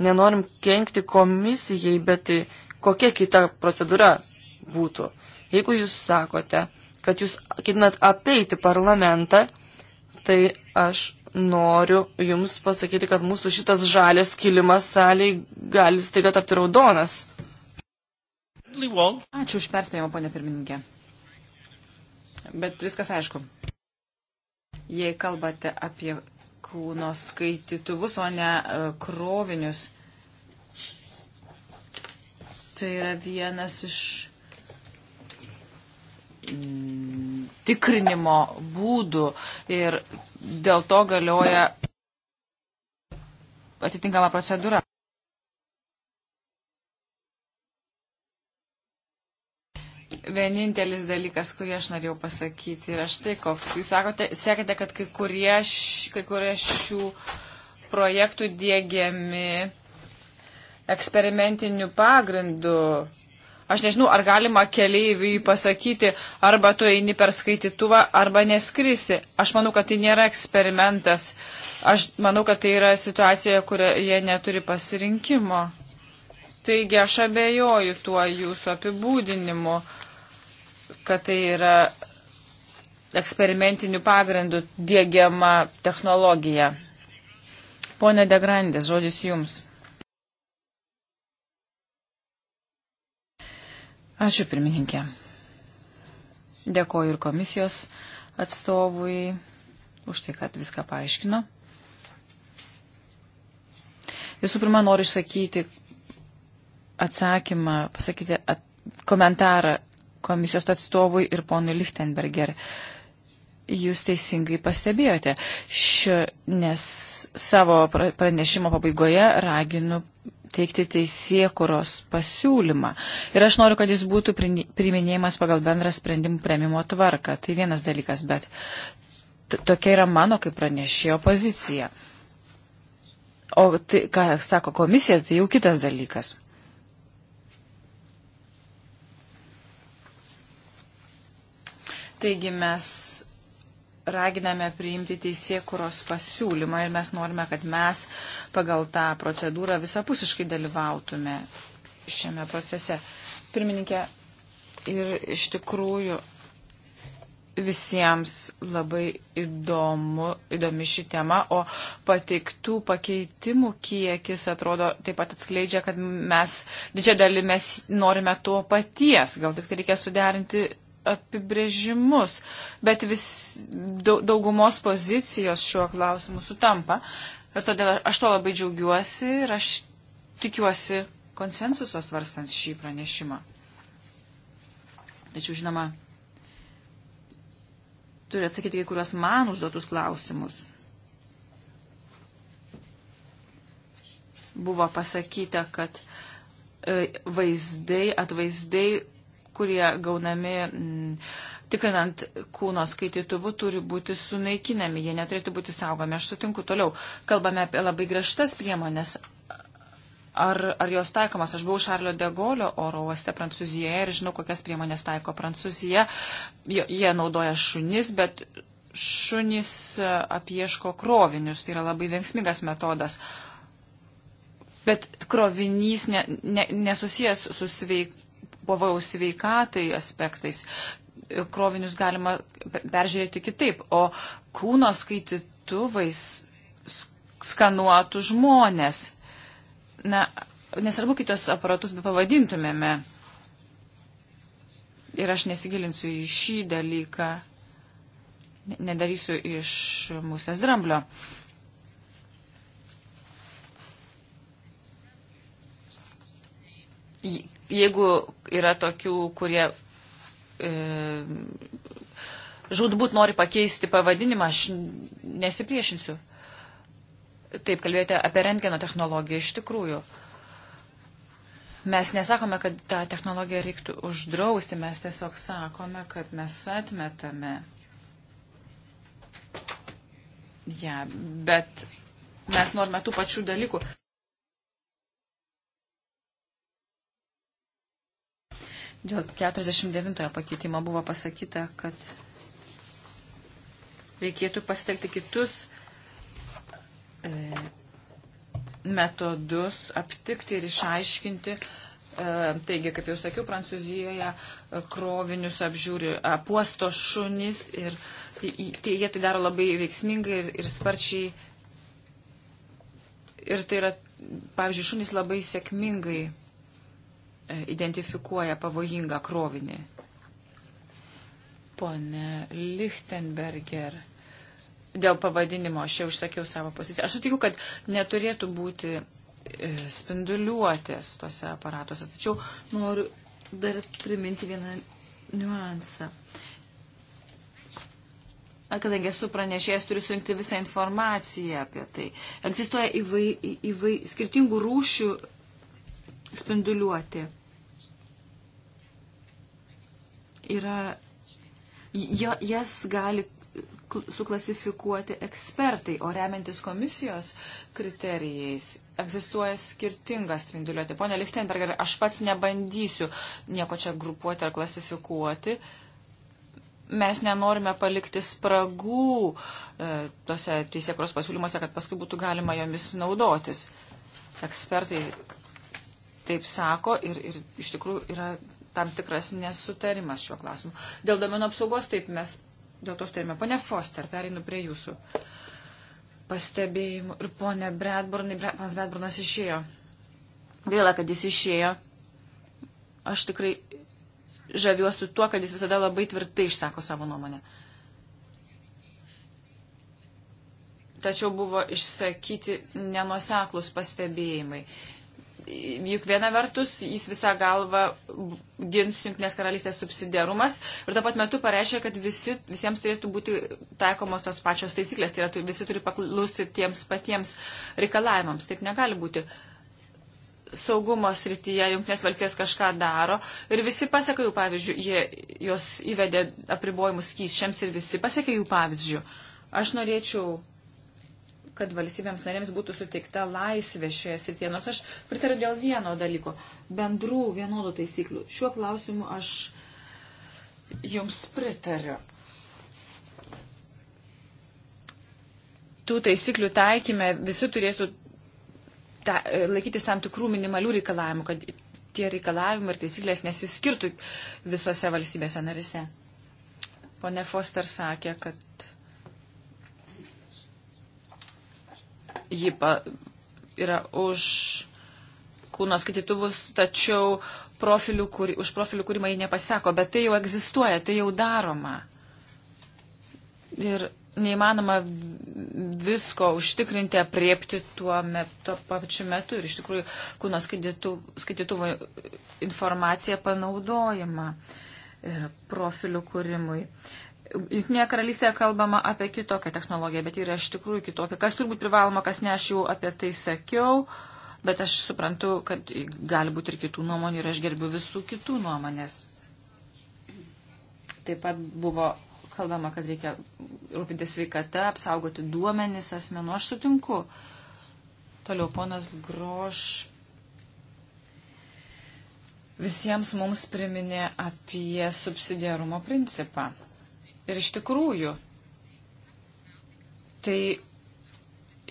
nenorim kenkti komisijai, bet tai kokia kita procedūra būtų. Jeigu jūs sakote, kad jūs ketinat apeiti parlamentą, tai aš noriu Jums pasakyti, kad mūsų šitas žalės kilimas saliai gali staiga tapti raudonas. Ačiū už perspėjimą, ponė pirmininkė. Bet viskas aišku. Jei kalbate apie kūno skaitytuvus, o ne e, krovinius, tai yra vienas iš Mm, tikrinimo būdų ir dėl to galioja atitinkama procedūra. vienintelis dalykas, kurį aš norėjau pasakyti, yra štai koks. Jūs sakote, sekate, kad kai kurie, š, kai kurie šių projektų dėgiami eksperimentiniu pagrindu Aš nežinau, ar galima keleiviui pasakyti, arba tu eini per skaitytuvą, arba neskrisi. Aš manau, kad tai nėra eksperimentas. Aš manau, kad tai yra situacija, kurioje neturi pasirinkimo. Taigi aš abejoju tuo jūsų apibūdinimu, kad tai yra eksperimentinių pagrindų dėgiama technologija. Pone Degrandės, žodis jums. Ačiū pirmininkė. Dėkoju ir komisijos atstovui už tai, kad viską paaiškino. Visų pirma, noriu išsakyti atsakymą, pasakyti at, komentarą komisijos atstovui ir ponui Lichtenberger. Jūs teisingai pastebėjote, šio, nes savo pranešimo pabaigoje raginu teikti teisėkuros pasiūlymą. Ir aš noriu, kad jis būtų priminėjimas pagal bendrą sprendimų prieimimo tvarką. Tai vienas dalykas, bet tokia yra mano kaip pranešėjo pozicija. O tai, ką sako komisija, tai jau kitas dalykas. Taigi mes raginame priimti teisėkuros pasiūlymą ir mes norime, kad mes pagal tą procedūrą visapusiškai dalyvautume šiame procese. Pirmininkė, ir iš tikrųjų visiems labai įdomu, įdomi ši tema, o pateiktų pakeitimų kiekis atrodo taip pat atskleidžia, kad mes didžiąją dalį mes norime to paties, gal tik tai reikia suderinti apibrėžimus, bet vis daugumos pozicijos šiuo klausimu sutampa. Ir todėl aš to labai džiaugiuosi ir aš tikiuosi konsensuso svarstant šį pranešimą. Tačiau, žinoma, turiu atsakyti kai kuriuos man užduotus klausimus. Buvo pasakyta, kad e, vaizdai, atvaizdai kurie gaunami m, mm, tikrinant kūno skaitytuvu, turi būti sunaikinami, jie neturėtų būti saugomi. Aš sutinku toliau. Kalbame apie labai griežtas priemonės. Ar, ar jos taikomas? Aš buvau Šarlio de Golio oro uoste Prancūzijoje ir žinau, kokias priemonės taiko Prancūzija. Jie, jie naudoja šunis, bet šunys e, apieško krovinius. Tai yra labai vengsmingas metodas. Bet krovinys ne, ne, nesusijęs su sveik, pavojaus sveikatai aspektais. Krovinius galima peržiūrėti kitaip, o kūno skaitytuvais skanuotų žmonės. Na, nesvarbu, kitos aparatus be pavadintumėme. Ir aš nesigilinsiu į šį dalyką, nedarysiu iš musės dramblio jeigu yra tokių, kurie e, žudbūt nori pakeisti pavadinimą, aš nesipriešinsiu. Taip, kalbėjote apie rentgeno technologiją iš tikrųjų. Mes nesakome, kad tą technologiją reiktų uždrausti, mes tiesiog sakome, kad mes atmetame ją, ja, bet mes norime tų pačių dalykų. Dėl 49 pakeitimo buvo pasakyta, kad reikėtų pasitelkti kitus e, metodus, aptikti ir išaiškinti. E, taigi, kaip jau sakiau, Prancūzijoje e, krovinius apžiūri apuosto šunys ir tai, jie tai daro labai veiksmingai ir, ir sparčiai. Ir tai yra, pavyzdžiui, šunys labai sėkmingai identifikuoja pavojingą krovinį. Pone Lichtenberger, dėl pavadinimo aš jau išsakiau savo poziciją. Aš sutikiu, kad neturėtų būti e, spinduliuotės tose aparatuose. Tačiau noriu dar priminti vieną niuansą. Kadangi esu pranešėjęs, turiu surinkti visą informaciją apie tai. Egzistuoja įvai, įvai, skirtingų rūšių spinduliuoti. yra, jas gali suklasifikuoti ekspertai, o remiantis komisijos kriterijais egzistuoja skirtingas spinduliuotė. Pone Lichtenberger, aš pats nebandysiu nieko čia grupuoti ar klasifikuoti. Mes nenorime palikti spragų e, tose teisėkros pasiūlymuose, kad paskui būtų galima jomis naudotis. Ekspertai taip sako ir, ir iš tikrųjų yra tam tikras nesutarimas šiuo klausimu. Dėl domenų apsaugos taip mes dėl to sutarime. Pone Foster, pereinu prie jūsų pastebėjimų. Ir ponė Bradburnai, pas Bradburnas išėjo. Gaila, kad jis išėjo. Aš tikrai žaviuosi tuo, kad jis visada labai tvirtai išsako savo nuomonę. Tačiau buvo išsakyti nenuseklus pastebėjimai juk viena vertus jis visą galvą gins Junktinės karalystės subsidiarumas ir tuo pat metu pareiškia, kad visi, visiems turėtų būti taikomos tos pačios taisyklės, tai yra tu, visi turi paklusti tiems patiems reikalavimams. Taip negali būti. Saugumo srityje Junktinės valstijos kažką daro ir visi pasiekia jų pavyzdžių, jie, jos įvedė apribojimus kyšiams ir visi pasiekia jų pavyzdžių. Aš norėčiau kad valstybėms narėms būtų suteikta laisvė šioje srityje. Nors aš pritariu dėl vieno dalyko - bendrų vienodų taisyklių. Šiuo klausimu aš jums pritariu. Tų taisyklių taikymę visi turėtų ta, laikytis tam tikrų minimalių reikalavimų, kad tie reikalavimai ir taisyklės nesiskirtų visose valstybėse narise. Pone Foster sakė, kad ji pa, yra už kūno skaitytuvus, tačiau profilių, kur, už profilių kūrimą ji nepasako, bet tai jau egzistuoja, tai jau daroma. Ir neįmanoma visko užtikrinti, apriepti tuo, met, tuo pačiu metu ir iš tikrųjų kūno skaitytuvo informacija panaudojama e, profilių kūrimui. Junktinėje karalystėje kalbama apie kitokią technologiją, bet yra iš tikrųjų kitokia. Kas turbūt privaloma, kas ne, aš jau apie tai sakiau, bet aš suprantu, kad gali būti ir kitų nuomonių ir aš gerbiu visų kitų nuomonės. Taip pat buvo kalbama, kad reikia rūpinti sveikatą, apsaugoti duomenis asmenų. Aš sutinku. Toliau ponas Groš visiems mums priminė apie subsidiarumo principą. Ir iš tikrųjų, tai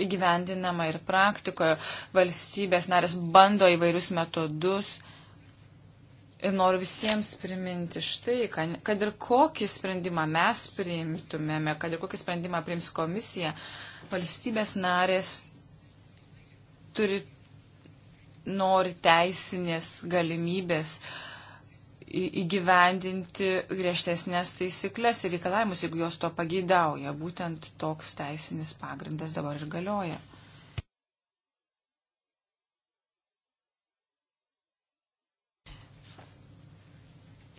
įgyvendinama ir praktikoje. Valstybės narės bando įvairius metodus. Ir noriu visiems priminti štai, kad ir kokį sprendimą mes priimtumėme, kad ir kokį sprendimą priims komisija, valstybės narės turi, nori teisinės galimybės uh, įgyvendinti griežtesnės taisyklės ir reikalavimus, jeigu jos to pageidauja. Būtent toks teisinis pagrindas dabar ir galioja.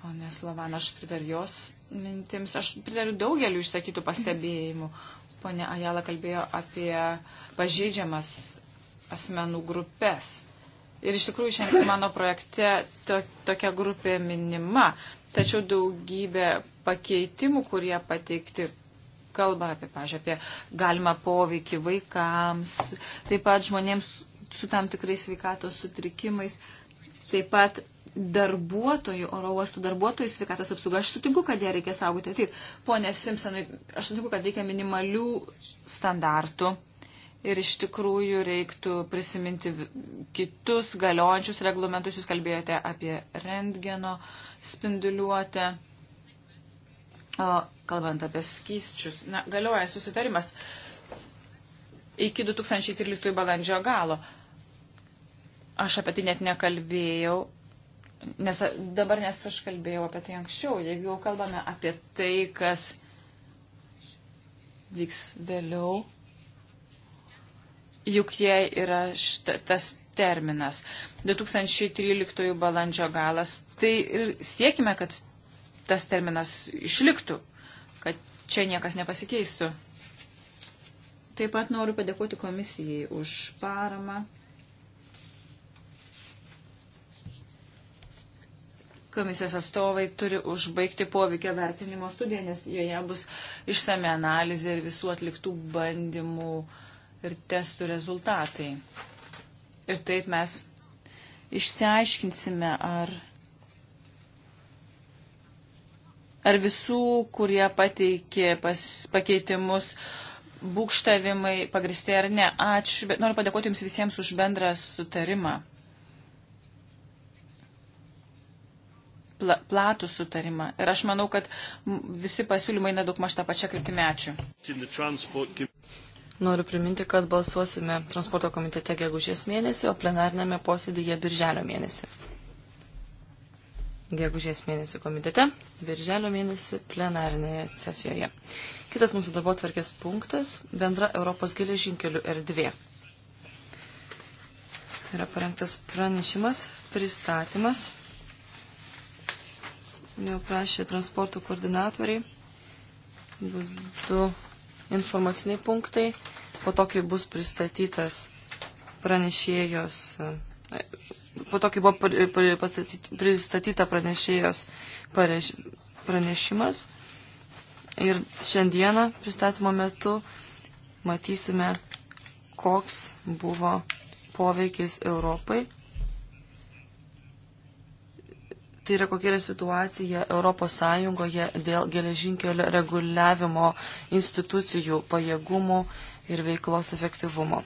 Pone Slovana, aš pritariu jos mintims, aš pritariu daugeliu išsakytų pastebėjimų. Pone Ajala kalbėjo apie pažeidžiamas asmenų grupės. Ir iš tikrųjų šiandien mano projekte to, tokia grupė minima, tačiau daugybė pakeitimų, kurie pateikti, kalba apie, pažiūrėjau, apie galimą poveikį vaikams, taip pat žmonėms su tam tikrais sveikatos sutrikimais, taip pat darbuotojų, oro uostų darbuotojų sveikatos apsauga. Aš sutinku, kad ją reikia saugoti. Taip, ponė Simpsonai, aš sutinku, kad reikia minimalių standartų ir iš tikrųjų reiktų prisiminti kitus galiojančius reglamentus. Jūs kalbėjote apie rentgeno spinduliuotę. O kalbant apie skysčius, na, galioja susitarimas iki 2013 balandžio galo. Aš apie tai net nekalbėjau, nes dabar nes aš kalbėjau apie tai anksčiau. Jeigu jau kalbame apie tai, kas vyks vėliau, juk jie yra šta, tas terminas. 2013 balandžio galas. Tai ir siekime, kad tas terminas išliktų, kad čia niekas nepasikeistų. Taip pat noriu padėkoti komisijai už paramą. Komisijos atstovai turi užbaigti poveikio vertinimo studiją, nes joje bus išsame analizė ir visų atliktų bandymų uh, ir testų rezultatai. Ir taip mes išsiaiškinsime, ar, ar visų, kurie pateikė pas, pakeitimus, būkštavimai pagristi ar ne. Ačiū, bet noriu padėkoti Jums visiems už bendrą sutarimą. Pla, platų sutarimą. Ir aš manau, kad visi pasiūlymai nedaug maž tą pačią kryptimę. Ačiū. Noriu priminti, kad balsuosime transporto komitete gegužės mėnesį, o plenarinėme posėdėje birželio mėnesį. Gegužės mėnesį komitete, birželio mėnesį plenarinėje sesijoje. Kitas mūsų darbo tvarkės punktas - bendra Europos geležinkelių erdvė. Yra parengtas pranešimas, pristatymas. Jau prašė transporto koordinatoriai. Bus du informaciniai punktai po to, kai bus pristatytas pranešėjos, po to, kai buvo pristatyta pranešėjos parež, pranešimas. Ir šiandieną pristatymo metu matysime, koks buvo poveikis Europai. Tai yra kokia yra situacija Europos Sąjungoje dėl geležinkelio reguliavimo institucijų pajėgumų ir veiklos efektyvumo.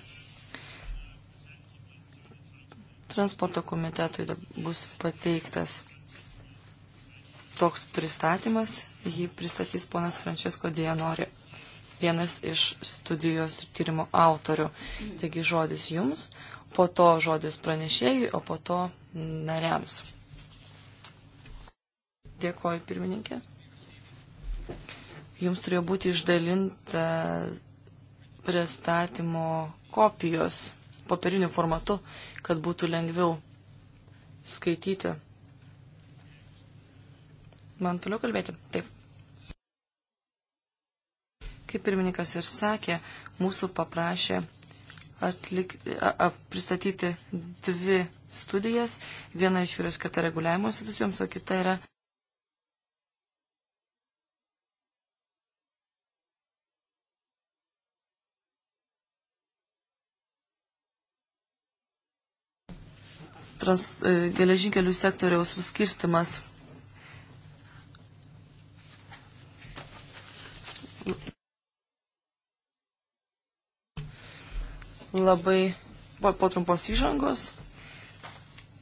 Transporto komitetui bus pateiktas toks pristatymas, jį pristatys ponas Frančisko Dienori, vienas iš studijos ir tyrimo autorių. Taigi žodis jums, po to žodis pranešėjui, o po to nariams. Dėkoju, pirmininkė. Jums turėjo būti išdalinta pristatymo kopijos popieriniu formatu, kad būtų lengviau skaityti. Man toliau kalbėti? Taip. Kaip pirmininkas ir sakė, mūsų paprašė atlik, a, a, pristatyti dvi studijas. Viena iš jų yra skirta reguliavimo institucijoms, o kita yra trans, e, geležinkelių sektoriaus skirstimas. Labai po, po trumpos įžangos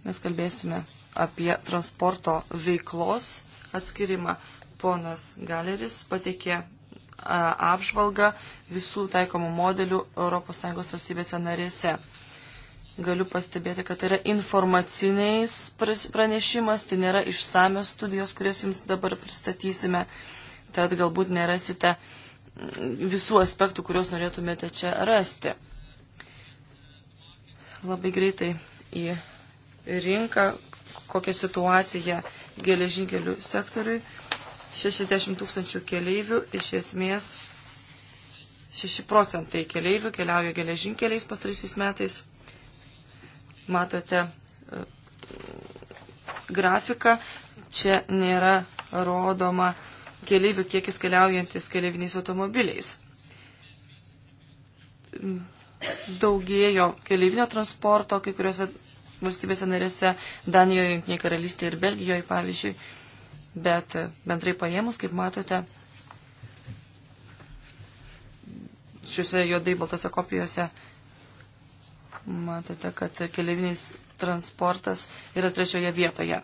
mes kalbėsime apie transporto veiklos atskirimą. Ponas Galeris pateikė e, apžvalgą visų taikomų modelių ES valstybėse narėse galiu pastebėti, kad tai yra informaciniais pranešimas, tai nėra išsamios studijos, kurias jums dabar pristatysime, tad galbūt nerasite mm, visų aspektų, kuriuos norėtumėte čia rasti. Labai greitai į rinką, kokią situaciją geležinkelių sektoriui. 60 tūkstančių keleivių iš esmės 6 procentai keleivių keliauja geležinkeliais pastarysiais metais matote e, grafiką, čia nėra rodoma keliaivių kiekis keliaujantis keliaiviniais automobiliais. Daugėjo keliaivinio transporto kai kuriuose valstybėse narėse, Danijoje, Junktinėje karalystėje ir Belgijoje, pavyzdžiui. Bet e, bendrai paėmus, kaip matote, šiuose juodai baltose kopijose matote, kad keliavinis transportas yra trečioje vietoje.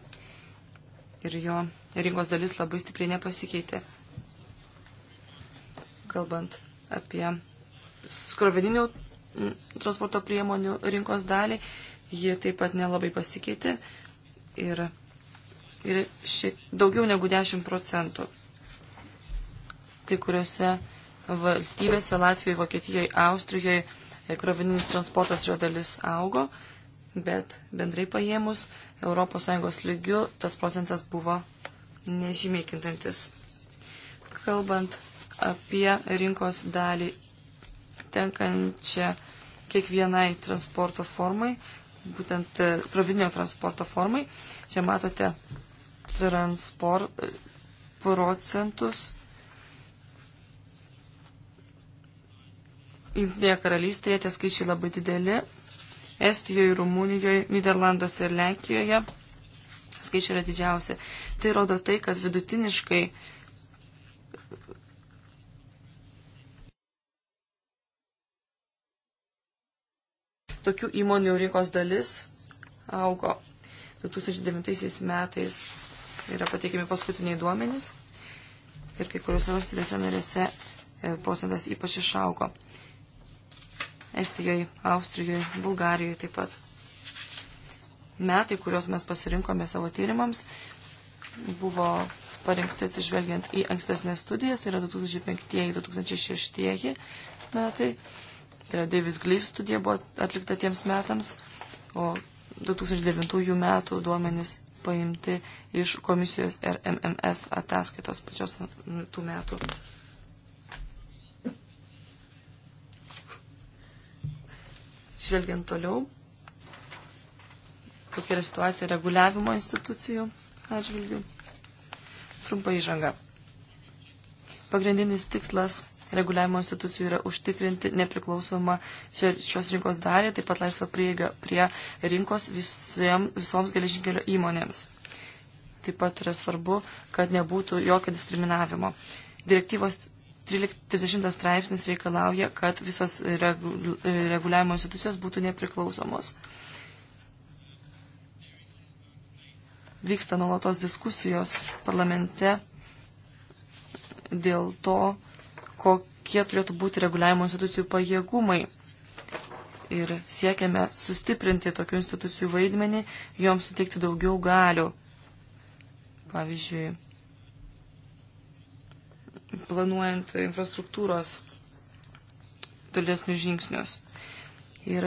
Ir jo rinkos dalis labai stipriai nepasikeitė. Kalbant apie skrovininių transporto priemonių rinkos dalį, ji taip pat nelabai pasikeitė ir, ir šiek daugiau negu 10 procentų. Kai kuriuose valstybėse, Latvijoje, Vokietijoje, Austrijoje, krovininis transportas jo dalis augo, bet bendrai paėmus ES lygių tas procentas buvo nežymiai kintantis. Kalbant apie rinkos dalį tenkančią kiekvienai transporto formai, būtent e, krovinio transporto formai, čia matote transport procentus Jungtinėje karalystėje tie skaičiai labai dideli. Estijoje, Rumunijoje, Niderlanduose ir Lenkijoje skaičiai yra didžiausi. Tai rodo tai, kad vidutiniškai tokių įmonių rinkos dalis augo 2009 metais. Yra pateikiami paskutiniai duomenys ir kai kuriuose valstybėse narėse e, procentas ypač išaugo. Estijoje, Austrijoje, Bulgarijoje taip pat. Metai, kuriuos mes pasirinkome savo tyrimams, buvo parinkti atsižvelgiant į ankstesnės studijas, tai yra 2005-2006 metai. Tai yra Davis Glyf studija buvo atlikta tiems metams, o 2009 metų duomenys paimti iš komisijos RMMS ataskaitos pačios tų metų. Žvelgiant toliau, kokia yra situacija reguliavimo institucijų atžvilgių. Trumpa įžanga. Pagrindinis tikslas reguliavimo institucijų yra užtikrinti nepriklausomą šios rinkos dalį, taip pat laisvą prieigą prie rinkos visiem, visoms geležinkelio įmonėms. Taip pat yra svarbu, kad nebūtų jokio diskriminavimo. Direktyvos 30 straipsnis reikalauja, kad visos reguliavimo institucijos būtų nepriklausomos. Vyksta nuolatos diskusijos parlamente dėl to, kokie turėtų būti reguliavimo institucijų pajėgumai. Ir siekiame sustiprinti tokių institucijų vaidmenį, joms suteikti daugiau galių. Pavyzdžiui, planuojant infrastruktūros tolesnius žingsnius. Ir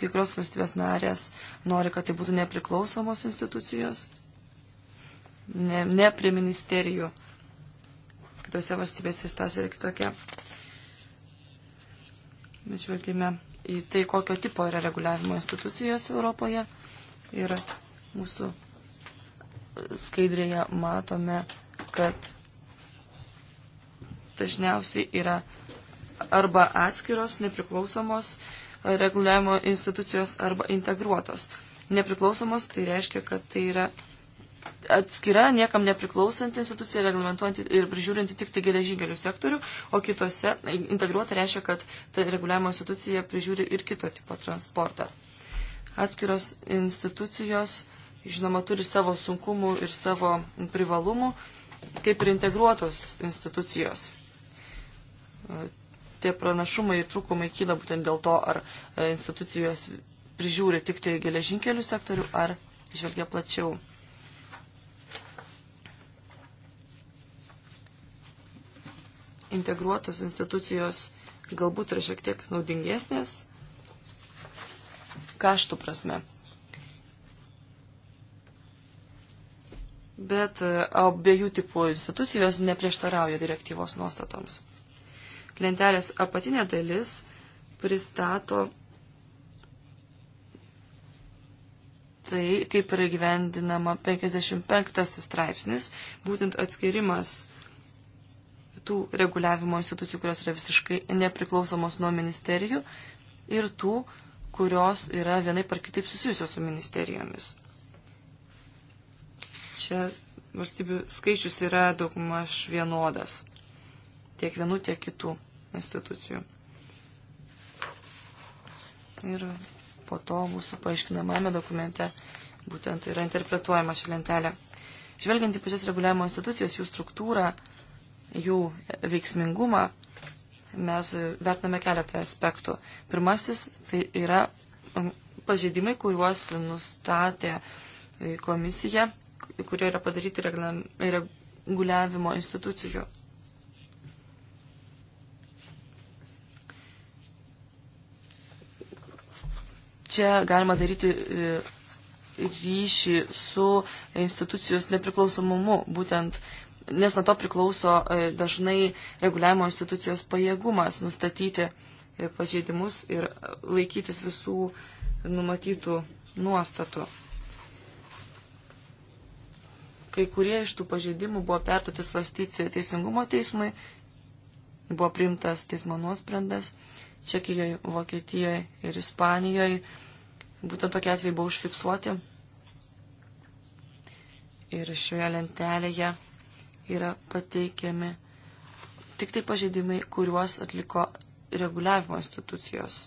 kai kurios valstybės narės nori, kad tai būtų nepriklausomos institucijos, ne, ne prie ministerijų. Kitose valstybėse situacija yra kitokia. Bet žvelgime į tai, kokio tipo yra reguliavimo institucijos Europoje. Ir mūsų skaidrėje matome, kad dažniausiai yra arba atskiros, nepriklausomos e, reguliavimo institucijos arba integruotos. Nepriklausomos tai reiškia, kad tai yra atskira, niekam nepriklausanti institucija, reglamentuojanti ir prižiūrinti tik tai geležinkelių sektorių, o kitose e, integruota reiškia, kad ta reguliavimo institucija prižiūri ir kito tipo transportą. Atskiros institucijos, žinoma, turi savo sunkumų ir savo privalumų, kaip ir integruotos institucijos tie pranašumai ir trūkumai kyla būtent dėl to, ar e, institucijos prižiūri tik tai geležinkelių sektorių, ar žvelgia plačiau. Integruotos institucijos galbūt yra šiek tiek naudingesnės kaštų prasme. Bet e, abiejų tipų institucijos neprieštarauja direktyvos nuostatoms lentelės apatinė dalis pristato tai, kaip yra gyvendinama 55 straipsnis, būtent atskirimas tų reguliavimo institucijų, kurios yra visiškai nepriklausomos nuo ministerijų ir tų, kurios yra vienai par kitaip susijusios su ministerijomis. Čia valstybių skaičius yra daugmaž vienodas, tiek vienų, tiek kitų institucijų. Ir po to mūsų paaiškinamame dokumente būtent yra interpretuojama ši lentelė. Žvelgiant į pačias reguliavimo institucijas, jų struktūrą, jų veiksmingumą, mes vertiname keletą aspektų. Pirmasis tai yra pažeidimai, kuriuos nustatė komisija, kurie yra padaryti reguliavimo institucijų. čia galima daryti e, ryšį su institucijos nepriklausomumu, būtent, nes nuo to priklauso e, dažnai reguliavimo institucijos pajėgumas nustatyti e, pažeidimus ir laikytis visų numatytų nuostatų. Kai kurie iš tų pažeidimų buvo perduoti svarstyti teisingumo teismui, buvo priimtas teismo nuosprendas Čekijoje, Vokietijoje ir Ispanijoje. Būtent tokie atvejai buvo užfiksuoti. Ir šioje lentelėje yra pateikiami tik tai pažeidimai, kuriuos atliko reguliavimo institucijos.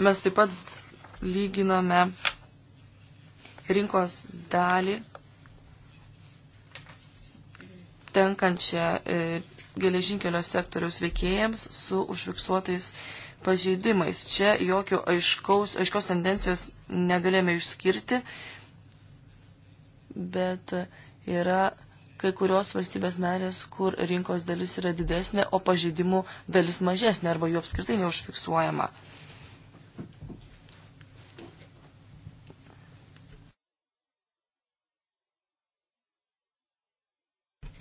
Mes taip pat lyginome rinkos dalį tenkančią e, geležinkelio sektoriaus veikėjams su užfiksuotais pažeidimais. Čia jokio aiškaus, aiškios tendencijos negalėjome išskirti, bet yra kai kurios valstybės narės, kur rinkos dalis yra didesnė, o pažeidimų dalis mažesnė arba jų apskritai neužfiksuojama.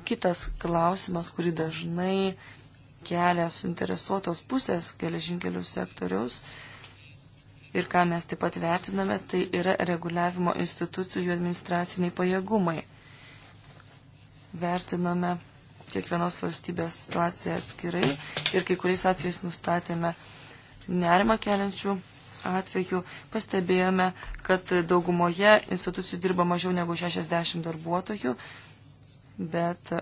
Kitas klausimas, kurį dažnai kelia suinteresuotos pusės geležinkelių sektoriaus ir ką mes taip pat vertiname, tai yra reguliavimo institucijų administraciniai pajėgumai. Vertinome kiekvienos valstybės situaciją atskirai ir kai kuriais atvejais nustatėme nerimą keliančių atveju pastebėjome, kad daugumoje institucijų dirba mažiau negu 60 darbuotojų, bet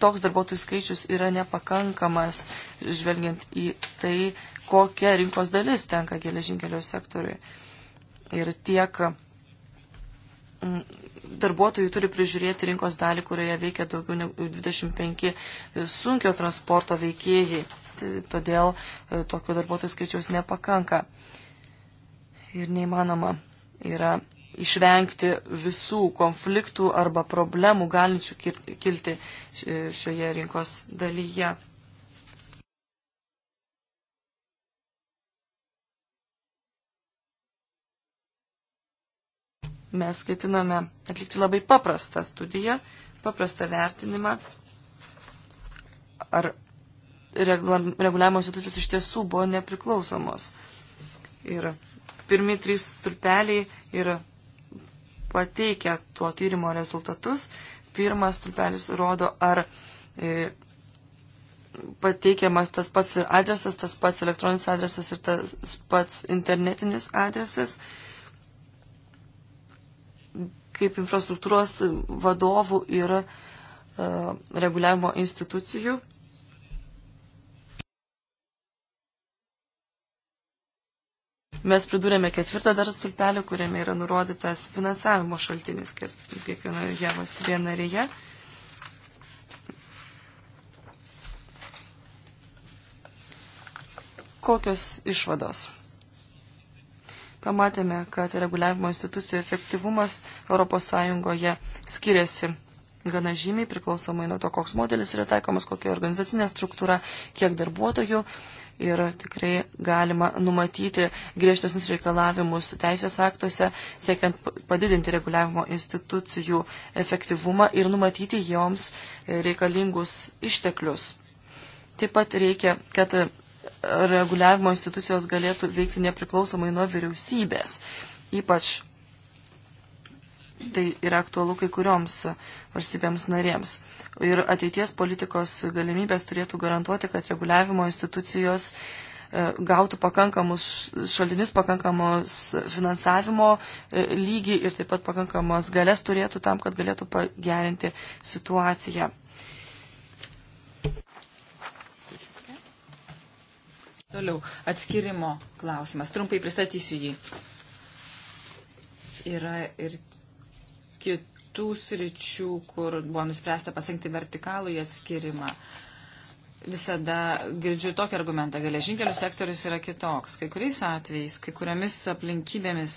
toks darbuotojų skaičius yra nepakankamas, žvelgiant į tai, kokia rinkos dalis tenka geležinkelio sektoriui. Ir tiek mm, darbuotojų turi prižiūrėti rinkos dalį, kurioje veikia daugiau negu 25 sunkio transporto veikėjai. E, todėl e, tokio darbuotojų skaičiaus nepakanka. Ir neįmanoma yra išvengti visų konfliktų arba problemų galinčių kilti šioje rinkos dalyje. Mes skaitiname atlikti labai paprastą studiją, paprastą vertinimą, ar reguliavimo institucijos iš tiesų buvo nepriklausomos. Ir pirmi trys stulpeliai yra pateikia tuo tyrimo rezultatus. Pirmas stulpelis rodo, ar e, pateikiamas tas pats ir adresas, tas pats elektroninis adresas ir tas pats internetinis adresas. Kaip infrastruktūros vadovų ir e, reguliavimo institucijų Mes pridūrėme ketvirtą dar stulpelį, kuriame yra nurodytas finansavimo šaltinis kiekvienoje valstybėje narėje. Kokios išvados? Pamatėme, kad reguliavimo institucijų efektyvumas ES skiriasi gana žymiai priklausomai nuo to, koks modelis yra taikomas, kokia organizacinė struktūra, kiek darbuotojų ir tikrai galima numatyti griežtesnius reikalavimus teisės aktuose, siekiant padidinti reguliavimo institucijų efektyvumą ir numatyti joms reikalingus išteklius. Taip pat reikia, kad reguliavimo institucijos galėtų veikti nepriklausomai nuo vyriausybės, ypač tai yra aktualu kai kurioms valstybėms narėms. Ir ateities politikos galimybės turėtų garantuoti, kad reguliavimo institucijos e, gautų pakankamus šaltinius, pakankamos finansavimo e, lygį ir taip pat pakankamas galės turėtų tam, kad galėtų pagerinti situaciją. Toliau, atskirimo klausimas. Trumpai pristatysiu jį. Yra ir kitų sričių, kur buvo nuspręsta pasirinkti vertikalų į atskirimą. Visada girdžiu tokį argumentą, geležinkelių sektorius yra kitoks. Kai kuriais atvejais, kai kuriamis aplinkybėmis,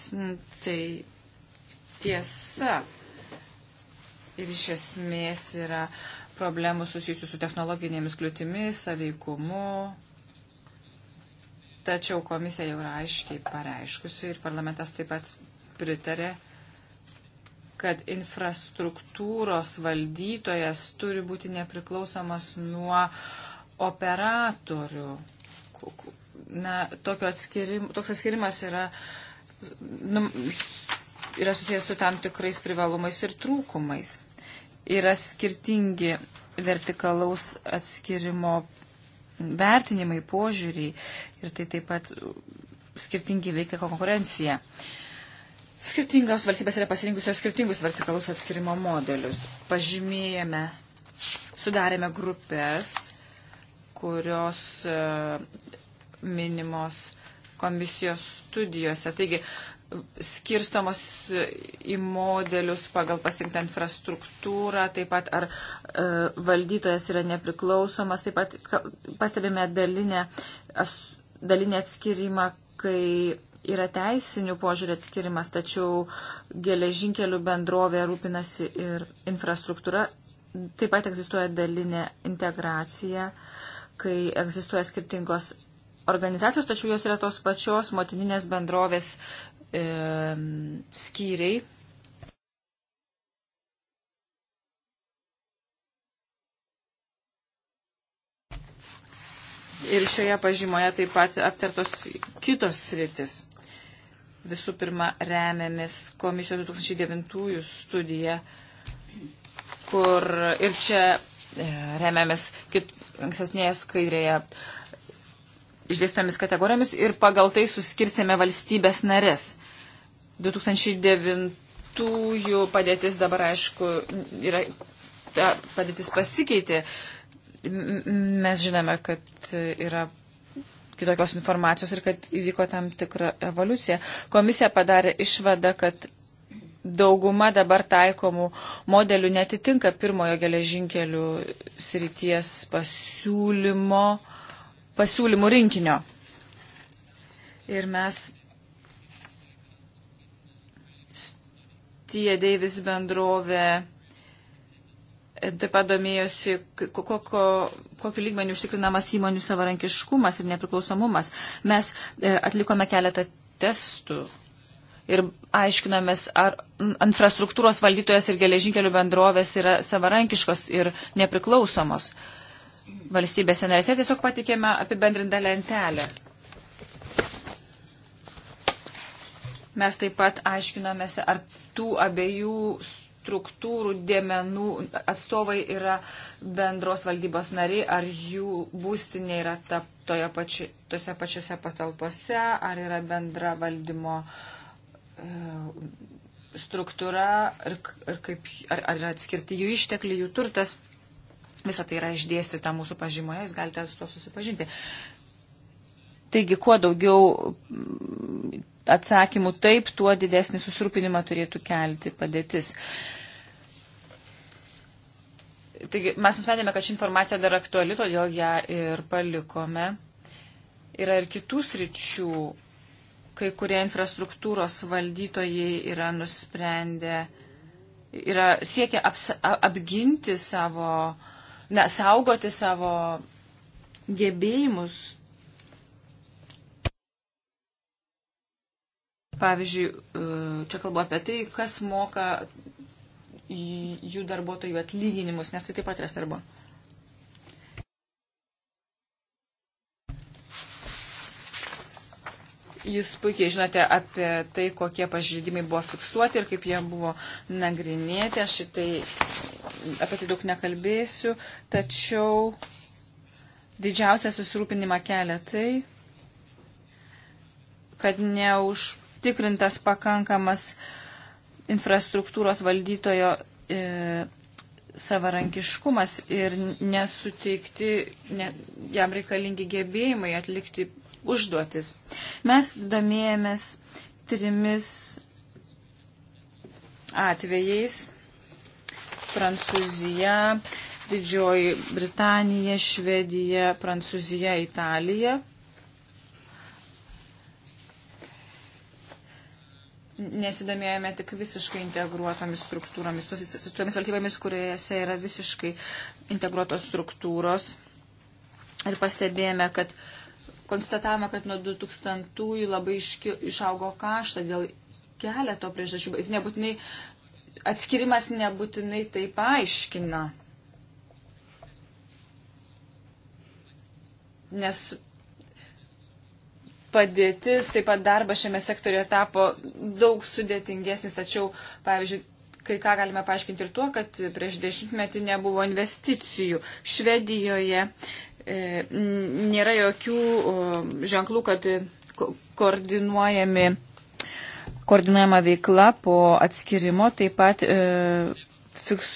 tai tiesa. Ir iš esmės yra problemų susijusių su technologinėmis kliūtimis, saveikumu, Tačiau komisija jau yra aiškiai pareiškusi ir parlamentas taip pat pritarė, kad infrastruktūros valdytojas turi būti nepriklausomas nuo operatorių. Na, atskirim, toks atskirimas yra, nu, yra susijęs su tam tikrais privalumais ir trūkumais. Yra skirtingi vertikalaus atskirimo vertinimai, požiūriai ir tai taip pat skirtingi veikia konkurencija. Uh, Skirtingos valstybės yra pasirinkusios skirtingus vertikalus atskirimo modelius. Pažymėjame, sudarėme grupės, kurios e, minimos komisijos studijose. Taigi, skirstomos į modelius pagal pasirinktą infrastruktūrą, taip pat ar e, valdytojas yra nepriklausomas, taip pat pastebime dalinę, as, dalinę atskirimą, kai yra teisinių požiūrį atskirimas, tačiau geležinkelių bendrovė rūpinasi ir infrastruktūra. Taip pat egzistuoja dalinė integracija, kai egzistuoja skirtingos organizacijos, tačiau jos yra tos pačios motininės bendrovės e, skyriai. Ir šioje pažymoje taip pat aptartos kitos sritis. Visų pirma, remiamės komisijos 2009 studiją, kur ir čia e, remiamės kaip ankstesnėje skaidrėje išdėstomis kategorijomis ir pagal tai suskirstėme valstybės narės. 2009 padėtis dabar, aišku, yra, ta padėtis pasikeitė. Mes žinome, kad yra kitokios informacijos ir kad įvyko tam tikra evoliucija. Komisija padarė išvadą, kad dauguma dabar taikomų modelių netitinka pirmojo geležinkelių srities pasiūlymo, pasiūlymų rinkinio. Ir mes Tie Deivis bendrovė Taip pat domėjosi, kokio, kokiu lygmeniu užtikrinamas įmonių savarankiškumas ir nepriklausomumas. Mes e, atlikome keletą testų ir aiškinomės, ar infrastruktūros valdytojas ir geležinkelių bendrovės yra savarankiškos ir nepriklausomos valstybėse narėse. Tiesiog patikėme apibendrintą lentelę. Mes taip pat aiškinomės, ar tų abiejų struktūrų dėmenų atstovai yra bendros valdybos nariai, ar jų būstinė yra ta, toje pači, tose pačiose patalpose, ar yra bendra valdymo e, struktūra, ar, ar, kaip, ar, ar yra atskirti jų ištekliai, jų turtas. Visą tai yra išdėstyta mūsų pažymoje, jūs galite su to susipažinti. Taigi, kuo daugiau atsakymų taip, tuo didesnį susirūpinimą turėtų kelti padėtis. Taigi mes nusprendėme, kad ši informacija dar aktuali, todėl ją ir palikome. Yra ir kitų sričių, kai kurie infrastruktūros valdytojai yra nusprendę, yra siekia aps, apginti savo, na, saugoti savo gebėjimus. Pavyzdžiui, e, čia kalbu apie tai, kas moka jų darbuotojų atlyginimus, nes tai taip pat yra svarbu. Jūs puikiai žinote apie tai, kokie pažydimai buvo fiksuoti ir kaip jie buvo nagrinėti. Aš šitai apie tai daug nekalbėsiu, tačiau didžiausią susirūpinimą kelia tai, kad neužtikrintas pakankamas uh, infrastruktūros valdytojo e, savarankiškumas ir nesuteikti ne, jam reikalingi gebėjimai atlikti užduotis. Mes domėjomės trimis atvejais - Prancūzija, Didžioji Britanija, Švedija, Prancūzija, Italija. nesidomėjome tik visiškai integruotomis struktūromis, su, su tomis valstybėmis, kuriuose yra visiškai integruotos struktūros. Ir pastebėjome, kad konstatavome, kad nuo 2000-ųjų labai iški, išaugo kašta dėl keleto priežasčių, bet nebūtinai atskirimas nebūtinai tai paaiškina. Nes padėtis, taip pat darbas šiame sektorioje tapo daug sudėtingesnis, tačiau, pavyzdžiui, kai ką galime paaiškinti ir tuo, kad prieš dešimtmetį nebuvo investicijų. Švedijoje e, nėra jokių o, ženklų, kad ko, koordinuojami, koordinuojama veikla po atskirimo. Taip pat e, fiks,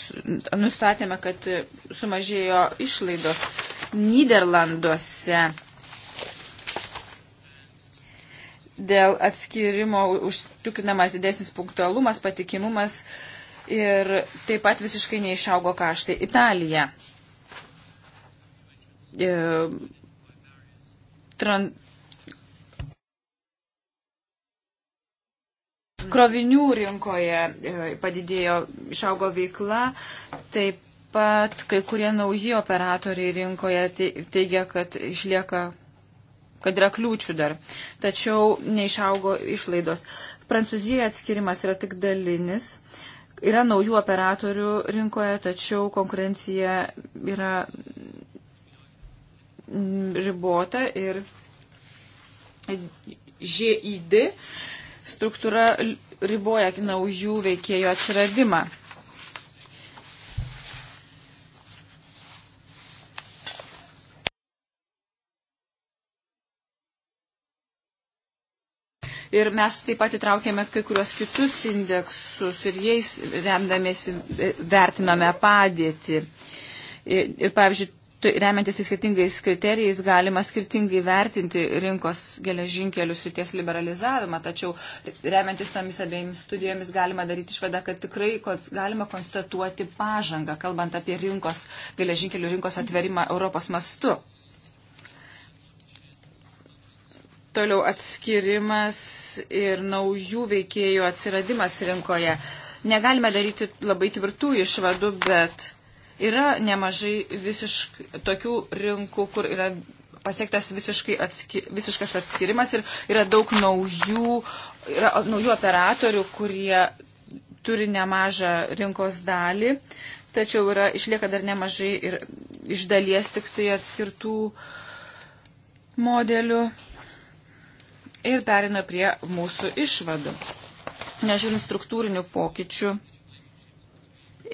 nustatėme, kad sumažėjo išlaidos Niderlanduose. dėl atskirimo užtikrinamas didesnis punktualumas, patikimumas ir taip pat visiškai neišaugo kaštai. Italija. E, tran... Krovinių rinkoje e, padidėjo, išaugo veikla, taip pat kai kurie nauji operatoriai rinkoje teigia, kad išlieka kad yra kliūčių dar, tačiau neišaugo išlaidos. Prancūzijoje atskirimas yra tik dalinis. Yra naujų operatorių rinkoje, tačiau konkurencija yra ribota ir ŽID struktūra riboja naujų veikėjų atsiradimą. Ir mes taip pat įtraukėme kai kurios kitus indeksus ir jais remdamėsi e, vertiname padėtį. Ir, ir pavyzdžiui, remiantis į skirtingais kriterijais galima skirtingai vertinti rinkos geležinkelių srities liberalizavimą, tačiau remiantis tomis abiejomis studijomis galima daryti išvadą, kad tikrai galima konstatuoti pažangą, kalbant apie rinkos, geležinkelių rinkos atverimą Europos mastu. Toliau atskirimas ir naujų veikėjų atsiradimas rinkoje. Negalime daryti labai tvirtų išvadų, bet yra nemažai visiškai tokių rinkų, kur yra pasiektas visiškai atski, visiškas atskirimas ir yra daug naujų, yra naujų operatorių, kurie turi nemažą rinkos dalį, tačiau yra, išlieka dar nemažai ir iš dalies tik tai atskirtų modelių ir perina prie mūsų išvadų. Nežiūrint struktūrinių pokyčių,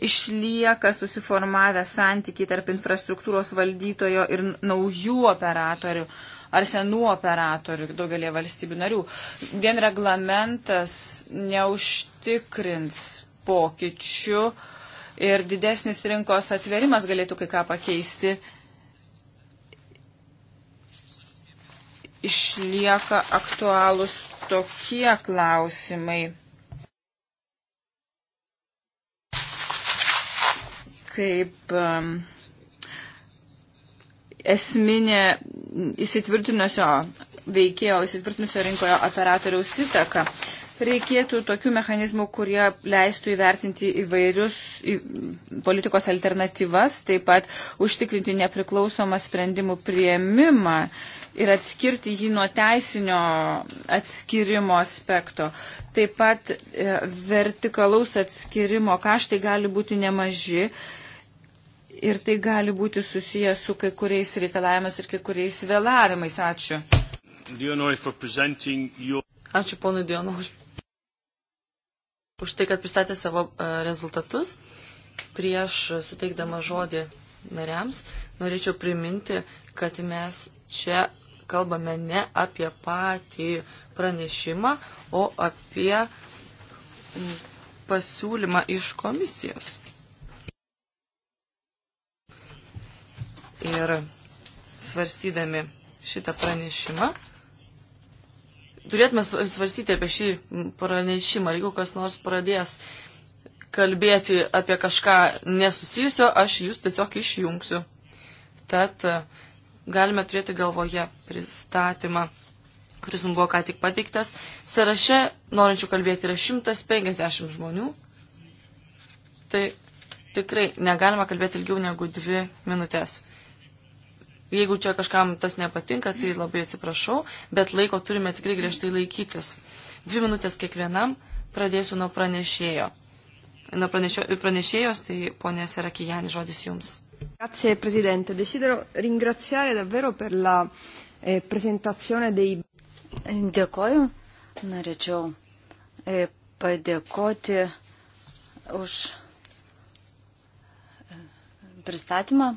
išlieka susiformavę santykiai tarp infrastruktūros valdytojo ir naujų operatorių ar senų operatorių daugelie valstybių narių. Vien reglamentas neužtikrins pokyčių ir didesnis rinkos atverimas galėtų kai ką pakeisti išlieka aktualūs tokie klausimai. kaip um, esminė įsitvirtinusio veikėjo, įsitvirtinusio rinkoje operatoriaus įtaka. Reikėtų tokių mechanizmų, kurie leistų įvertinti įvairius politikos alternatyvas, taip pat užtikrinti nepriklausomą sprendimų prieimimą ir atskirti jį nuo teisinio atskirimo aspekto. Taip pat e, vertikalaus atskirimo kaštai gali būti nemaži ir tai gali būti susijęs su kai kuriais reikalavimas ir kai kuriais vėlavimais. Ačiū. Ačiū ponui Dionoriui už tai, kad pristatė savo e, rezultatus. Prieš suteikdama žodį nariams norėčiau priminti, kad mes čia kalbame ne apie patį pranešimą, o apie pasiūlymą iš komisijos. Ir svarstydami šitą pranešimą, turėtume svarstyti apie šį pranešimą. Jeigu kas nors pradės kalbėti apie kažką nesusijusio, aš jūs tiesiog išjungsiu. Tad uh, galime turėti galvoje pristatymą, kuris mums buvo ką tik pateiktas. Saraše norinčių kalbėti yra 150 žmonių. Tai tikrai negalima kalbėti ilgiau negu dvi minutės. Jeigu čia kažkam tas nepatinka, tai labai atsiprašau, bet laiko turime tikrai griežtai laikytis. Dvi minutės kiekvienam pradėsiu nuo pranešėjo. Nuo pranešėjo, pranešėjos, tai ponė Serakijani, žodis jums. Grazie Presidente, desidero ringraziare davvero per la eh, presentazione dei. Dėkoju, norėčiau e, padėkoti už e, pristatymą.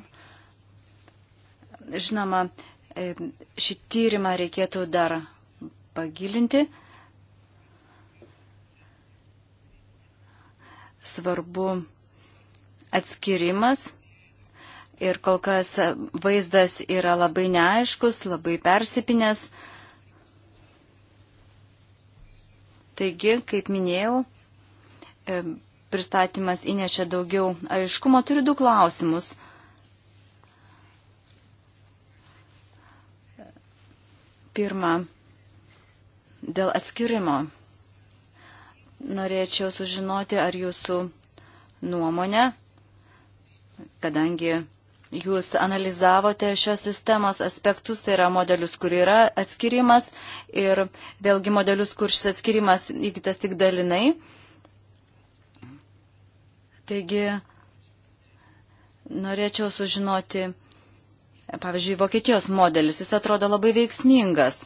Žinoma, e, šį tyrimą reikėtų dar pagilinti. Svarbu atskirimas ir kol kas vaizdas yra labai neaiškus, labai persipinės. Taigi, kaip minėjau, e, pristatymas įnešė daugiau aiškumo. Turiu du klausimus. Pirma, dėl atskirimo. Norėčiau sužinoti, ar jūsų nuomonė, kadangi Jūs analizavote šios sistemos aspektus, tai yra modelius, kur yra atskirimas ir vėlgi modelius, kur šis atskirimas įgytas tik dalinai. Taigi norėčiau sužinoti, pavyzdžiui, Vokietijos modelis, jis atrodo labai veiksmingas.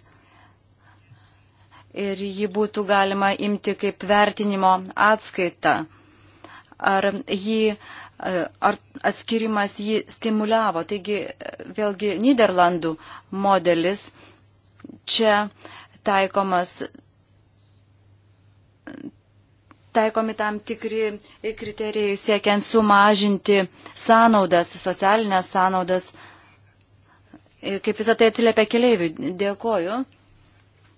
Ir jį būtų galima imti kaip vertinimo atskaitą. Ar jį E, ar atskirimas jį stimuliavo. Taigi vėlgi Niderlandų modelis čia taikomas taikomi tam tikri kriterijai siekiant sumažinti sąnaudas, socialinės sąnaudas. Ir e, kaip visą tai atsiliepia keliaiviui. Dėkoju.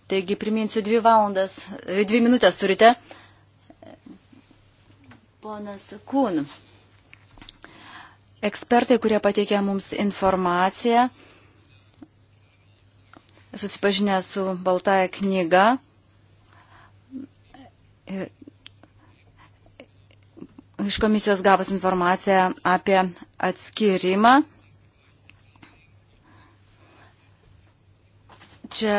Taigi priminsiu dvi valandas, dvi minutės turite. Ponas Kūn. Ekspertai, kurie pateikė mums informaciją, susipažinę su Baltaja knyga, iš komisijos gavus informaciją apie atskirimą. Čia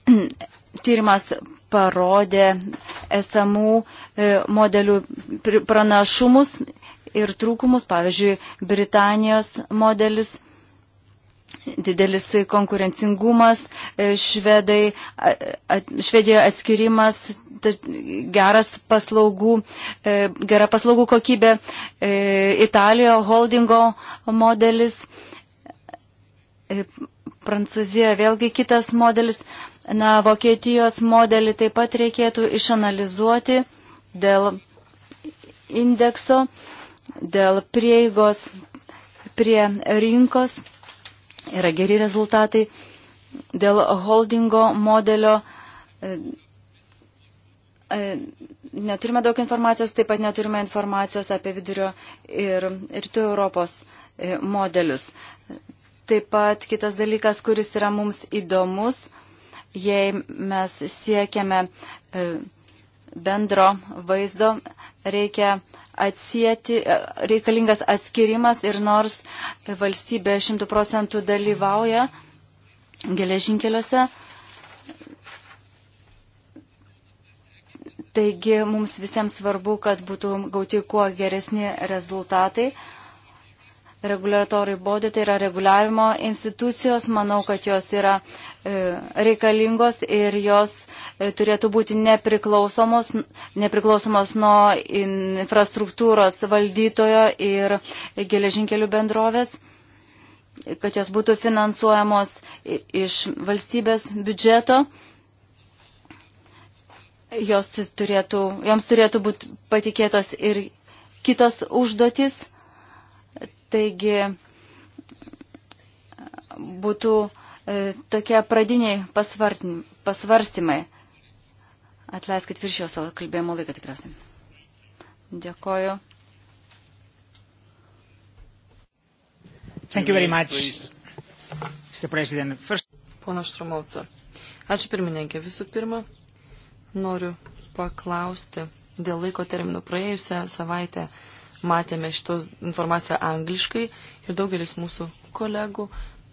(clears throat) tyrimas parodė esamų e, modelių pranašumus ir trūkumus, pavyzdžiui, Britanijos modelis didelis konkurencingumas, e, švedai, švedijoje atskirimas, geras paslaugų, e, gera paslaugų kokybė, e, Italijoje holdingo modelis, Prancūzijoje vėlgi kitas modelis, na, Vokietijos modelį taip pat reikėtų išanalizuoti dėl indekso dėl prieigos prie rinkos yra geri rezultatai, dėl holdingo modelio e, e, neturime daug informacijos, taip pat neturime informacijos apie vidurio ir rytų Europos e, modelius. Taip pat kitas dalykas, kuris yra mums įdomus, jei mes siekiame bendro vaizdo, reikia atsieti, e, reikalingas atskirimas ir nors valstybė šimtų procentų dalyvauja geležinkeliuose, taigi mums visiems svarbu, kad būtų gauti kuo geresni rezultatai regulatory body, tai yra reguliavimo institucijos. Manau, kad jos yra e, reikalingos ir jos e, turėtų būti nepriklausomos, nepriklausomos nuo infrastruktūros valdytojo ir geležinkelių bendrovės kad jos būtų finansuojamos iš valstybės biudžeto. Jos turėtų, joms turėtų būti patikėtos ir kitos užduotis Taigi būtų e, tokie pradiniai pasvarstymai. Atleiskit viršio savo kalbėjimo laiką tikriausiai. Dėkoju. Thank you very much, Mr. President. First... Pono Štramovca. Ačiū pirmininkė. Visų pirma, noriu paklausti dėl laiko terminų. Praėjusią savaitę uh, matėme šitą informaciją angliškai ir daugelis mūsų kolegų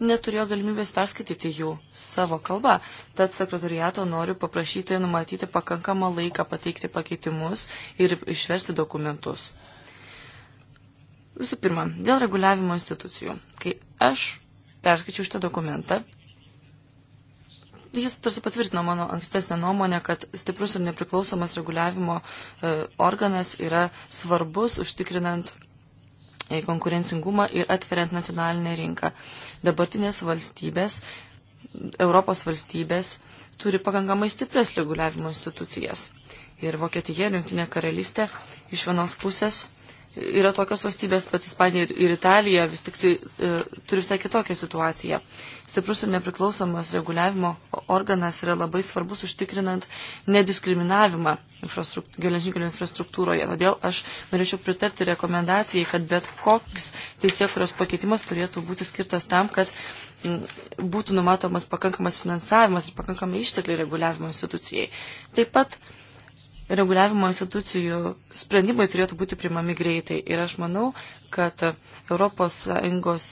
neturėjo galimybės perskaityti jų savo kalbą. Tad sekretariato noriu paprašyti numatyti pakankamą laiką pateikti pakeitimus ir išversti dokumentus. Visų pirma, dėl reguliavimo institucijų. Kai aš perskaičiau šitą dokumentą, jis tarsi patvirtino mano ankstesnę nuomonę, kad stiprus ir nepriklausomas reguliavimo e, organas yra svarbus užtikrinant e, konkurencingumą ir atveriant nacionalinę rinką. Dabartinės valstybės, Europos valstybės turi pakankamai stiprias reguliavimo institucijas. Ir Vokietija ir Junktinė karalystė iš vienos pusės Yra tokios valstybės, bet Ispanija ir Italija vis tik tai e, turi visai kitokią situaciją. Stiprus ir nepriklausomas reguliavimo organas yra labai svarbus užtikrinant nediskriminavimą infrastrukt, geležinkelio infrastruktūroje. Todėl aš norėčiau pritarti rekomendacijai, kad bet koks teisėkurios pakeitimas turėtų būti skirtas tam, kad būtų numatomas pakankamas finansavimas ir pakankamai ištekliai reguliavimo institucijai. Taip pat reguliavimo institucijų sprendimai turėtų būti primami greitai. Ir aš manau, kad ES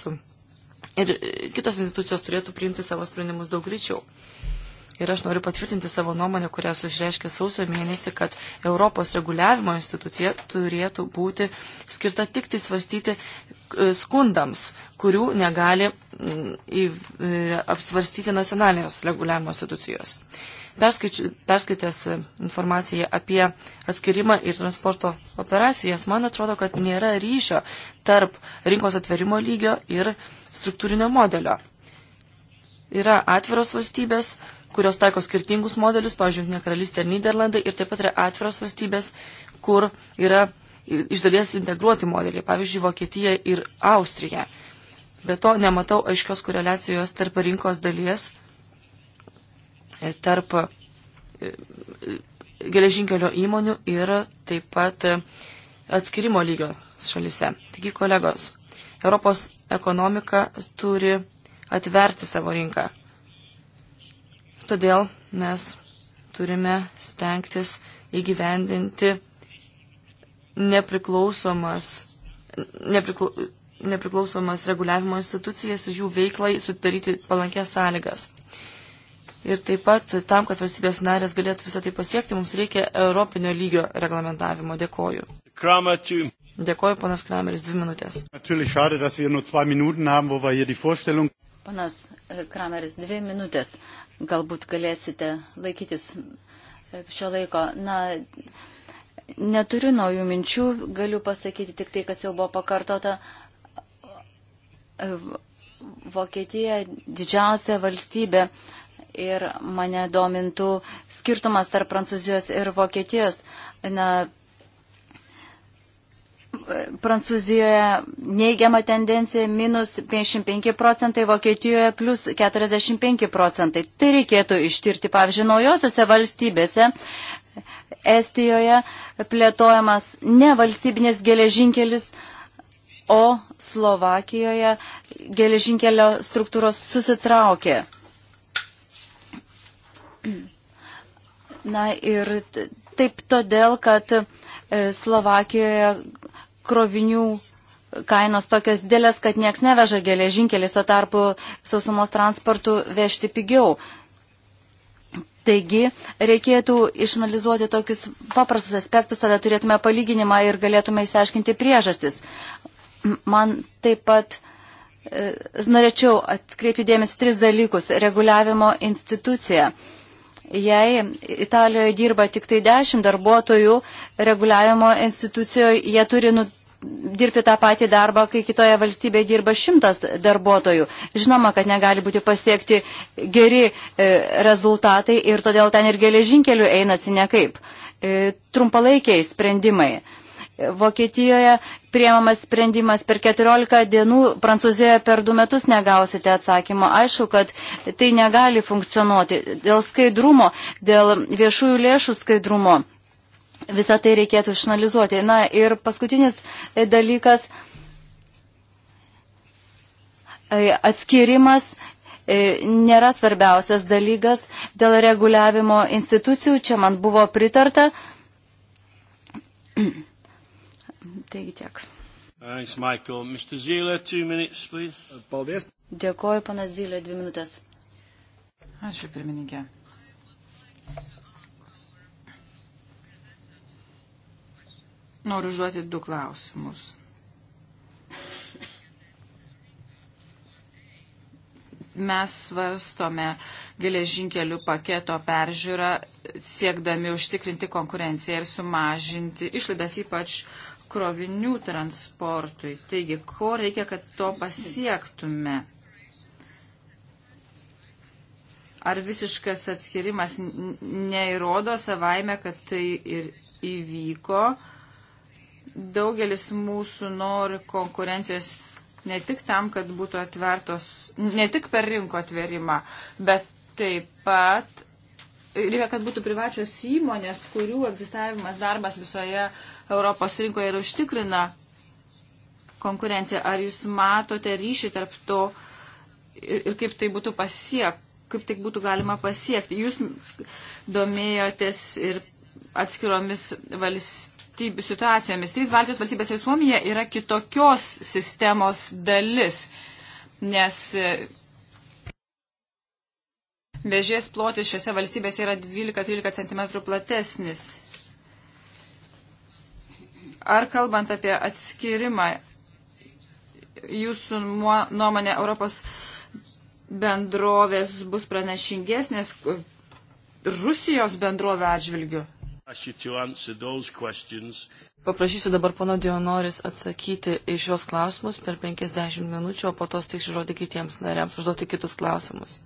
ir kitos institucijos turėtų priimti savo sprendimus daug greičiau. Ir aš noriu patvirtinti savo nuomonę, kurią sužreiškė sausio mėnesį, kad Europos reguliavimo institucija turėtų būti skirta tik tai svarstyti e, skundams, kurių negali mm, e, apsvarstyti nacionalinės reguliavimo institucijos. Perskaitęs e, informaciją apie atskirimą ir transporto operacijas, man atrodo, kad nėra ryšio tarp rinkos atverimo lygio ir struktūrinio modelio. Yra atviros valstybės, kurios taiko skirtingus modelius, pavyzdžiui, Junktinė karalystė ir Niderlandai, ir taip pat yra atviros valstybės, kur yra iš dalies integruoti modeliai, pavyzdžiui, Vokietija ir Austrija. Be to nematau aiškios koreliacijos tarp rinkos dalies tarp e, geležinkelio įmonių ir taip pat atskirimo lygio šalise. Taigi, kolegos, Europos ekonomika turi atverti savo rinką. Todėl mes turime stengtis įgyvendinti nepriklausomas, nepriklau, nepriklausomas reguliavimo institucijas ir jų veiklai sudaryti palankės sąlygas. Ir taip pat tam, kad valstybės narės galėtų visą tai pasiekti, mums reikia europinio lygio reglamentavimo. Dėkoju. Kramer, Dėkoju, ponas Krameris, dvi minutės. Panas e, Krameris, dvi minutės. Galbūt galėsite laikytis e, šio laiko. Na, neturiu naujų minčių, galiu pasakyti tik tai, kas jau buvo pakartota. E, Vokietija didžiausia valstybė ir mane domintų skirtumas tarp Prancūzijos ir Vokietijos. Na, Prancūzijoje neigiama tendencija minus 55 procentai, Vokietijoje plus 45 procentai. Tai reikėtų ištirti, pavyzdžiui, naujosiuose valstybėse. Estijoje plėtojamas ne valstybinis geležinkelis, o Slovakijoje geležinkelio struktūros susitraukė. (clears throat) Na ir taip todėl, kad e, Slovakijoje krovinių kainos tokios dėlės, kad nieks neveža geležinkelis, o tarpu sausumos transportų vežti pigiau. Taigi reikėtų išanalizuoti tokius paprastus aspektus, tada turėtume palyginimą ir galėtume įsiaiškinti priežastis. Man taip pat e, norėčiau atkreipti dėmesį tris dalykus. Reguliavimo institucija. E, Jei Italijoje dirba tik tai 10 darbuotojų reguliavimo institucijoje, jie turi nu, dirbti tą patį darbą, kai kitoje valstybėje dirba 100 darbuotojų. Žinoma, kad negali būti pasiekti geri e, rezultatai ir todėl ten ir geležinkeliu einasi nekaip. E, trumpalaikiai sprendimai. E, Vokietijoje priemamas sprendimas per 14 dienų, Prancūzijoje per 2 metus negausite atsakymą. Aišku, kad tai negali funkcionuoti dėl skaidrumo, dėl viešųjų lėšų skaidrumo. Visą tai reikėtų išanalizuoti. Na ir paskutinis dalykas e, - atskirimas e, nėra svarbiausias dalykas dėl reguliavimo institucijų. Čia man buvo pritarta. (clears throat) Taigi tiek. Uh, Thanks, Michael. Mr. Zylė, two minutes, please. Uh, paldies. Dėkoju, panas Zylė, dvi minutės. Ačiū, pirmininkė. Noriu užduoti du klausimus. Mes svarstome geležinkelių paketo peržiūrą, siekdami užtikrinti konkurenciją ir sumažinti išlaidas, ypač uh, krovinių transportui. Taigi, ko reikia, kad to pasiektume? Ar visiškas atskirimas neįrodo savaime, kad tai ir įvyko? Daugelis mūsų nori konkurencijos ne tik tam, kad būtų atvertos, ne tik per rinko atverimą, bet taip pat reikia, kad būtų privačios įmonės, kurių egzistavimas darbas visoje Europos rinkoje ir užtikrina konkurenciją. Ar jūs matote ryšį tarp to ir, ir kaip tai būtų pasiek, kaip tai būtų galima pasiekti? Jūs domėjotės ir atskiromis valstybių situacijomis. Trys Baltijos valstybės ir Suomija yra kitokios sistemos dalis, nes Vežės plotis šiuose valstybėse yra 12-13 cm platesnis. Ar kalbant apie atskirimą, jūsų nuomonė Europos bendrovės bus pranašingesnės Rusijos bendrovė atžvilgiu? Paprašysiu dabar pono Dionoris atsakyti iš jos klausimus per 50 minučių, o po to steiksiu žodį kitiems nariams užduoti kitus klausimus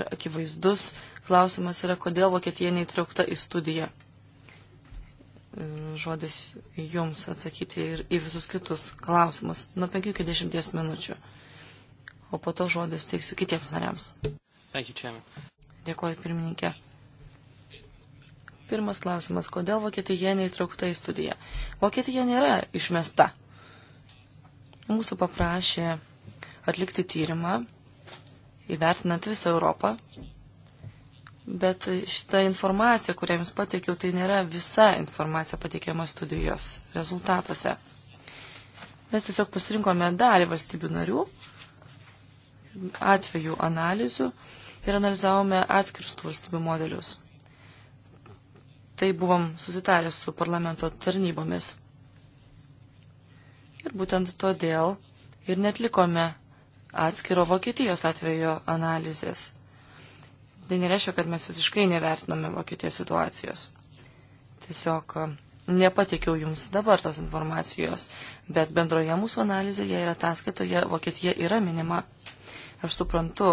ir akivaizdus. Klausimas yra, kodėl Vokietija neįtraukta į studiją. E, žodis jums atsakyti ir į visus kitus klausimus nuo 5 iki 10 minučių. O po to žodis teiksiu kitiems nariams. You, Dėkuoju, pirmininkė. Pirmas klausimas, kodėl Vokietija neįtraukta į studiją? Vokietija nėra išmesta. Mūsų paprašė atlikti tyrimą įvertinant visą Europą. Bet šitą informaciją, kurią jums pateikiau, tai nėra visa informacija pateikiama studijos rezultatuose. Mes tiesiog pasirinkome dalį valstybių narių atvejų analizių ir analizavome atskirus tų valstybių modelius. Tai buvom susitarę su parlamento tarnybomis. Ir būtent todėl ir netlikome atskiro Vokietijos atvejo analizės. Tai nereiškia, kad mes visiškai nevertiname Vokietijos situacijos. Tiesiog e, nepateikiau jums dabar tos informacijos, bet bendroje mūsų analizėje ir ataskaitoje Vokietija yra minima. Aš suprantu,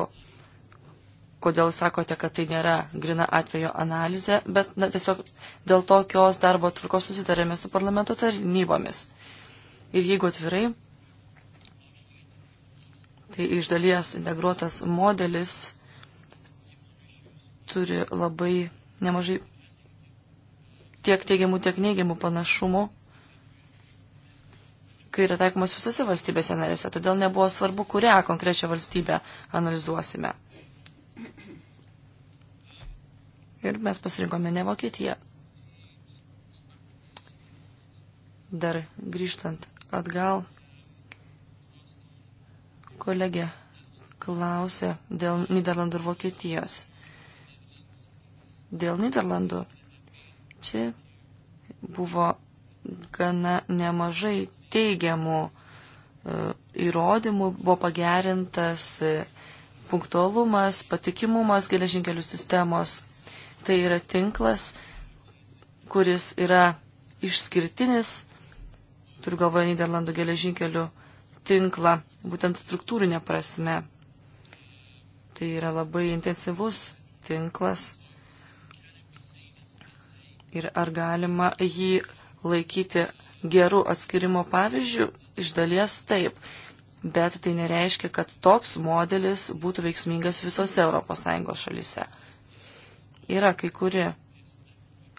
kodėl sakote, kad tai nėra grina atvejo analizė, bet na, tiesiog dėl tokios darbo tvarkos susitarėme su parlamento tarnybomis. Ir jeigu atvirai, tai iš dalies integruotas modelis turi labai nemažai tiek teigiamų, tiek neigiamų panašumų, kai yra taikomas visose valstybėse narėse. Todėl nebuvo svarbu, kurią konkrečią valstybę analizuosime. Ir mes pasirinkome ne Vokietiją. Dar grįžtant atgal Kolegė klausė dėl Niderlandų ir Vokietijos. Dėl Niderlandų čia buvo gana nemažai teigiamų e, įrodymų, buvo pagerintas e, punktualumas, patikimumas geležinkelių sistemos. Tai yra tinklas, kuris yra išskirtinis, turiu galvoje Niderlandų geležinkelių tinklą būtent struktūrinė prasme. Tai yra labai intensyvus tinklas. Ir ar galima jį laikyti gerų atskirimo pavyzdžių? Iš dalies taip, bet tai nereiškia, kad toks modelis būtų veiksmingas visose ES šalise. Yra kai, kuri,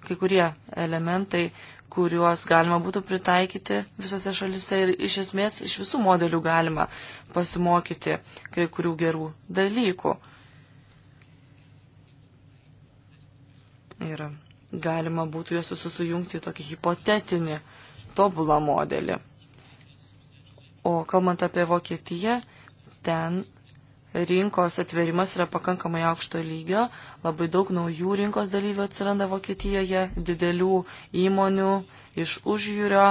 kai kurie elementai, kuriuos galima būtų pritaikyti visose šalise ir iš esmės iš visų modelių galima pasimokyti kai kurių gerų dalykų. Ir galima būtų juos visus sujungti į tokį hipotetinį tobulą modelį. O kalbant apie Vokietiją, ten rinkos atverimas yra pakankamai aukšto lygio, labai daug naujų rinkos dalyvių atsiranda Vokietijoje, didelių įmonių iš užjūrio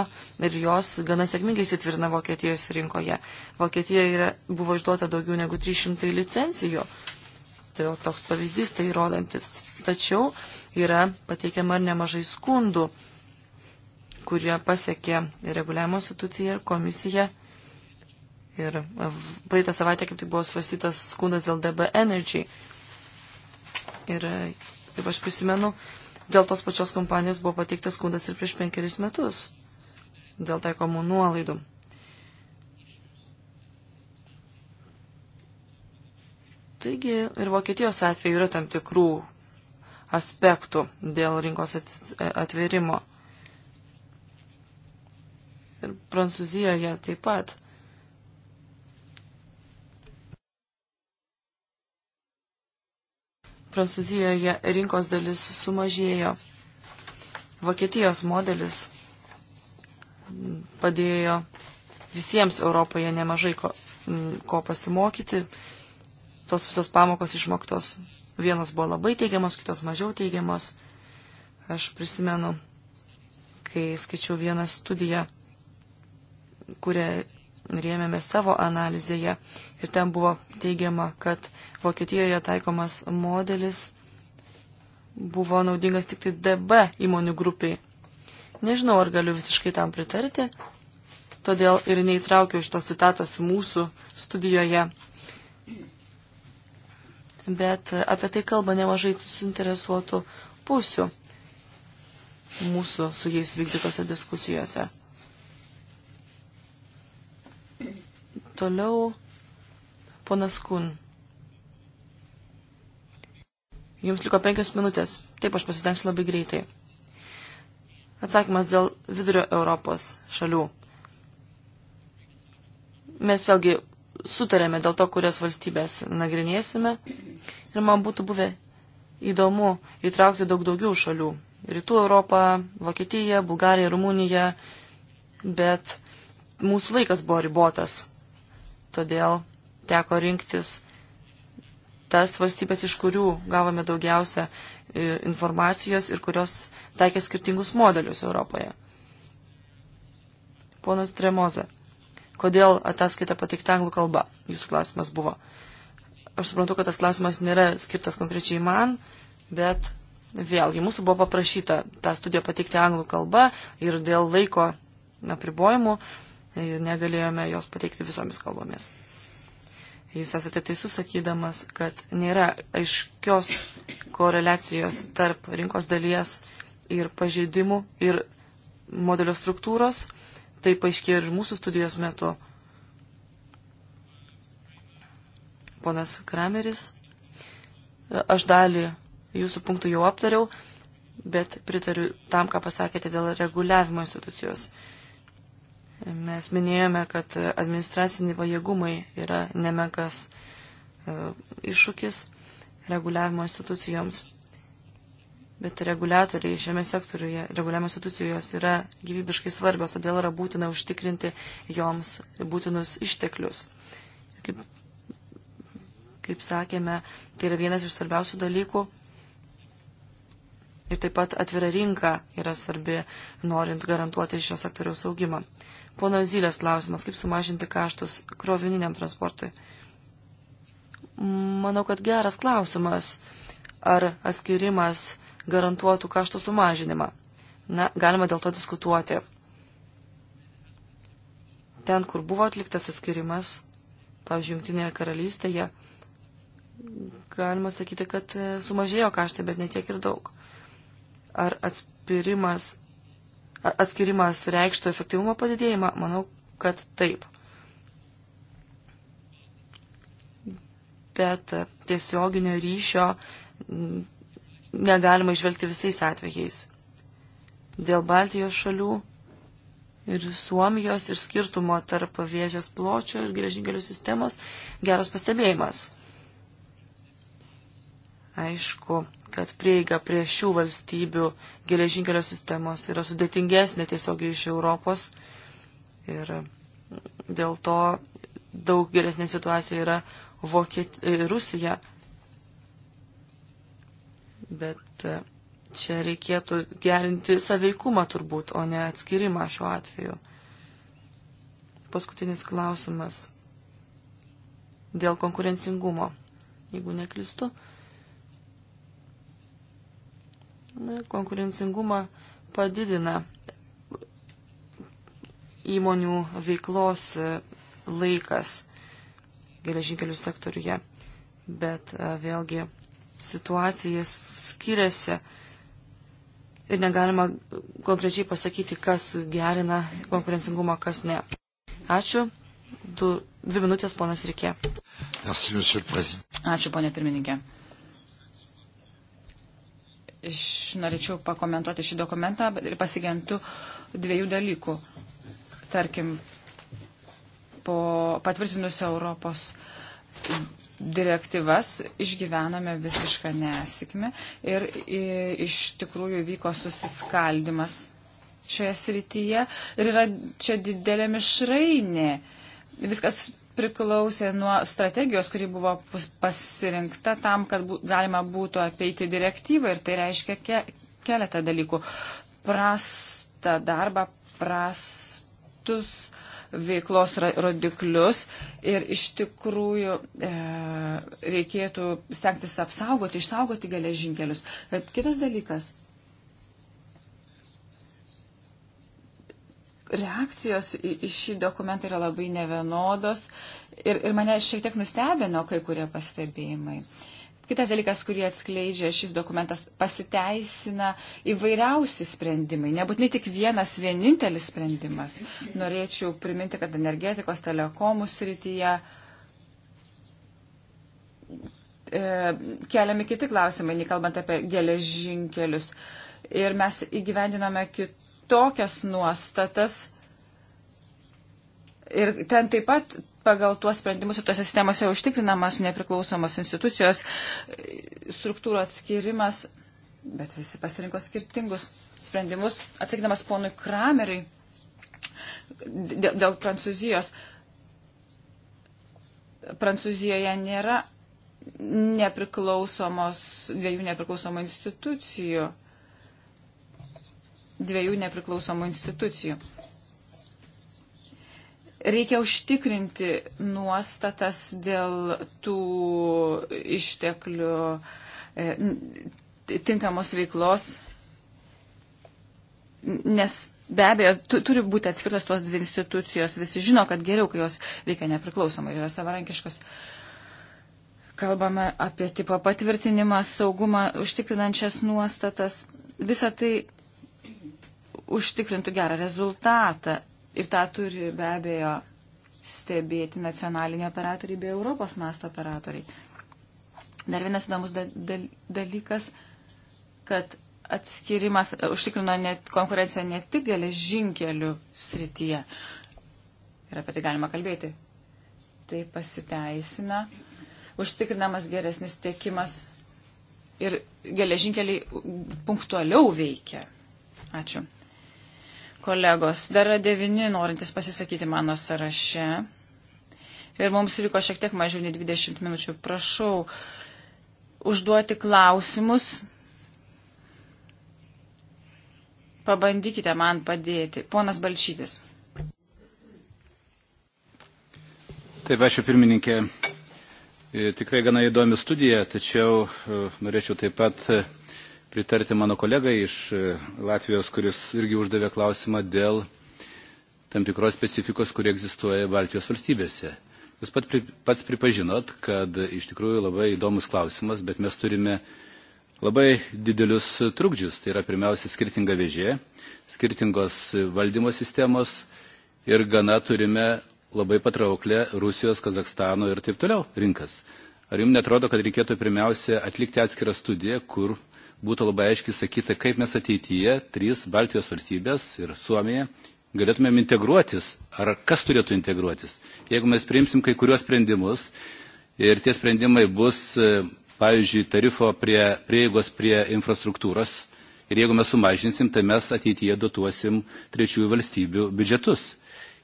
ir jos gana sėkmingai įsitvirtina Vokietijos rinkoje. Vokietijoje yra, buvo išduota daugiau negu 300 licencijų, tai toks pavyzdys tai rodantis. Tačiau yra pateikiama ir nemažai skundų kurie pasiekė reguliavimo instituciją ir komisiją Ir e, praeitą savaitę kaip tik buvo svarstytas skundas dėl DB Energy. Ir e, kaip aš prisimenu, dėl tos pačios kompanijos buvo pateiktas skundas ir prieš penkerius metus dėl taikomų nuolaidų. Taigi ir Vokietijos atveju yra tam tikrų aspektų dėl rinkos e, atvėrimo. Ir Prancūzijoje taip pat Prancūzijoje rinkos dalis sumažėjo. Vokietijos modelis padėjo visiems Europoje nemažai ko, ko pasimokyti. Tos visos pamokos išmoktos vienos buvo labai teigiamos, kitos mažiau teigiamos. Aš prisimenu, kai skaičiau vieną studiją, kurią rėmėme savo analizėje ir ten buvo teigiama, kad Vokietijoje taikomas modelis buvo naudingas tik tai DB įmonių grupiai. Nežinau, ar galiu visiškai tam pritarti, todėl ir neįtraukiau šitos citatos mūsų studijoje. Bet apie tai kalba nemažai suinteresuotų pusių mūsų su jais vykdytose diskusijose. Toliau ponas Kun. Jums liko penkios minutės. Taip, aš pasitengsiu labai greitai. Atsakymas dėl vidurio Europos šalių. Mes vėlgi sutarėme dėl to, kurias valstybės nagrinėsime. Ir man būtų buvę įdomu įtraukti daug daugiau šalių. Rytų Europą, Vokietiją, Bulgariją, Rumuniją. Bet mūsų laikas buvo ribotas todėl teko rinktis tas valstybės, iš kurių gavome daugiausia e, informacijos ir kurios taikė skirtingus modelius Europoje. Ponas Tremoza, kodėl ataskaita pateikta anglų kalba? Jūsų klausimas buvo. Aš suprantu, kad tas klausimas nėra skirtas konkrečiai man, bet vėlgi mūsų buvo paprašyta tą studiją pateikti anglų kalba ir dėl laiko apribojimų. Na, ir negalėjome jos pateikti visomis kalbomis. Jūs esate teisus sakydamas, kad nėra aiškios koreliacijos tarp rinkos dalies ir pažeidimų ir modelio struktūros. Tai paaiškėjo ir mūsų studijos metu. Ponas Krameris, aš dalį jūsų punktų jau aptariau, bet pritariu tam, ką pasakėte dėl reguliavimo institucijos. Uh, Mes minėjome, kad administraciniai pajėgumai yra nemenkas e, iššūkis reguliavimo institucijoms. Bet reguliatoriai šiame sektoriuje, reguliavimo institucijos yra gyvybiškai svarbios, todėl yra būtina užtikrinti joms būtinus išteklius. Kaip, kaip sakėme, tai yra vienas iš svarbiausių dalykų. Ir taip pat atvira rinka yra svarbi, norint garantuoti šio sektoriaus augimą. Pono Zylės klausimas, kaip sumažinti kaštus krovininiam transportui. Manau, kad geras klausimas, ar atskirimas garantuotų kaštų sumažinimą. Na, galima dėl to diskutuoti. Ten, kur buvo atliktas atskirimas, pavyzdžiui, Junktinėje karalystėje, galima sakyti, kad sumažėjo kaštai, bet netiek ir daug. Ar atspirimas atskirimas reikštų efektyvumo padidėjimą? Manau, kad taip. Bet tiesioginio ryšio negalima išvelgti visais atvejais. Dėl Baltijos šalių ir Suomijos ir skirtumo tarp vėžės pločio ir geležinkelių sistemos geras pastebėjimas. Aišku, kad prieiga prie šių valstybių geležinkelio sistemos yra sudėtingesnė tiesiogiai iš Europos ir dėl to daug geresnė situacija yra Vokiet... E, Rusija. Bet e, čia reikėtų gerinti saveikumą turbūt, o ne atskirimą šiuo atveju. Paskutinis klausimas dėl konkurencingumo, jeigu neklistu na, konkurencingumą padidina įmonių veiklos e, laikas geležinkelių sektoriuje, bet e, vėlgi situacija skiriasi ir negalima konkrečiai pasakyti, kas gerina konkurencingumą, kas ne. Ačiū. Du, dvi minutės, ponas Rikė. Ačiū, ponė pirmininkė iš, norėčiau pakomentuoti šį dokumentą ir pasigentu dviejų dalykų. Tarkim, po patvirtinus Europos direktyvas išgyvenome visišką nesikmę ir iš tikrųjų vyko susiskaldimas šioje srityje ir yra čia didelė mišrainė. Viskas priklausė nuo strategijos, kuri buvo pasirinkta tam, kad bū, galima būtų apeiti direktyvą ir tai reiškia ke, keletą dalykų. Prastą darbą, prastus veiklos rodiklius ir iš tikrųjų e, reikėtų stengtis apsaugoti, išsaugoti geležinkelius. Bet kitas dalykas reakcijos į, į šį dokumentą yra labai nevienodos ir, ir mane šiek tiek nustebino kai kurie pastebėjimai. Kitas dalykas, kurį atskleidžia šis dokumentas, pasiteisina įvairiausi sprendimai, nebūtinai tik vienas vienintelis sprendimas. Norėčiau priminti, kad energetikos telekomų srityje e, keliami kiti klausimai, nekalbant apie geležinkelius. Ir mes įgyvendinome kitų tokias nuostatas ir ten taip pat pagal tuos sprendimus ir tose sistemose užtikrinamas nepriklausomos institucijos struktūrų atskirimas, bet visi pasirinko skirtingus sprendimus. Atsakydamas ponui Krameriui dėl, dėl Prancūzijos. Prancūzijoje nėra nepriklausomos, dviejų nepriklausomų institucijų dviejų nepriklausomų institucijų. Reikia užtikrinti nuostatas dėl tų išteklių e, tinkamos veiklos, nes be abejo, tu, turi būti atskirtos tos dvi institucijos. Visi žino, kad geriau, kai jos veikia nepriklausomai ir yra savarankiškos. Kalbame apie tipo patvirtinimą, saugumą, užtikrinančias nuostatas. Visa tai užtikrintų gerą rezultatą. Ir tą turi be abejo stebėti nacionaliniai operatoriai bei Europos masto operatoriai. Dar vienas įdomus da dal dalykas, kad atskirimas e, užtikrino net konkurenciją ne tik geležinkelių srityje. Ir apie tai galima kalbėti. Tai pasiteisina. Užtikrinamas geresnis tiekimas ir geležinkeliai punktualiau veikia. Ačiū kolegos. Dar yra devini norintys pasisakyti mano sąraše. Ir mums liko šiek tiek mažiau nei 20 minučių. Prašau užduoti klausimus. Pabandykite man padėti. Ponas Balčytis. Taip, ačiū pirmininkė. E, tikrai gana įdomi studija, tačiau e, norėčiau taip pat e, pritarti mano kolegai iš e, Latvijos, kuris irgi uždavė klausimą dėl tam tikros specifikos, kurie egzistuoja Baltijos valstybėse. Jūs pat, pats pripažinot, kad iš tikrųjų labai įdomus klausimas, bet mes turime labai didelius trukdžius. Tai yra pirmiausia skirtinga vežė, skirtingos valdymo sistemos ir gana turime labai patrauklę Rusijos, Kazakstano ir taip toliau rinkas. Ar jums netrodo, kad reikėtų pirmiausia atlikti atskirą studiją, kur būtų labai aiškiai sakyta, kaip mes ateityje, trys Baltijos valstybės ir Suomija, galėtumėm integruotis, ar kas turėtų integruotis. Jeigu mes priimsim kai kuriuos sprendimus ir tie sprendimai bus, e, pavyzdžiui, tarifo prie, prieigos prie infrastruktūros ir jeigu mes sumažinsim, tai mes ateityje dotuosim trečiųjų valstybių biudžetus.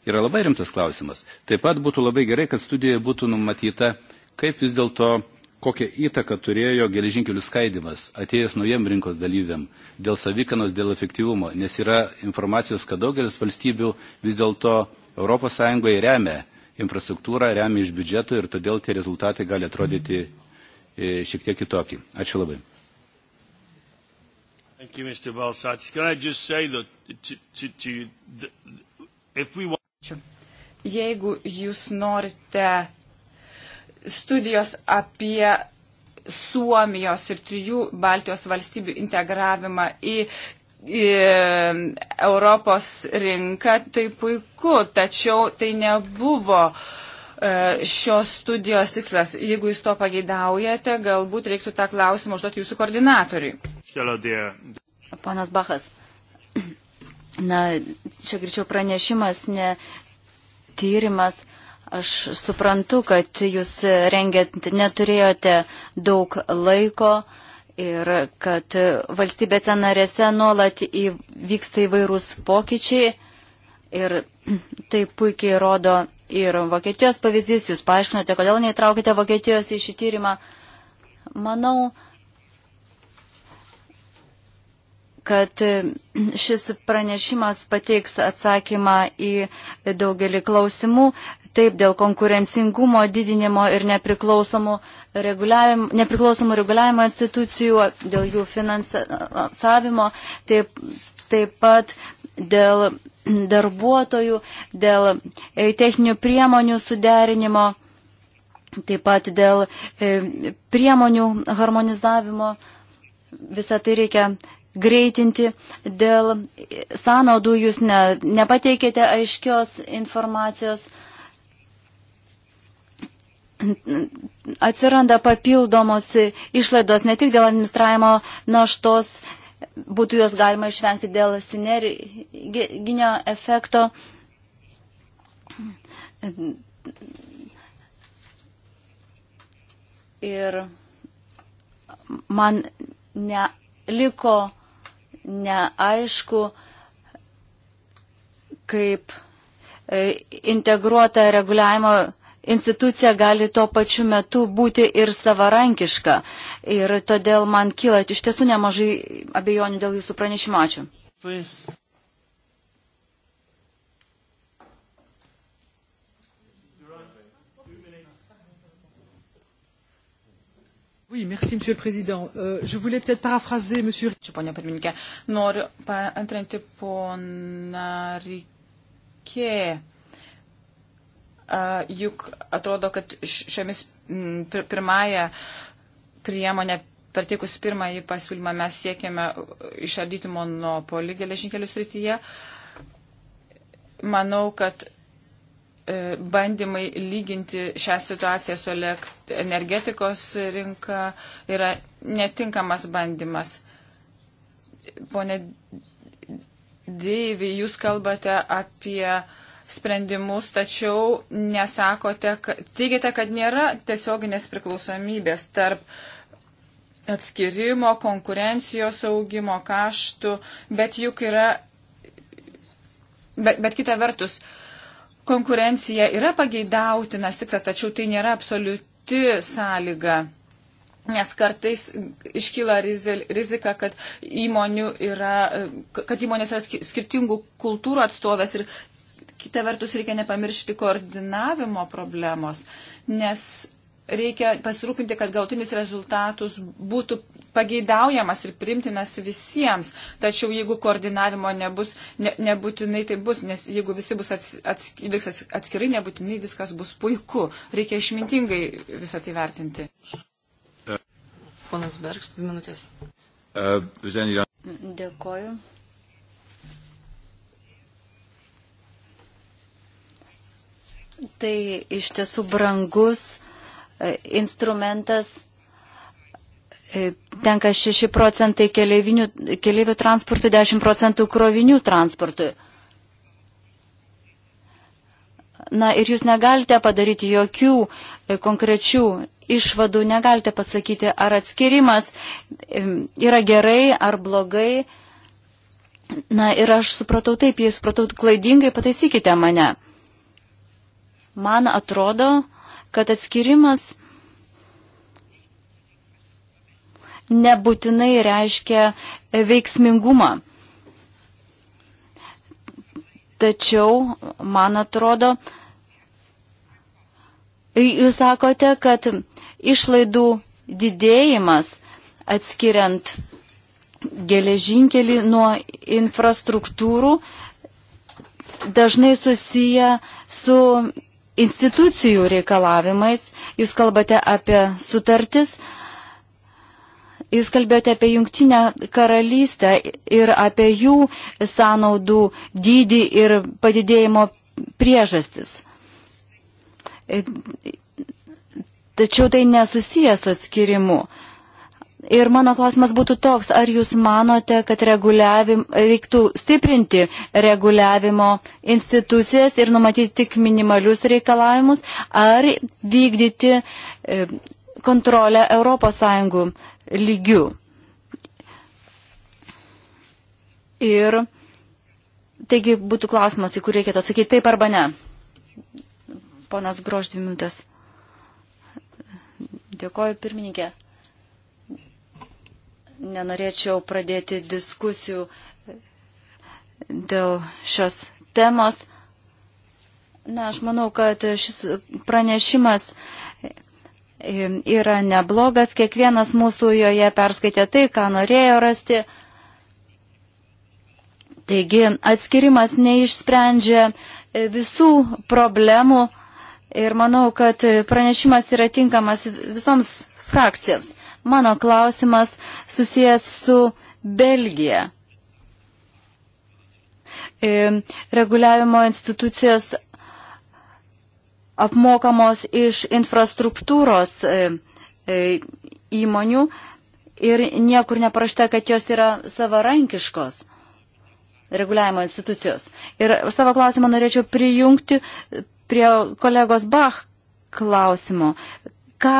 Yra labai rimtas klausimas. Taip pat būtų labai gerai, kad studijoje būtų numatyta, kaip vis dėlto kokią įtaką turėjo geležinkelių skaidimas atėjęs naujiem rinkos dalyviam dėl savikanos, dėl efektyvumo, nes yra informacijos, kad daugelis valstybių vis dėlto ES remia infrastruktūrą, remia iš biudžeto ir todėl tie rezultatai gali atrodyti e, šiek tiek kitokį. Ačiū labai. Thank you, Mr. Balsatis. Can I just say that to, to, to you, if we want... Jeigu jūs norite studijos apie Suomijos ir trijų Baltijos valstybių integravimą į, į Europos rinką, tai puiku, tačiau tai nebuvo e, šios studijos tikslas. Jeigu jūs to pageidaujate, galbūt reiktų tą klausimą užduoti jūsų koordinatoriui. Ponas Bachas, na, čia greičiau pranešimas, ne tyrimas. Aš suprantu, kad jūs rengiant neturėjote daug laiko ir kad valstybėse narėse nuolat vyksta įvairūs pokyčiai ir tai puikiai rodo ir Vokietijos pavyzdys. Jūs paaiškinote, kodėl neįtraukite Vokietijos į šį tyrimą. Manau, kad šis pranešimas pateiks atsakymą į daugelį klausimų, taip dėl konkurencingumo didinimo ir nepriklausomų reguliavimo, nepriklausomų reguliavimo institucijų, dėl jų finansavimo, taip, taip pat dėl darbuotojų, dėl e, techninių priemonių suderinimo, taip pat dėl e, priemonių harmonizavimo. Visą tai reikia greitinti. Dėl sąnaudų jūs ne, nepateikėte aiškios informacijos. Atsiranda papildomos išlaidos ne tik dėl administravimo naštos, būtų jos galima išvengti dėl sinerginio efekto ir man neliko neaišku, kaip e, integruota reguliavimo institucija gali tuo pačiu metu būti ir savarankiška. Ir todėl man kyla iš tiesų nemažai abejonių dėl jūsų pranešimo. Ačiū. Please. Oui, merci, Monsieur le Président. Euh, je voulais peut-être paraphraser Monsieur. Ačiū, ponia pirmininkė. Noriu paantrinti poną Rikė. Uh, juk atrodo, kad šiomis pirmąją priemonę perteikus pirmąjį pasiūlymą mes siekiame išardyti monopolį geležinkelių srityje. Manau, kad E, bandymai lyginti šią situaciją su energetikos rinka yra netinkamas bandymas. Pone Deivi, jūs kalbate apie sprendimus, tačiau nesakote, kad, teigiate, kad nėra tiesioginės priklausomybės tarp atskirimo, konkurencijos augimo, kaštų, bet juk yra, bet, bet kita vertus, uh, konkurencija yra pageidautinas tikslas, tačiau tai nėra absoliuti sąlyga. Nes kartais iškyla rizika, kad, yra, kad įmonės yra skirtingų kultūrų atstovės ir kita vertus reikia nepamiršti koordinavimo problemos, nes reikia pasirūpinti, kad galtinis rezultatus būtų pageidaujamas ir primtinas visiems. Tačiau jeigu koordinavimo nebus, ne, nebūtinai tai bus, nes jeigu visi bus ats, ats, ats, atskirai, nebūtinai viskas bus puiku. Reikia išmintingai visą tai vertinti. Ponas Bergs, dvi minutės. Dėkoju. Tai iš tiesų brangus E, instrumentas. E, tenka 6 procentai keliaivių transportų, 10 procentų krovinių transportui. Na ir jūs negalite padaryti jokių e, konkrečių išvadų, negalite pasakyti, ar atskirimas yra gerai ar blogai. Na ir aš supratau taip, jei supratau klaidingai, pataisykite mane. Man atrodo, kad atskirimas nebūtinai reiškia veiksmingumą. Tačiau, man atrodo, jūs sakote, kad išlaidų didėjimas atskiriant geležinkelį nuo infrastruktūrų dažnai susiję su institucijų reikalavimais, jūs kalbate apie sutartis, jūs kalbėjote apie jungtinę karalystę ir apie jų sąnaudų dydį ir padidėjimo priežastis. Tačiau tai nesusijęs su atskirimu. Ir mano klausimas būtų toks, ar jūs manote, kad reiktų stiprinti reguliavimo institucijas ir numatyti tik minimalius reikalavimus, ar vykdyti e, kontrolę ES lygių? Ir taigi būtų klausimas, į kurį reikėtų atsakyti taip arba ne. Ponas Grož, dvi minutės. Dėkoju, pirmininkė nenorėčiau pradėti diskusijų dėl šios temos. Na, aš manau, kad šis pranešimas yra neblogas. Kiekvienas mūsų joje perskaitė tai, ką norėjo rasti. Taigi, atskirimas neišsprendžia visų problemų ir manau, kad pranešimas yra tinkamas visoms frakcijoms. Mano klausimas susijęs su Belgija. E, reguliavimo institucijos apmokamos iš infrastruktūros e, e, įmonių ir niekur neprašta, kad jos yra savarankiškos reguliavimo institucijos. Ir savo klausimą norėčiau prijungti prie kolegos Bach klausimo. Ką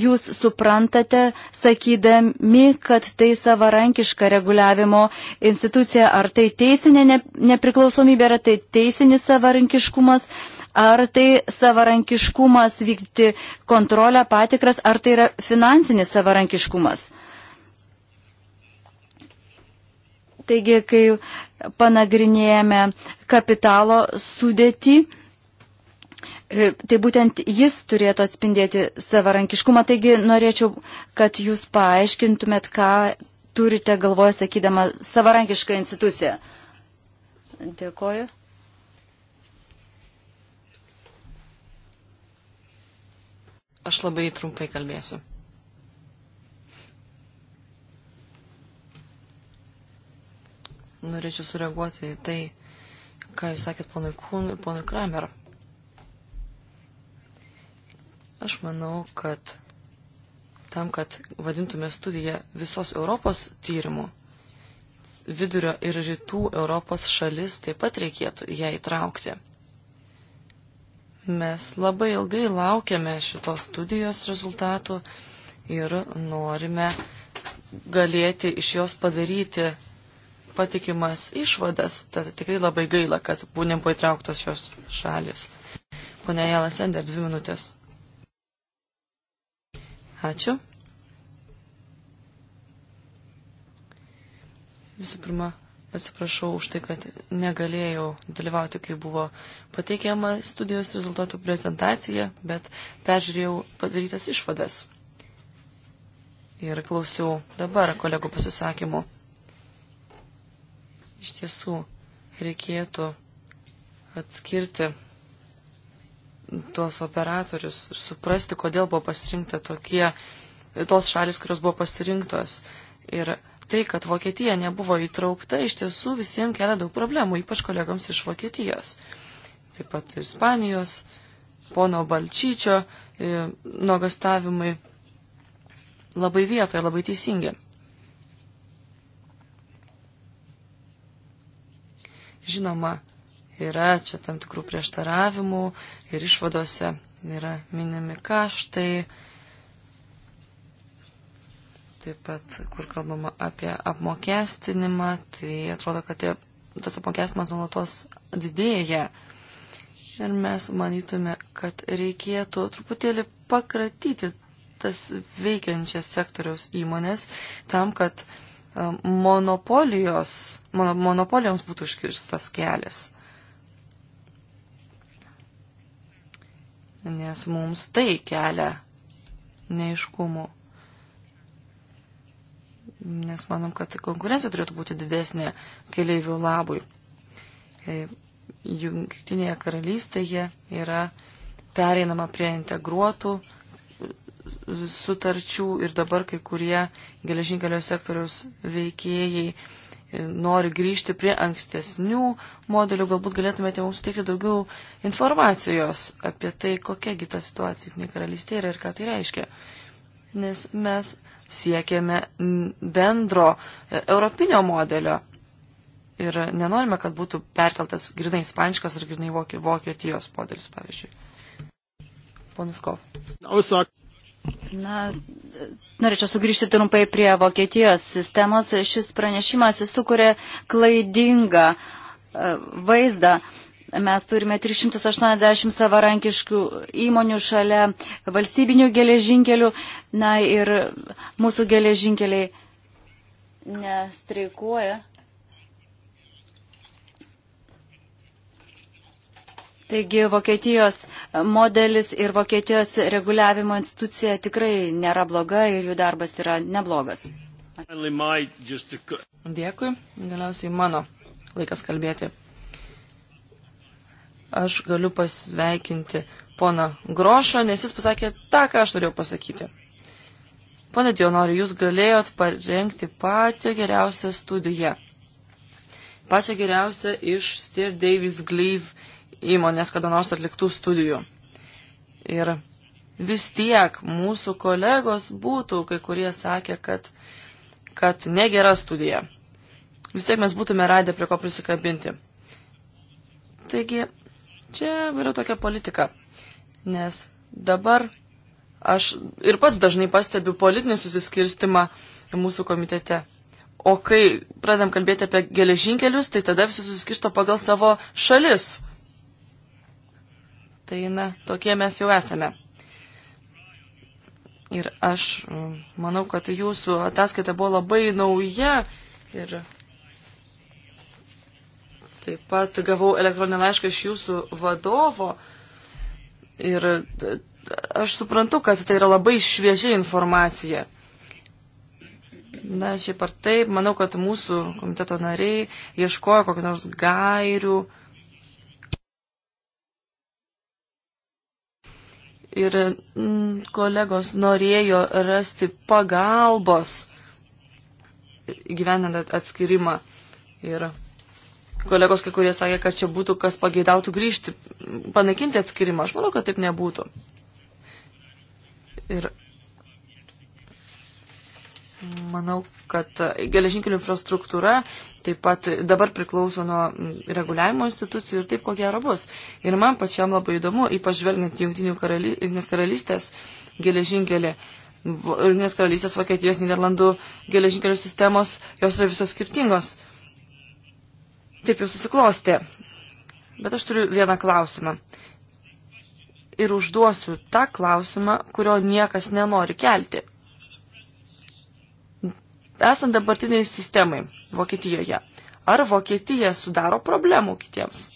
jūs suprantate, sakydami, kad tai savarankiška reguliavimo institucija, ar tai teisinė nepriklausomybė, ar tai teisinis savarankiškumas, ar tai savarankiškumas vykti kontrolę patikras, ar tai yra finansinis savarankiškumas. Taigi, kai panagrinėjame kapitalo sudėtį, E, tai būtent jis turėtų atspindėti savarankiškumą, taigi norėčiau, kad jūs paaiškintumėt, ką turite galvoje sakydama savarankišką instituciją. Dėkoju. Aš labai trumpai kalbėsiu. Norėčiau sureaguoti į tai, ką jūs sakėt ponui Kramer. Aš manau, kad tam, kad vadintume studiją visos Europos tyrimų, vidurio ir rytų Europos šalis taip pat reikėtų ją įtraukti. Mes labai ilgai laukiame šitos studijos rezultatų ir norime galėti iš jos padaryti patikimas išvadas. Tad tikrai labai gaila, kad nebuvo įtrauktos šios šalis. Pone Jelas Ender, dvi minutės. Ačiū. Visų pirma, atsiprašau už tai, kad negalėjau dalyvauti, kai buvo pateikiama studijos rezultatų prezentacija, bet peržiūrėjau padarytas išvadas. Ir klausiau dabar kolegų pasisakymų. Iš tiesų, reikėtų atskirti tuos operatorius, suprasti, kodėl buvo pasirinkta tokie, tos šalis, kurios buvo pasirinktos. Ir tai, kad Vokietija nebuvo įtraukta, iš tiesų visiems kelia daug problemų, ypač kolegams iš Vokietijos. Taip pat ir Ispanijos, pono Balčyčio e, nuogastavimai labai vietoje, labai teisingi. Žinoma, yra čia tam tikrų prieštaravimų ir išvadose yra minimi kaštai, taip pat kur kalbama apie apmokestinimą, tai atrodo, kad tie, tas apmokestinimas nuolatos didėja. Ir mes manytume, kad reikėtų truputėlį pakratyti tas veikiančias sektoriaus įmonės tam, kad um, monopolijoms būtų užkirstas kelias. nes mums tai kelia neiškumų. Nes manom, kad konkurencija turėtų būti didesnė keliaivių labui. E, Jungtinėje karalystėje yra pereinama prie integruotų sutarčių ir dabar kai kurie geležinkelio sektoriaus veikėjai nori grįžti prie ankstesnių modelių, galbūt galėtumėte mums teikti daugiau informacijos apie tai, kokiagi ta situacija Junktinė karalystė yra ir ką tai reiškia. Nes mes siekiame bendro e, europinio modelio ir nenorime, kad būtų perkeltas grinai ispaniškas ar grinai vokietijos modelis, pavyzdžiui. Ponas Kov. Na, Norėčiau sugrįžti trumpai prie Vokietijos sistemos. Šis pranešimas įsukuria klaidingą e, vaizdą. Mes turime 380 savarankiškų įmonių šalia valstybinių geležinkelių. Na ir mūsų geležinkeliai nestreikuoja. Taigi Vokietijos modelis ir Vokietijos reguliavimo institucija tikrai nėra bloga ir jų darbas yra neblogas. Dėkui, galiausiai mano laikas kalbėti. Aš galiu pasveikinti poną Grošą, nes jis pasakė tą, ką aš norėjau pasakyti. Pone Dionori, jūs galėjot parengti pačią geriausią studiją. Pačią geriausią iš Steer Davis Gleave įmonės kada nors atliktų studijų. Ir vis tiek mūsų kolegos būtų, kai kurie sakė, kad, kad negera studija. Vis tiek mes būtume radę prie ko prisikabinti. Taigi, čia yra tokia politika. Nes dabar aš ir pats dažnai pastebiu politinį susiskirstimą mūsų komitete. O kai pradedam kalbėti apie geležinkelius, tai tada visi susiskirsto pagal savo šalis. Tai, na, tokie mes jau esame. Ir aš mm, manau, kad jūsų ataskaita buvo labai nauja ir taip pat gavau elektroninį laišką iš jūsų vadovo ir aš suprantu, kad tai yra labai šviežia informacija. Na, šiaip ar taip, manau, kad mūsų komiteto nariai ieškojo kokių nors gairių, uh, ir mm, kolegos norėjo rasti pagalbos gyvenant atskirimą. Ir kolegos kai kurie sakė, kad čia būtų kas pageidautų grįžti, panaikinti atskirimą. Aš manau, kad taip nebūtų. Ir manau, kad geležinkelių infrastruktūra taip pat dabar priklauso nuo reguliavimo institucijų ir taip ko gero bus. Ir man pačiam labai įdomu, ypač žvelgiant Junktinės karaly, karalystės geležinkelį. Junktinės karalystės, Vokietijos, Niderlandų geležinkelių sistemos, jos yra visos skirtingos. Taip jau susiklosti. Bet aš turiu vieną klausimą. Ir užduosiu tą klausimą, kurio niekas nenori kelti esant dabartiniai sistemai Vokietijoje, ar Vokietija sudaro problemų kitiems?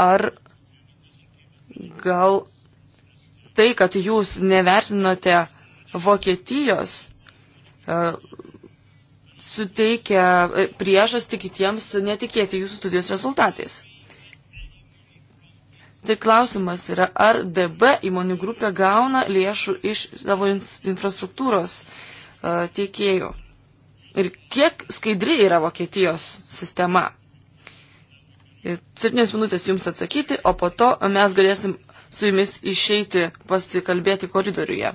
Ar gal tai, kad jūs nevertinote Vokietijos, e, suteikia priežastį kitiems netikėti jūsų studijos rezultatais? Tai klausimas yra, ar DB įmonių grupė gauna lėšų iš savo infrastruktūros uh, tiekėjų. Ir kiek skaidri yra Vokietijos sistema. Ir septynios minutės jums atsakyti, o po to mes galėsim su jumis išeiti pasikalbėti koridoriuje.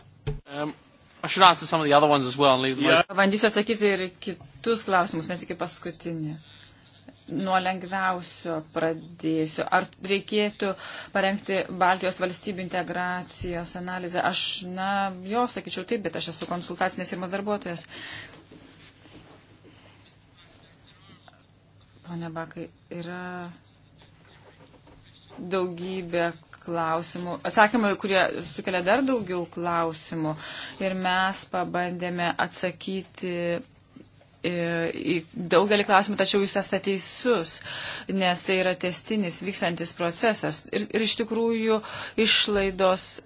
Um. Aš should answer some of the other ones as well and leave the yeah. most. Bandysiu atsakyti ir kitus klausimus, ne tik paskutinį nuo lengviausio pradėsiu. Ar reikėtų parengti Baltijos valstybių integracijos analizę? Aš, na, jo sakyčiau taip, bet aš esu konsultacinės firmos darbuotojas. Pone Bakai, yra daugybė klausimų, atsakymai, kurie sukelia dar daugiau klausimų ir mes pabandėme atsakyti į daugelį klausimų, tačiau jūs esate teisus, nes tai yra testinis vykstantis procesas. Ir, ir iš tikrųjų išlaidos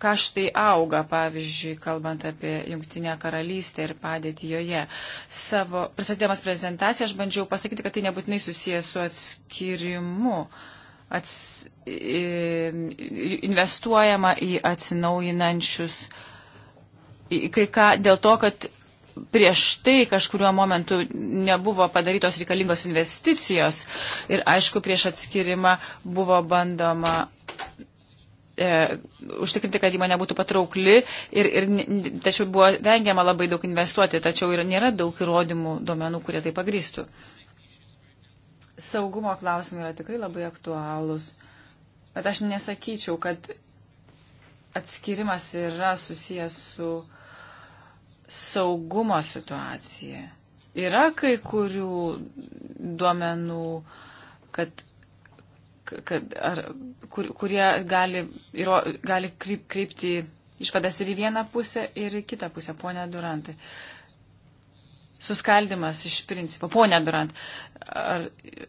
kaštai auga, pavyzdžiui, kalbant apie Junktinę karalystę ir padėtį joje. Savo pristatydamas prezentaciją aš bandžiau pasakyti, kad tai nebūtinai susijęs su atskirimu. Ats, investuojama į atsinaujinančius, į kai ką dėl to, kad prieš tai kažkuriuo momentu nebuvo padarytos reikalingos investicijos ir aišku prieš atskirimą buvo bandoma e, užtikrinti, kad įmonė būtų patraukli, ir, ir, tačiau buvo vengiama labai daug investuoti, tačiau ir nėra daug įrodymų duomenų, kurie tai pagrįstų. Saugumo klausimai yra tikrai labai aktualūs, bet aš nesakyčiau, kad atskirimas yra susijęs su saugumo situacija. Yra kai kurių duomenų, kad, kad, ar, kur, kurie gali, įro, gali kryp, krypti išvadas ir į vieną pusę, ir į kitą pusę, ponia Durantai. Suskaldimas iš principo, ponia Durant, ar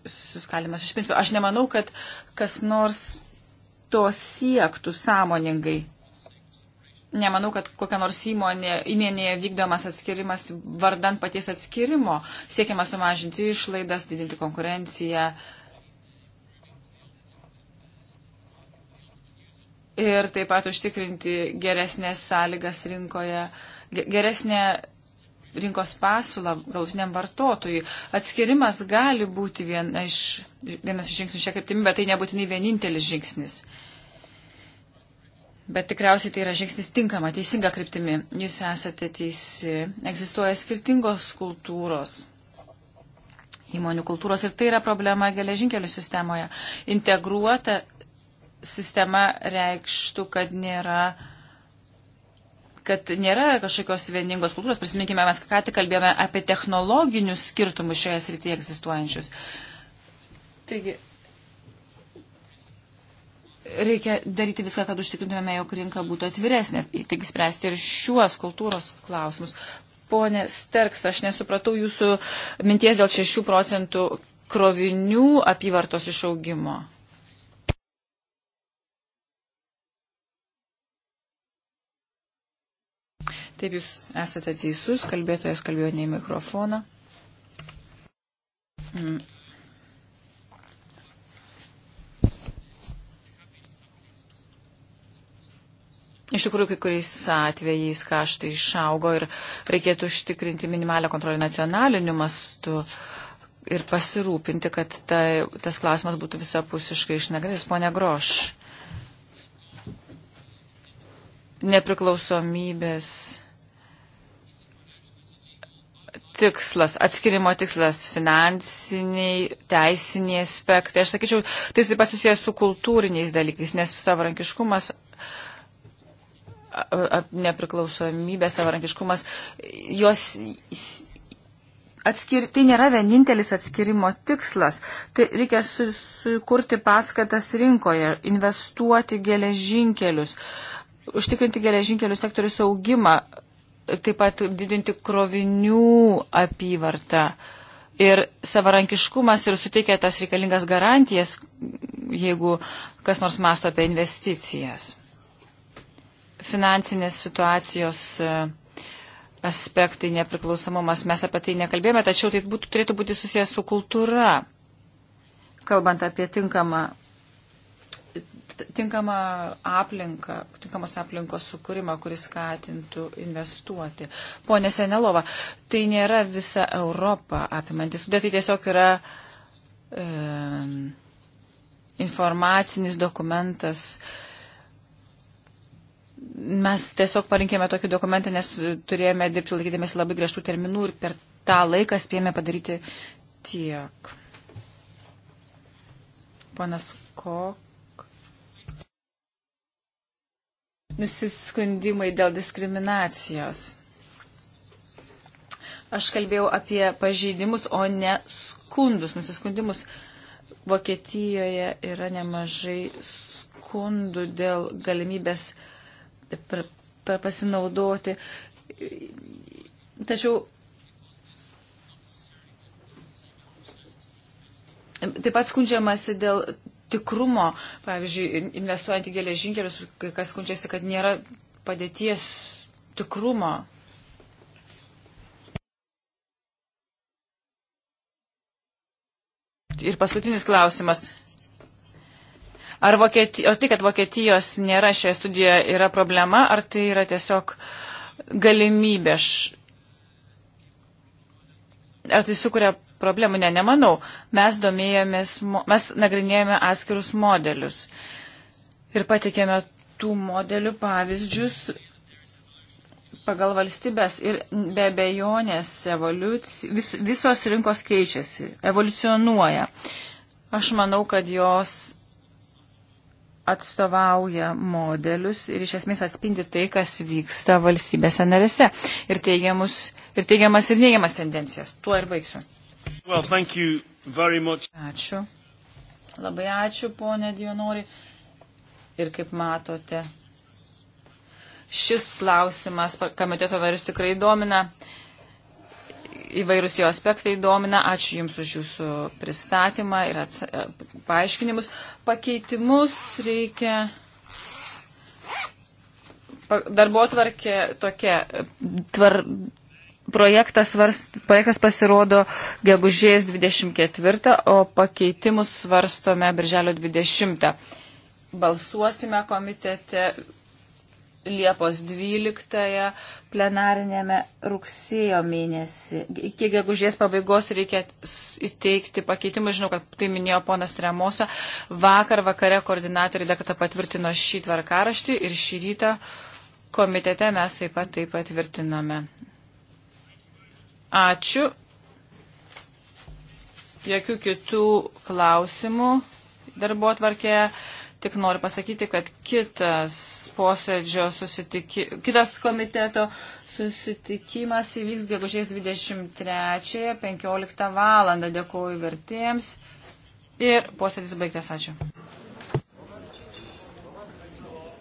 suskaldimas iš principo, aš nemanau, kad kas nors to siektų sąmoningai nemanau, kad kokia nors įmonė, įmonėje vykdomas atskirimas vardant paties atskirimo, siekiama sumažinti išlaidas, didinti konkurenciją. Ir taip pat užtikrinti geresnės sąlygas rinkoje, geresnė rinkos pasiūlą galutiniam vartotojui. Atskirimas gali būti viena iš, vienas iš žingsnių šią kryptimį, bet tai nebūtinai vienintelis žingsnis. Uh, Bet tikriausiai tai yra žingsnis tinkama, teisinga kryptimi. Jūs esate teisi. Egzistuoja skirtingos kultūros, įmonių kultūros ir tai yra problema geležinkelių sistemoje. Integruota sistema reikštų, kad nėra kad nėra kažkokios vieningos kultūros. Prisiminkime, mes ką tik kalbėjome apie technologinius skirtumus šioje srityje egzistuojančius. Taigi, reikia daryti viską, kad užtikrintumėme, jog rinka būtų atviresnė, tik spręsti ir šiuos kultūros klausimus. Pone Sterks, aš nesupratau jūsų minties dėl 6 procentų krovinių apyvartos išaugimo. Taip, jūs esate teisus, kalbėtojas kalbėjo ne į mikrofoną. Mm. Iš tikrųjų, kai kuriais atvejais kaštai išaugo ir reikėtų užtikrinti minimalę kontrolę nacionaliniu mastu ir pasirūpinti, kad tai, tas klausimas būtų visapusiškai išnagrinėtas. Pone Groš, nepriklausomybės tikslas, atskirimo tikslas, finansiniai, teisiniai aspektai. Aš sakyčiau, tai taip pat susijęs su kultūriniais dalykais, nes savarankiškumas nepriklausomybė, savarankiškumas, jos atskir, tai nėra vienintelis atskirimo tikslas. Tai reikia sukurti paskatas rinkoje, investuoti geležinkelius, užtikrinti geležinkelių sektorių saugimą, taip pat didinti krovinių apyvartą. Ir savarankiškumas ir suteikia tas reikalingas garantijas, jeigu kas nors masto apie investicijas finansinės situacijos e, aspektai, nepriklausomumas, mes apie tai nekalbėjome, tačiau tai būtų, turėtų būti susijęs su kultūra, kalbant apie tinkamą, tinkamą aplinką, tinkamos aplinkos sukūrimą, kuris skatintų investuoti. Pone Senelova, tai nėra visa Europa apimantis, bet tai tiesiog yra e, informacinis dokumentas, e, Mes tiesiog parinkėme tokį dokumentą, nes turėjome dirbti laikydamėsi labai griežtų terminų ir per tą laiką spėjome padaryti tiek. Ponas Kok. Nusiskundimai dėl diskriminacijos. Aš kalbėjau apie pažeidimus, o ne skundus, nusiskundimus. Vokietijoje yra nemažai skundų dėl galimybės uh, pra, pra, pasinaudoti. Tačiau taip pat skundžiamasi dėl tikrumo, pavyzdžiui, investuojant į geležinkelius, kai kas skundžiasi, kad nėra padėties tikrumo. Ir paskutinis klausimas. Ar, Vokieti, ar tai, kad Vokietijos nėra šioje studijoje, yra problema, ar tai yra tiesiog galimybė? Ar tai sukuria problemų? Ne, nemanau. Mes domėjomės, mes nagrinėjome atskirus modelius ir patikėme tų modelių pavyzdžius pagal valstybės ir be bejonės vis, visos rinkos keičiasi, evoliucionuoja. Aš manau, kad jos atstovauja modelius ir iš esmės atspindi tai, kas vyksta valstybėse narėse. Ir, teigiamus, ir teigiamas ir neigiamas tendencijas. Tuo ir baigsiu. Well, ačiū. Labai ačiū, ponė Dionori. Ir kaip matote, šis klausimas komiteto narius tikrai domina įvairūs jo aspektai domina. Ačiū Jums už Jūsų pristatymą ir ats... E, paaiškinimus. Pakeitimus reikia. Darbo tvarkė tokia. Tvar... Projektas, svars, projektas pasirodo gegužės 24, o pakeitimus svarstome birželio 20. Balsuosime komitete Liepos 12-ąją plenarinėme rugsėjo mėnesį. Iki gegužės pabaigos reikia įteikti pakeitimą. Žinau, kad tai minėjo ponas Remosa. Vakar vakare koordinatoriai dar kartą patvirtino šį tvarkaraštį ir šį rytą komitete mes taip pat tai patvirtinome. Ačiū. Jokių kitų klausimų darbo atvarkėje. Tik noriu pasakyti, kad kitas posėdžio susitikimas, kitas komiteto susitikimas įvyks gegužės 23.15 val. Dėkuoju vertėjams ir posėdis baigtas. Ačiū.